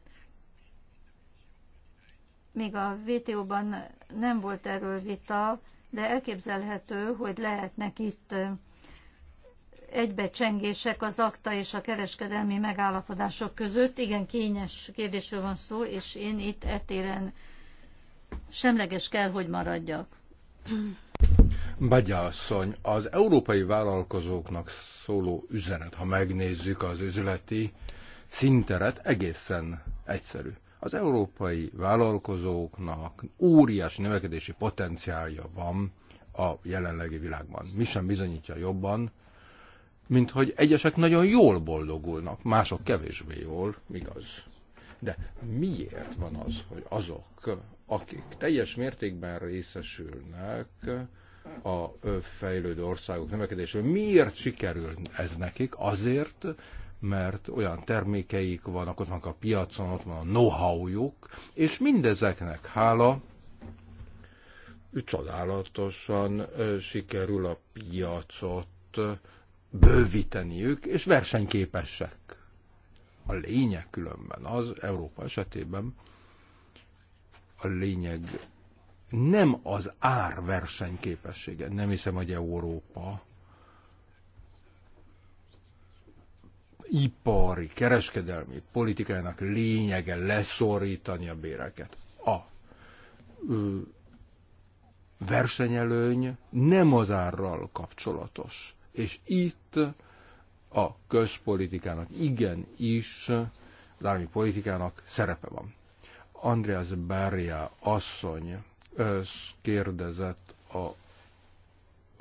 S3: Még a vto ban nem volt erről vita, de elképzelhető, hogy lehetnek itt egybecsengések az akta és a kereskedelmi megállapodások között. Igen, kényes kérdésről van szó, és én itt etéren semleges kell, hogy maradjak.
S1: Bagyasszony, az európai vállalkozóknak szóló üzenet, ha megnézzük az üzleti szinteret egészen egyszerű. Az európai vállalkozóknak óriási növekedési potenciálja van a jelenlegi világban. Mi sem bizonyítja jobban, mint hogy egyesek nagyon jól boldogulnak, mások kevésbé jól, igaz. De miért van az, hogy azok, akik teljes mértékben részesülnek a fejlődő országok növekedésében, miért sikerül ez nekik? Azért, mert olyan termékeik vannak, ott vannak a piacon, ott van a know-howjuk, és mindezeknek hála csodálatosan sikerül a piacot bővíteniük, és versenyképesek. A lényeg különben az, Európa esetében a lényeg nem az ár versenyképessége. Nem hiszem, hogy Európa ipari, kereskedelmi politikájának lényege leszorítani a béreket. A versenyelőny nem az árral kapcsolatos. És itt a közpolitikának igenis, az állami politikának szerepe van. Andreas Beria asszony kérdezett a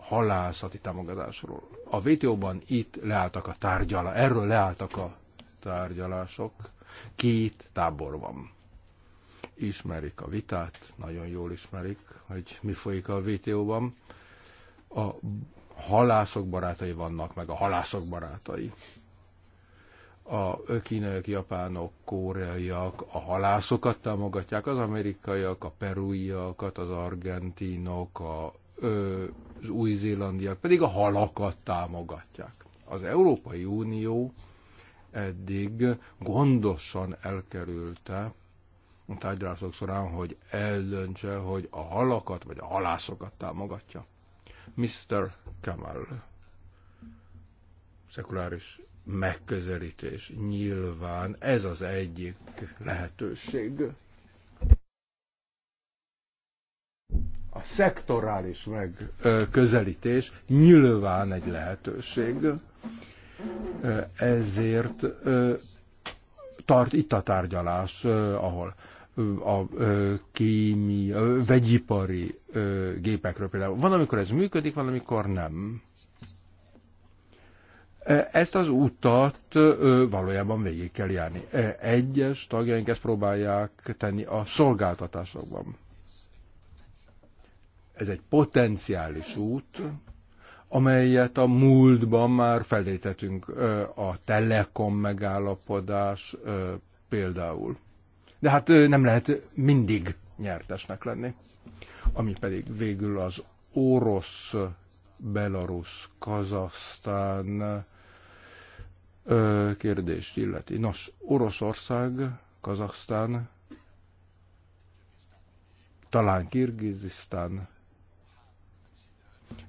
S1: halászati támogatásról. A WTO-ban itt leálltak a tárgyalások, erről leálltak a tárgyalások. Két tábor van. Ismerik a vitát, nagyon jól ismerik, hogy mi folyik a WTO-ban. A halászok barátai vannak, meg a halászok barátai. A kínaiak, japánok, koreaiak, a halászokat támogatják, az amerikaiak, a peruiakat, az argentinok, a az új-zélandiak pedig a halakat támogatják. Az Európai Unió eddig gondosan elkerülte a tárgyalások során, hogy eldöntse, hogy a halakat vagy a halászokat támogatja. Mr. Kamal szekuláris megközelítés. Nyilván ez az egyik lehetőség. A szektorális megközelítés nyilván egy lehetőség, ezért tart itt a tárgyalás, ahol a kémia, vegyipari gépekről például. Van, amikor ez működik, van, amikor nem. Ezt az utat valójában végig kell járni. Egyes tagjaink ezt próbálják tenni a szolgáltatásokban. Ez egy potenciális út, amelyet a múltban már felétetünk a Telekom megállapodás például. De hát nem lehet mindig nyertesnek lenni. Ami pedig végül az orosz, belarusz, kazasztán kérdést illeti. Nos, Oroszország, Kazasztán, talán Kirgizisztán,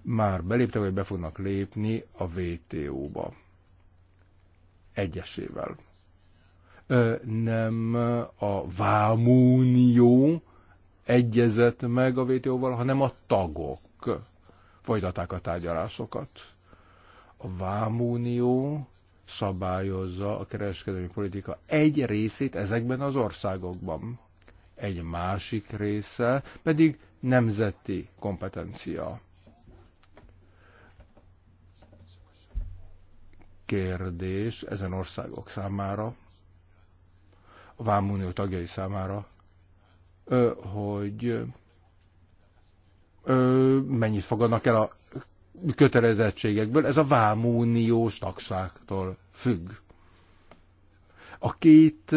S1: már beléptek, vagy be fognak lépni a WTO-ba. Egyesével. Nem a Vámúnió egyezett meg a WTO-val, hanem a tagok folytatták a tárgyalásokat. A Vámúnió szabályozza a kereskedelmi politika egy részét ezekben az országokban, egy másik része pedig nemzeti kompetencia kérdés ezen országok számára, a Vámunió tagjai számára, hogy mennyit fogadnak el a kötelezettségekből. Ez a Vámuniós tagságtól függ. A két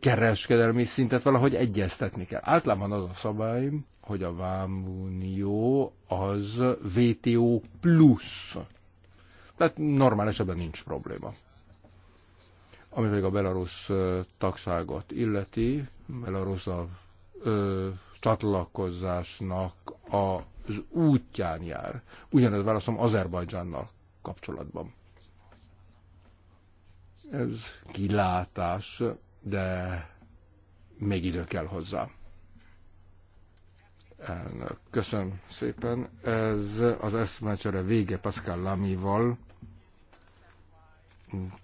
S1: kereskedelmi szintet valahogy egyeztetni kell. Általában az a szabály, hogy a Vámunió az VTO plusz tehát normál esetben nincs probléma. Ami pedig a belarusz tagságot illeti, belarusz a ö, csatlakozásnak az útján jár. Ugyanez válaszom Azerbajdzsánnal kapcsolatban. Ez kilátás, de még idő kell hozzá. Elnök, köszönöm szépen. Ez az eszmecsere vége Pascal Lamival,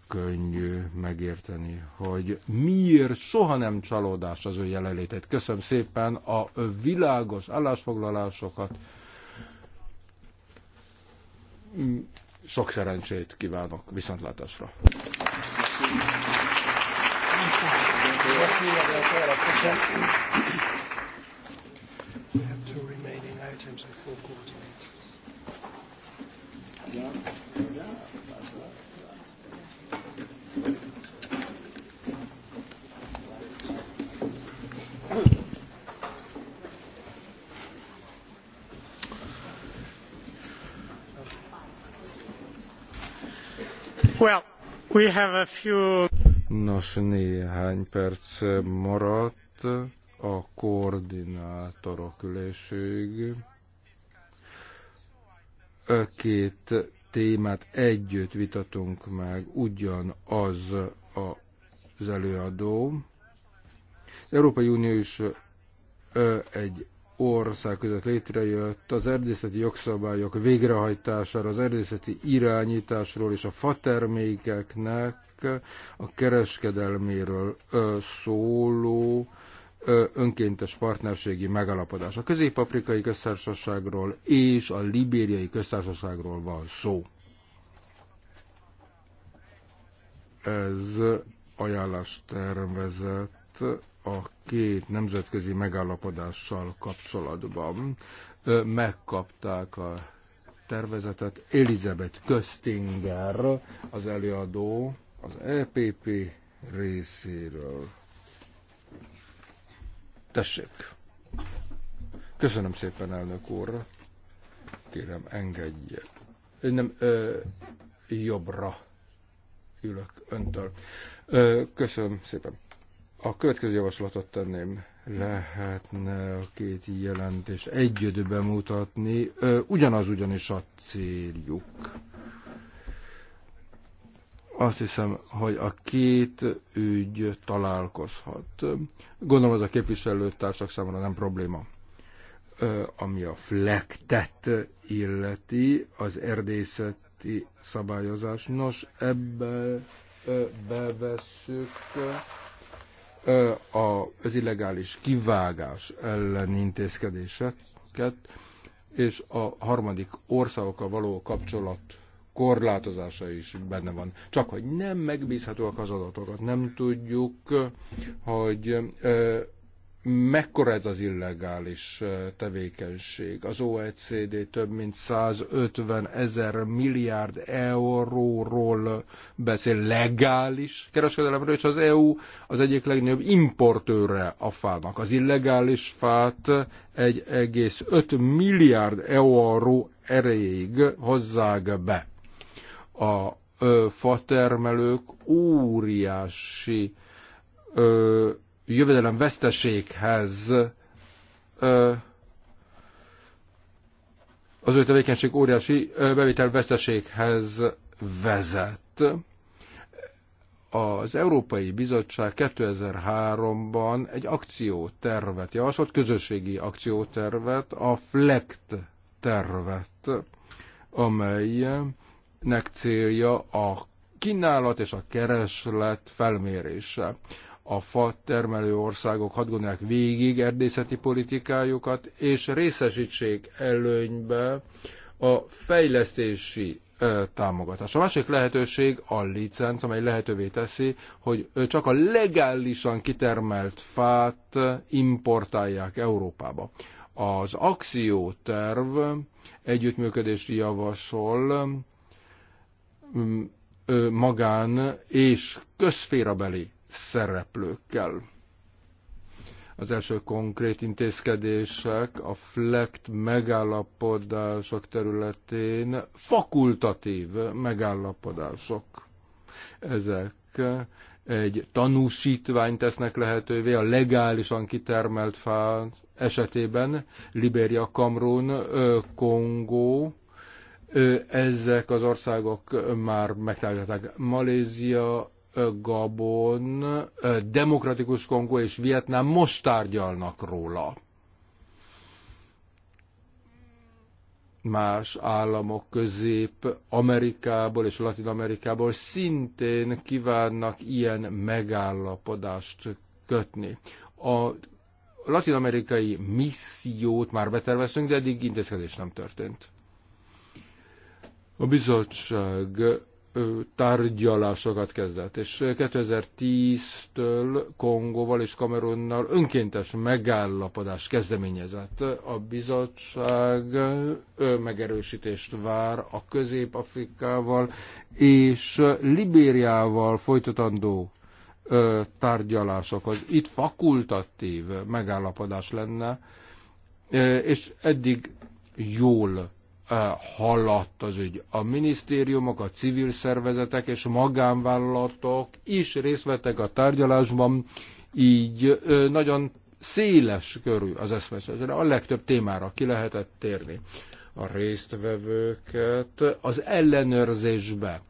S1: könnyű megérteni, hogy miért soha nem csalódás az ő jelenlétét. Köszönöm szépen a világos állásfoglalásokat. Sok szerencsét kívánok viszontlátásra. Köszönöm. Nos, néhány perc maradt a koordinátorok üléség. Két témát együtt vitatunk meg, ugyanaz az előadó. Európai Unió is egy ország között létrejött az erdészeti jogszabályok végrehajtására, az erdészeti irányításról és a fatermékeknek a kereskedelméről szóló önkéntes partnerségi megalapodás. A közép-afrikai köztársaságról és a libériai köztársaságról van szó. Ez ajánlást tervezett a két nemzetközi megállapodással kapcsolatban megkapták a tervezetet. Elizabeth Köstinger az előadó az EPP részéről. Tessék! Köszönöm szépen, elnök úr! Kérem, engedje. Én nem ö, jobbra ülök öntől. Ö, köszönöm szépen. A következő javaslatot tenném. Lehetne a két jelentést együtt bemutatni. Ugyanaz ugyanis a céljuk. Azt hiszem, hogy a két ügy találkozhat. Gondolom, az a képviselőtársak számára nem probléma ami a flektet illeti, az erdészeti szabályozás. Nos, ebbe bevesszük az illegális kivágás ellen intézkedéseket, és a harmadik országokkal való kapcsolat korlátozása is benne van. Csak hogy nem megbízhatóak az adatokat, nem tudjuk, hogy mekkora ez az illegális tevékenység. Az OECD több mint 150 ezer milliárd euróról beszél legális kereskedelemről, és az EU az egyik legnagyobb importőre a fának. Az illegális fát 1,5 milliárd euró erejéig hozzák be. A fatermelők óriási jövedelem veszteséghez az ő tevékenység óriási bevételveszteséghez vezet. Az Európai Bizottság 2003-ban egy akciótervet javasolt, közösségi akciótervet, a FLECT tervet, amelynek célja a kínálat és a kereslet felmérése a fa termelő országok hadd gondolják végig erdészeti politikájukat, és részesítsék előnybe a fejlesztési támogatás. A másik lehetőség a licenc, amely lehetővé teszi, hogy csak a legálisan kitermelt fát importálják Európába. Az akcióterv együttműködést javasol magán és közférabeli szereplőkkel. Az első konkrét intézkedések a FLECT megállapodások területén fakultatív megállapodások. Ezek egy tanúsítványt tesznek lehetővé a legálisan kitermelt fá esetében, Liberia, Kamrun, Kongó, ezek az országok már megtalálták Malézia, Gabon, Demokratikus Kongó és Vietnám most tárgyalnak róla. Más államok Közép-Amerikából és Latin-Amerikából szintén kívánnak ilyen megállapodást kötni. A latin-amerikai missziót már beterveztünk, de eddig intézkedés nem történt. A bizottság tárgyalásokat kezdett, és 2010-től Kongóval és Kamerunnal önkéntes megállapodás kezdeményezett. A bizottság megerősítést vár a Közép-Afrikával és Libériával folytatandó tárgyalásokhoz. Itt fakultatív megállapodás lenne, és eddig jól haladt az ügy. A minisztériumok, a civil szervezetek és magánvállalatok is részt vettek a tárgyalásban, így nagyon széles körű az eszmecsere, a legtöbb témára ki lehetett térni a résztvevőket az ellenőrzésbe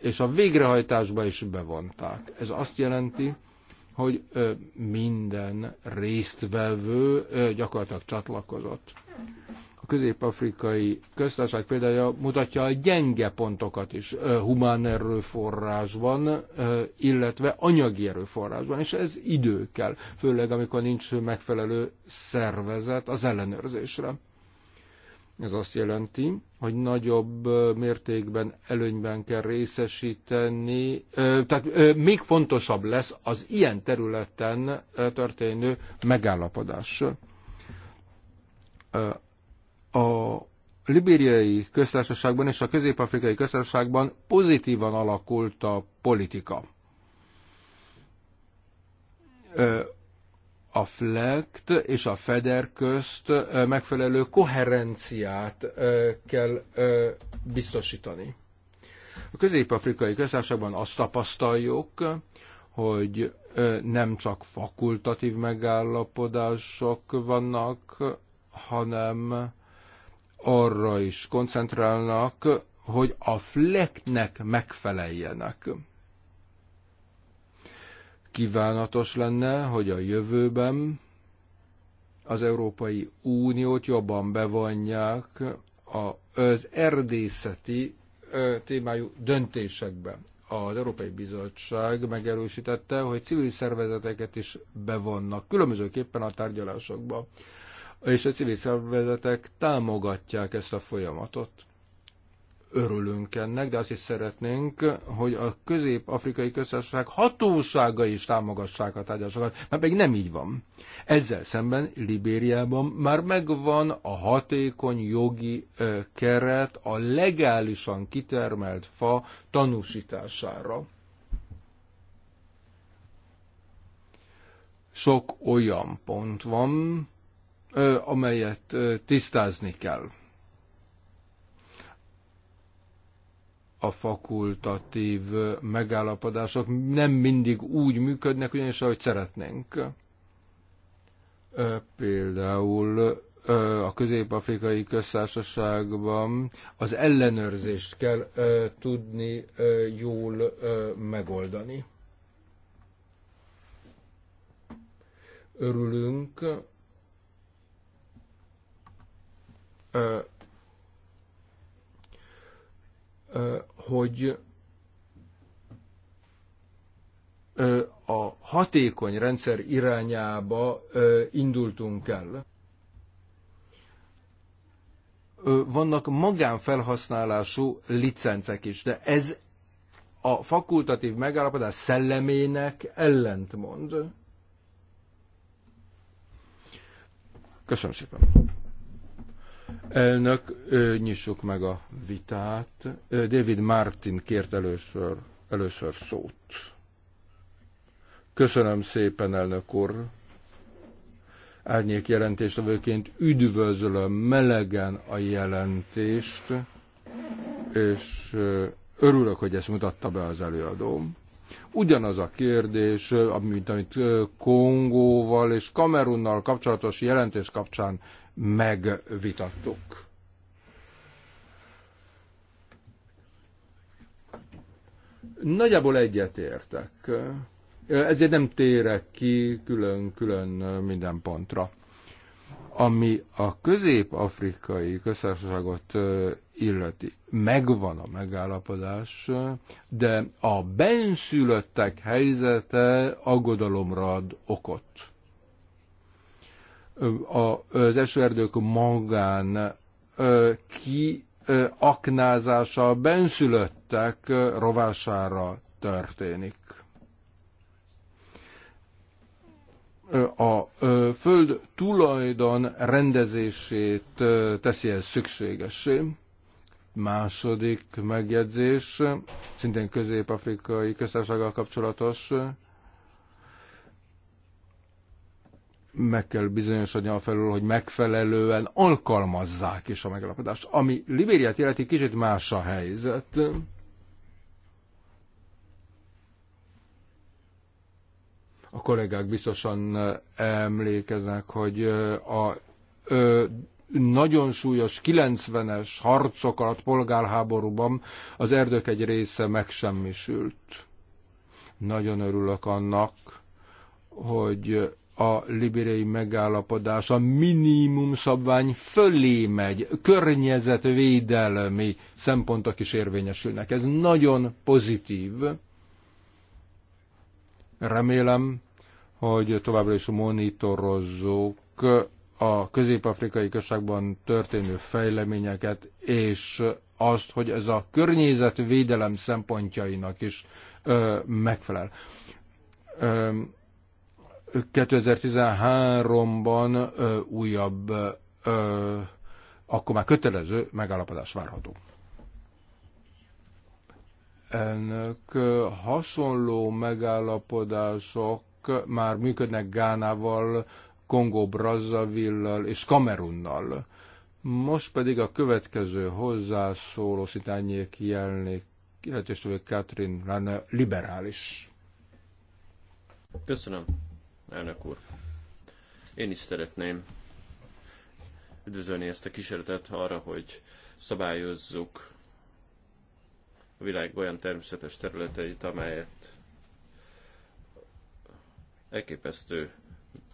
S1: és a végrehajtásba is bevonták. Ez azt jelenti, hogy minden résztvevő gyakorlatilag csatlakozott. A közép-afrikai köztársaság példája mutatja a gyenge pontokat is humán erőforrásban, illetve anyagi erőforrásban, és ez idő kell, főleg amikor nincs megfelelő szervezet az ellenőrzésre. Ez azt jelenti, hogy nagyobb mértékben előnyben kell részesíteni, tehát még fontosabb lesz az ilyen területen történő megállapodás. A libériai köztársaságban és a közép-afrikai köztársaságban pozitívan alakult a politika. A FLECT és a FEDER közt megfelelő koherenciát kell biztosítani. A közép-afrikai köztársaságban azt tapasztaljuk, hogy nem csak fakultatív megállapodások vannak, hanem arra is koncentrálnak, hogy a fleknek megfeleljenek. Kívánatos lenne, hogy a jövőben az Európai Uniót jobban bevonják az erdészeti témájú döntésekbe. Az Európai Bizottság megerősítette, hogy civil szervezeteket is bevonnak, különbözőképpen a tárgyalásokba és a civil szervezetek támogatják ezt a folyamatot. Örülünk ennek, de azt is szeretnénk, hogy a közép-afrikai közösség hatósága is támogassák a tárgyalásokat, mert pedig nem így van. Ezzel szemben Libériában már megvan a hatékony jogi keret a legálisan kitermelt fa tanúsítására. sok olyan pont van, amelyet tisztázni kell. A fakultatív megállapodások nem mindig úgy működnek, ugyanis ahogy szeretnénk. Például a közép-afrikai köztársaságban az ellenőrzést kell tudni jól megoldani. Örülünk, hogy a hatékony rendszer irányába indultunk el. Vannak magánfelhasználású licencek is, de ez a fakultatív megállapodás szellemének ellentmond. Köszönöm szépen! Elnök, nyissuk meg a vitát. David Martin kért először, először szót. Köszönöm szépen, elnök úr. Árnyék jelentéstevőként üdvözlöm melegen a jelentést, és örülök, hogy ezt mutatta be az előadóm. Ugyanaz a kérdés, mint amit Kongóval és Kamerunnal kapcsolatos jelentés kapcsán megvitattuk. Nagyjából egyetértek. Ezért nem térek ki külön-külön minden pontra. Ami a közép-afrikai köztársaságot illeti, megvan a megállapodás, de a benszülöttek helyzete aggodalomra ad okot az esőerdők magán ki aknázása a benszülöttek rovására történik. A föld tulajdon rendezését teszi ez szükségesé, Második megjegyzés, szintén közép-afrikai köztársággal kapcsolatos, meg kell bizonyosodni a felül, hogy megfelelően alkalmazzák is a megalapodást. Ami Libériát illeti, kicsit más a helyzet. A kollégák biztosan eh, emlékeznek, hogy eh, a ö, eh, nagyon súlyos 90-es harcok alatt polgárháborúban az erdők egy része megsemmisült. Nagyon örülök annak, hogy a libériai megállapodás a minimum szabvány fölé megy, környezetvédelmi szempontok is érvényesülnek. Ez nagyon pozitív. Remélem, hogy továbbra is monitorozzuk a közép-afrikai közságban történő fejleményeket, és azt, hogy ez a környezetvédelem szempontjainak is ö, megfelel. Ö, 2013-ban újabb, akkor már kötelező megállapodás várható. Ennek hasonló megállapodások már működnek Gánával, Kongó, Brazzavillal és Kamerunnal. Most pedig a következő hozzászóló szitányék jelnék, illetve Katrin lenne liberális.
S2: Köszönöm elnök úr. Én is szeretném üdvözölni ezt a kísérletet arra, hogy szabályozzuk a világ olyan természetes területeit, amelyet elképesztő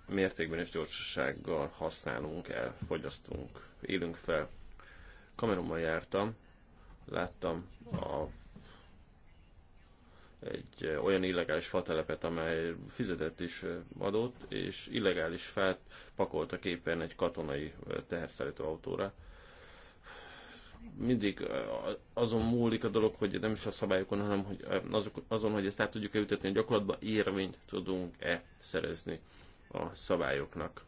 S2: mértékben és gyorsasággal használunk el, fogyasztunk, élünk fel. Kamerommal jártam, láttam a egy olyan illegális fatelepet, amely fizetett is adott, és illegális fát pakoltak éppen egy katonai teherszállító autóra. Mindig azon múlik a dolog, hogy nem is a szabályokon, hanem hogy azok, azon, hogy ezt át tudjuk-e ütetni a gyakorlatban, érvényt tudunk-e szerezni a szabályoknak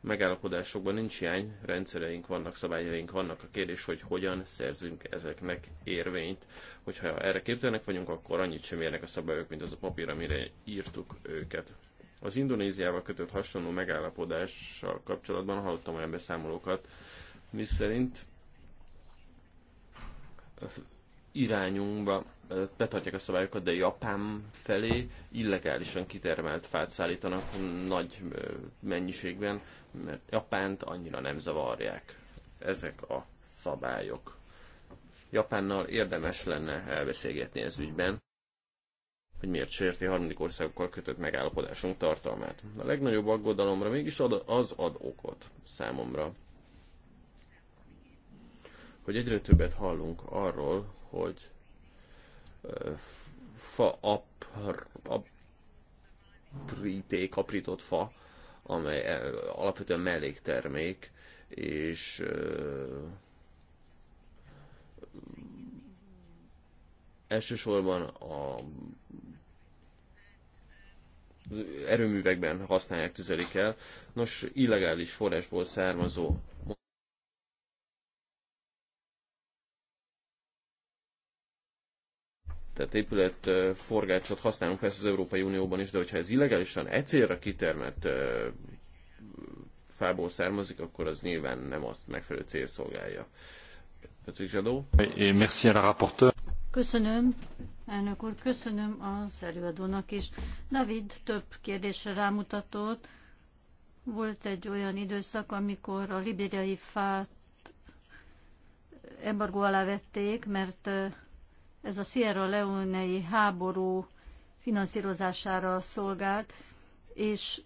S2: megállapodásokban nincs hiány, rendszereink vannak, szabályaink vannak. A kérdés, hogy hogyan szerzünk ezeknek érvényt. Hogyha erre képtelenek vagyunk, akkor annyit sem érnek a szabályok, mint az a papír, amire írtuk őket. Az Indonéziával kötött hasonló megállapodással kapcsolatban hallottam olyan beszámolókat, miszerint irányunkba betartják a szabályokat, de Japán felé illegálisan kitermelt fát szállítanak nagy mennyiségben, mert Japánt annyira nem zavarják ezek a szabályok. Japánnal érdemes lenne elbeszélgetni ez ügyben, hogy miért sérti harmadik országokkal kötött megállapodásunk tartalmát. A legnagyobb aggodalomra mégis ad, az ad okot számomra, hogy egyre többet hallunk arról, hogy fa ap, ap, apríté, kaprított fa amely e, alapvetően melléktermék, és elsősorban a erőművekben használják, tüzelik el. Nos, illegális forrásból származó tehát épület forgácsot használunk persze az Európai Unióban is, de hogyha ez illegálisan egyszerre kitermett fából származik, akkor az nyilván nem azt megfelelő cél szolgálja. Patrick Merci à la rapporteur.
S3: Köszönöm, elnök úr, köszönöm a szerűadónak is. David több kérdésre rámutatott. Volt egy olyan időszak, amikor a libériai fát embargó alá vették, mert ez a Sierra Leone-i háború finanszírozására szolgált, és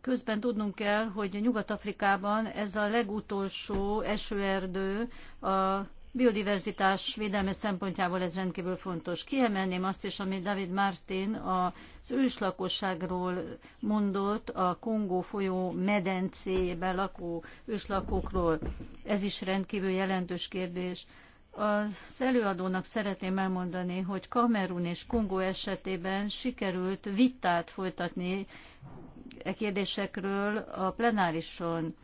S3: közben tudnunk kell, hogy Nyugat-Afrikában ez a legutolsó esőerdő a biodiverzitás védelme szempontjából ez rendkívül fontos. Kiemelném azt is, amit David Martin az őslakosságról mondott, a Kongó folyó medencében lakó őslakókról. Ez is rendkívül jelentős kérdés. Az előadónak szeretném elmondani, hogy Kamerun és Kongó esetében sikerült vitát folytatni e kérdésekről a plenárison,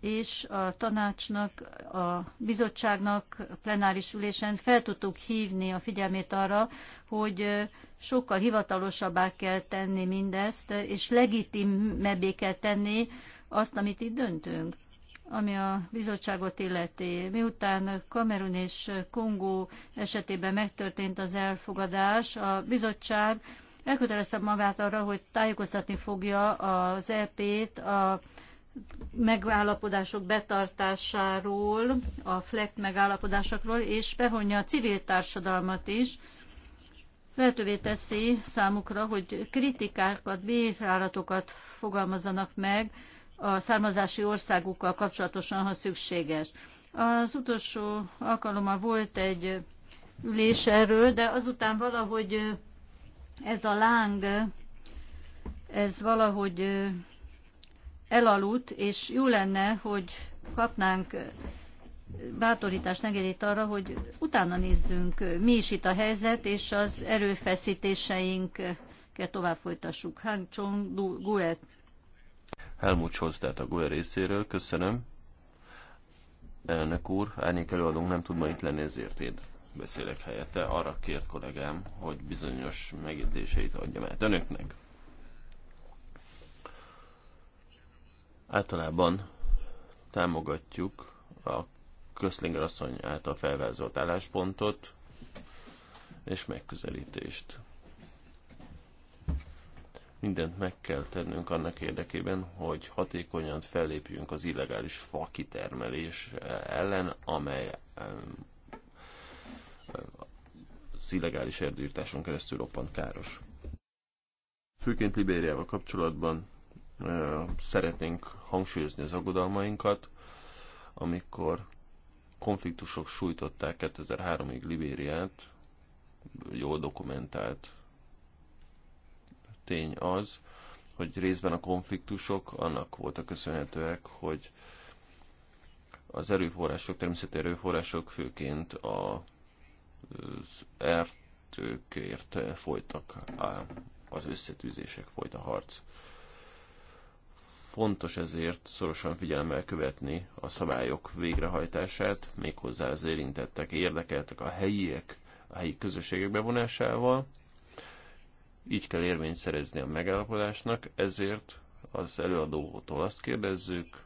S3: és a tanácsnak, a bizottságnak plenáris ülésen fel tudtuk hívni a figyelmét arra, hogy sokkal hivatalosabbá kell tenni mindezt, és legitimebbé kell tenni azt, amit itt döntünk ami a bizottságot illeti. Miután Kamerun és Kongó esetében megtörtént az elfogadás, a bizottság elkötelezte magát arra, hogy tájékoztatni fogja az EP-t a megállapodások betartásáról, a FLECT megállapodásokról, és bevonja a civil társadalmat is, lehetővé teszi számukra, hogy kritikákat, bírálatokat fogalmazzanak meg a származási országukkal kapcsolatosan, ha szükséges. Az utolsó alkalommal volt egy ülés erről, de azután valahogy ez a láng, ez valahogy elaludt, és jó lenne, hogy kapnánk bátorítást, engedélyt arra, hogy utána nézzünk, mi is itt a helyzet, és az erőfeszítéseinket tovább folytassuk. Hang Chong Guet
S2: Helmut Scholz, tehát a GUE részéről. Köszönöm. Elnök úr, árnyék előadónk nem tud ma itt lenni, ezért én beszélek helyette. Arra kért kollégám, hogy bizonyos megjegyzéseit adjam el önöknek. Általában támogatjuk a Köszlinger asszony által felvázolt álláspontot és megközelítést mindent meg kell tennünk annak érdekében, hogy hatékonyan fellépjünk az illegális fakitermelés ellen, amely az illegális erdőírtáson keresztül roppant káros. Főként Libériával kapcsolatban szeretnénk hangsúlyozni az aggodalmainkat, amikor konfliktusok sújtották 2003-ig Libériát, jól dokumentált tény az, hogy részben a konfliktusok annak voltak köszönhetőek, hogy az erőforrások, természeti erőforrások főként a, az erdőkért folytak az összetűzések, folyt a harc. Fontos ezért szorosan figyelemmel követni a szabályok végrehajtását, méghozzá az érintettek, érdekeltek a helyiek, a helyi közösségek bevonásával, így kell érvényt szerezni a megállapodásnak, ezért az előadótól azt kérdezzük,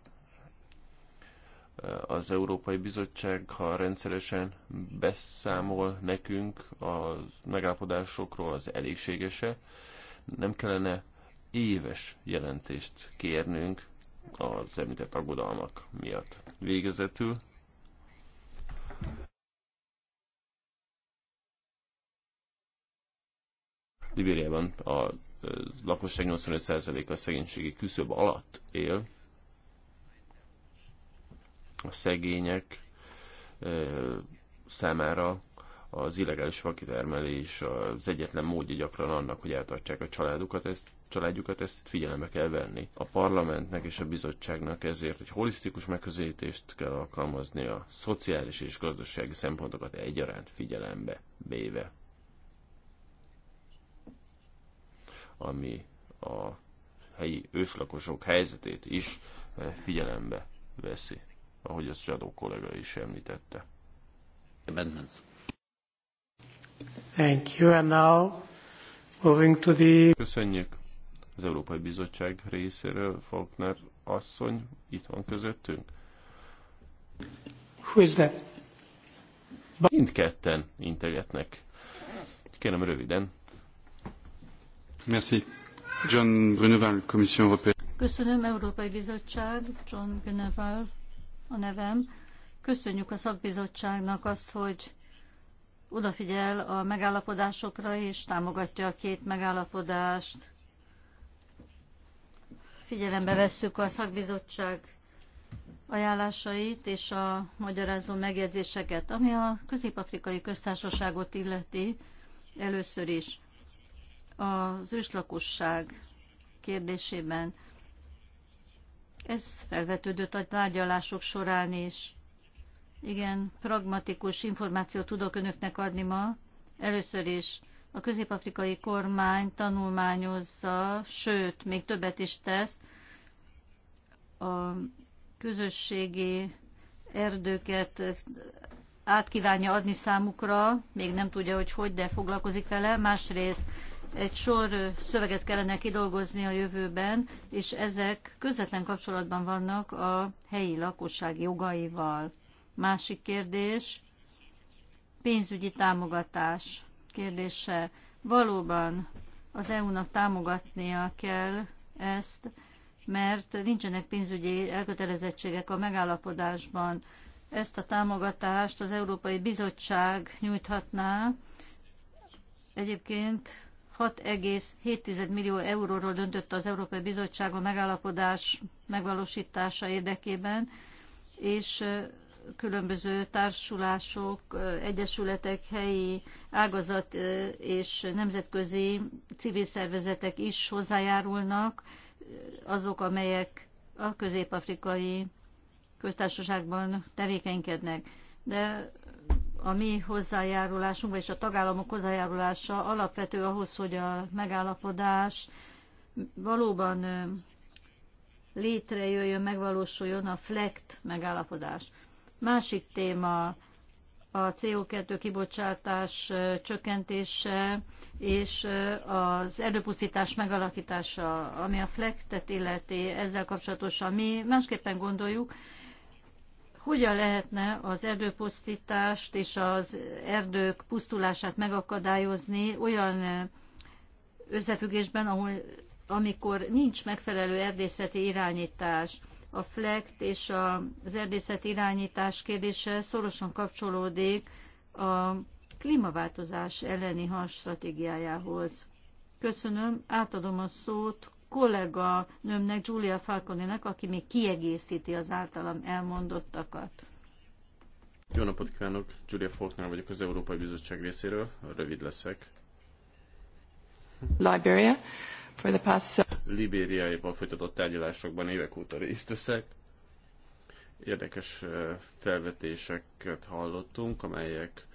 S2: az Európai Bizottság, ha rendszeresen beszámol nekünk a megállapodásokról, az elégségese, nem kellene éves jelentést kérnünk az említett aggodalmak miatt. Végezetül Libériában a lakosság 85%-a szegénységi küszöb alatt él. A szegények számára az illegális vakitermelés az egyetlen módja gyakran annak, hogy eltartsák a családukat, ezt, családjukat, ezt figyelembe kell venni. A parlamentnek és a bizottságnak ezért egy holisztikus megközelítést kell alkalmazni a szociális és gazdasági szempontokat egyaránt figyelembe véve. ami a helyi őslakosok helyzetét is eh, figyelembe veszi, ahogy az Zsadó kollega is említette. Amendments.
S3: Thank you, and now moving to the...
S2: Köszönjük az Európai Bizottság részéről, Faulkner asszony itt van közöttünk. Who is that? Mindketten integetnek. Kérem röviden, Merci. John Bruneval, Commission Européenne.
S3: Köszönöm, Európai Bizottság, John Bruneval a nevem. Köszönjük a szakbizottságnak azt, hogy odafigyel a megállapodásokra és támogatja a két megállapodást. Figyelembe vesszük a szakbizottság ajánlásait és a magyarázó megjegyzéseket, ami a közép-afrikai köztársaságot illeti először is az őslakosság kérdésében. Ez felvetődött a tárgyalások során is. Igen, pragmatikus információt tudok önöknek adni ma. Először is a közép-afrikai kormány tanulmányozza, sőt, még többet is tesz, a közösségi erdőket kívánja adni számukra, még nem tudja, hogy hogy, de foglalkozik vele. Másrészt egy sor szöveget kellene kidolgozni a jövőben, és ezek közvetlen kapcsolatban vannak a helyi lakosság jogaival. Másik kérdés, pénzügyi támogatás kérdése. Valóban az EU-nak támogatnia kell ezt, mert nincsenek pénzügyi elkötelezettségek a megállapodásban. Ezt a támogatást az Európai Bizottság nyújthatná. Egyébként 6,7 millió euróról döntött az Európai Bizottság a megállapodás megvalósítása érdekében, és különböző társulások, egyesületek, helyi ágazat és nemzetközi civil szervezetek is hozzájárulnak, azok, amelyek a közép-afrikai köztársaságban tevékenykednek. De a mi hozzájárulásunk, vagyis a tagállamok hozzájárulása alapvető ahhoz, hogy a megállapodás valóban létrejöjjön, megvalósuljon a FLECT megállapodás. Másik téma a CO2 kibocsátás csökkentése és az erdőpusztítás megalakítása, ami a FLECT-et illeti, ezzel kapcsolatosan mi másképpen gondoljuk, hogyan lehetne az erdőpusztítást és az erdők pusztulását megakadályozni olyan összefüggésben, ahol, amikor nincs megfelelő erdészeti irányítás. A FLECT és az erdészeti irányítás kérdése szorosan kapcsolódik a klímaváltozás elleni harc stratégiájához. Köszönöm, átadom a szót kollega nőmnek, Julia Falconinak, aki még kiegészíti az általam elmondottakat.
S2: Jó napot kívánok! Julia Faulkner vagyok az Európai Bizottság részéről. Rövid leszek. Liberia. For the past... Libériaiban folytatott tárgyalásokban évek óta részt veszek. Érdekes felvetéseket hallottunk, amelyek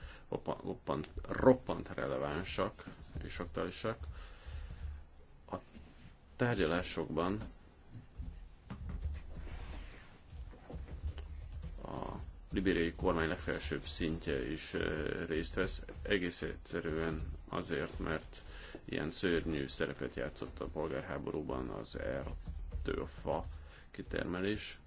S2: roppant, roppant relevánsak és aktuálisak tárgyalásokban a libériai kormány legfelsőbb szintje is eh, részt vesz, egész egyszerűen azért, mert ilyen szörnyű szerepet játszott a polgárháborúban az fa kitermelés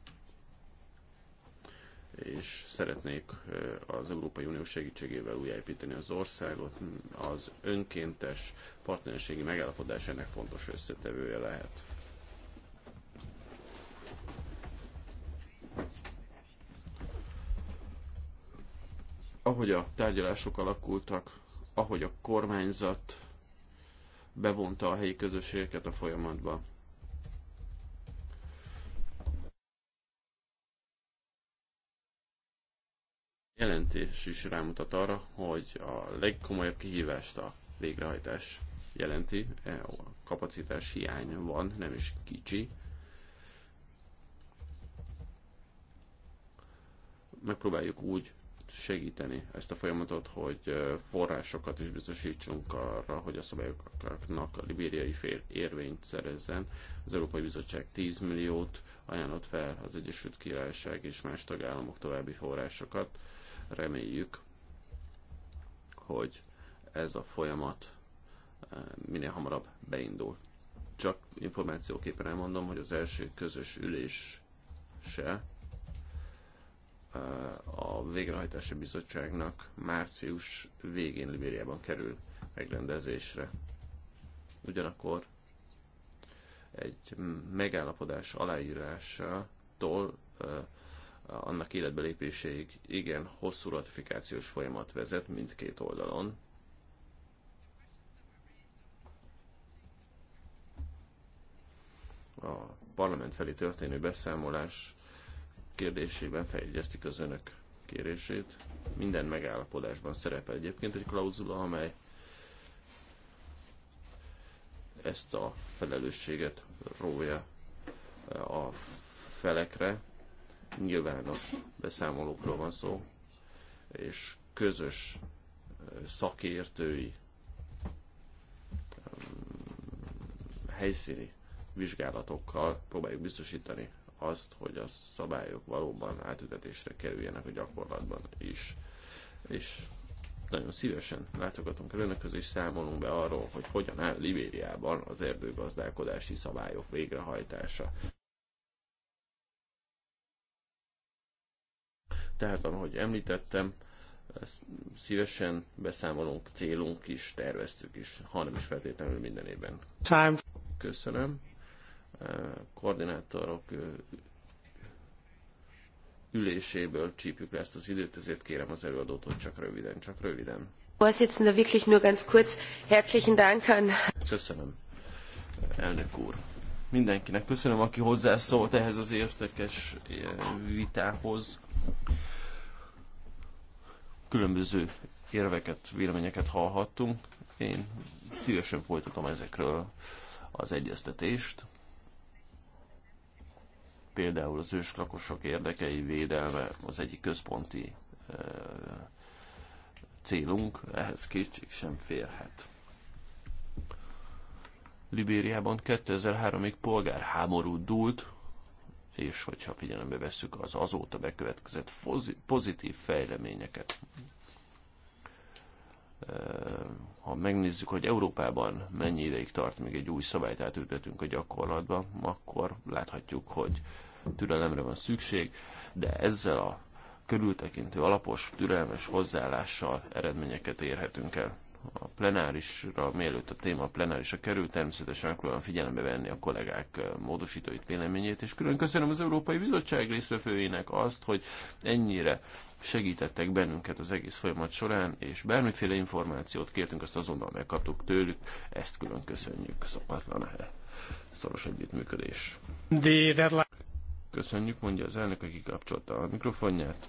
S2: és szeretnék eh, az Európai Unió segítségével újjáépíteni az országot. Az önkéntes partnerségi megállapodás ennek fontos összetevője lehet. Ahogy a tárgyalások alakultak, ahogy a kormányzat bevonta a helyi közösségeket a folyamatba, jelentés is rámutat arra, hogy a legkomolyabb kihívást a végrehajtás jelenti, e, a kapacitás hiány van, nem is kicsi. Megpróbáljuk úgy segíteni ezt a folyamatot, hogy e, forrásokat is biztosítsunk arra, hogy a szabályoknak a libériai fél érvényt szerezzen. Az Európai Bizottság 10 milliót ajánlott fel az Egyesült Királyság és más tagállamok további forrásokat Reméljük, hogy ez a folyamat eh, minél hamarabb beindul. Csak információképpen elmondom, hogy az első közös ülés se eh, a végrehajtási bizottságnak március végén Libériában kerül megrendezésre. Ugyanakkor egy megállapodás aláírásától eh, annak életbe lépéséig igen hosszú ratifikációs folyamat vezet mindkét oldalon. A parlament felé történő beszámolás kérdésében feljegyeztik az önök kérését. Minden megállapodásban szerepel egyébként egy klauzula, amely ezt a felelősséget rója a felekre, nyilvános beszámolókról van szó, és közös szakértői helyszíni vizsgálatokkal próbáljuk biztosítani azt, hogy a szabályok valóban átütetésre kerüljenek a gyakorlatban is. És nagyon szívesen látogatunk el önökhöz, és számolunk be arról, hogy hogyan áll Libériában az erdőgazdálkodási szabályok végrehajtása. Tehát, ahogy említettem, szívesen beszámolunk, célunk is, terveztük is, hanem is feltétlenül minden évben. Time. Köszönöm. Koordinátorok üléséből csípjük le ezt az időt, ezért kérem az előadót, hogy csak röviden, csak röviden.
S3: Vorsitzender, wirklich nur ganz kurz. Herzlichen Dank an...
S2: Köszönöm, elnök úr. Mindenkinek köszönöm, aki hozzászólt ehhez az értekes vitához különböző érveket, véleményeket hallhattunk. Én szívesen folytatom ezekről az egyeztetést. Például az őslakosok érdekei védelme az egyik központi e, célunk, ehhez kétség sem férhet. Libériában 2003-ig polgárháború dúlt, és hogyha figyelembe vesszük az azóta bekövetkezett pozitív fejleményeket. Eh, ha megnézzük, hogy Európában mennyi ideig tart, még egy új szabályt átültetünk a gyakorlatba, akkor láthatjuk, hogy türelemre van szükség, de ezzel a körültekintő, alapos, türelmes hozzáállással eredményeket érhetünk el a plenárisra, mielőtt a téma a plenárisra kerül, természetesen megpróbálom figyelembe venni a kollégák eh, módosítóit, véleményét, és külön köszönöm az Európai Bizottság részvevőjének azt, hogy ennyire segítettek bennünket az egész folyamat során, és bármiféle információt kértünk, azt azonnal megkaptuk tőlük, ezt külön köszönjük, szokatlan el. Eh, szoros együttműködés. Köszönjük, mondja az elnök, aki kapcsolta a mikrofonját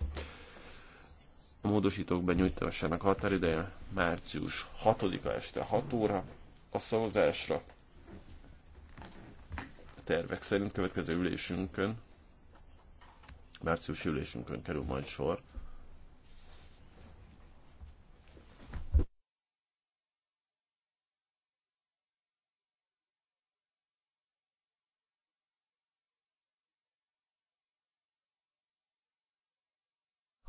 S2: a módosítók benyújtásának határideje március 6-a este 6 óra, a szavazásra a tervek szerint következő ülésünkön, március ülésünkön kerül majd sor.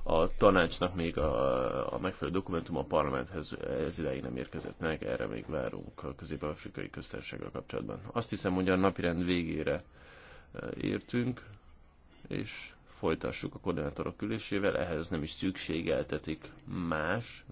S2: a tanácsnak még a, a megfelelő dokumentum a parlamenthez ez ideig nem érkezett meg, erre még várunk a közép-afrikai köztársággal kapcsolatban. Azt hiszem, hogy a napirend végére eh, értünk, és folytassuk a koordinátorok ülésével, ehhez nem is szükségeltetik más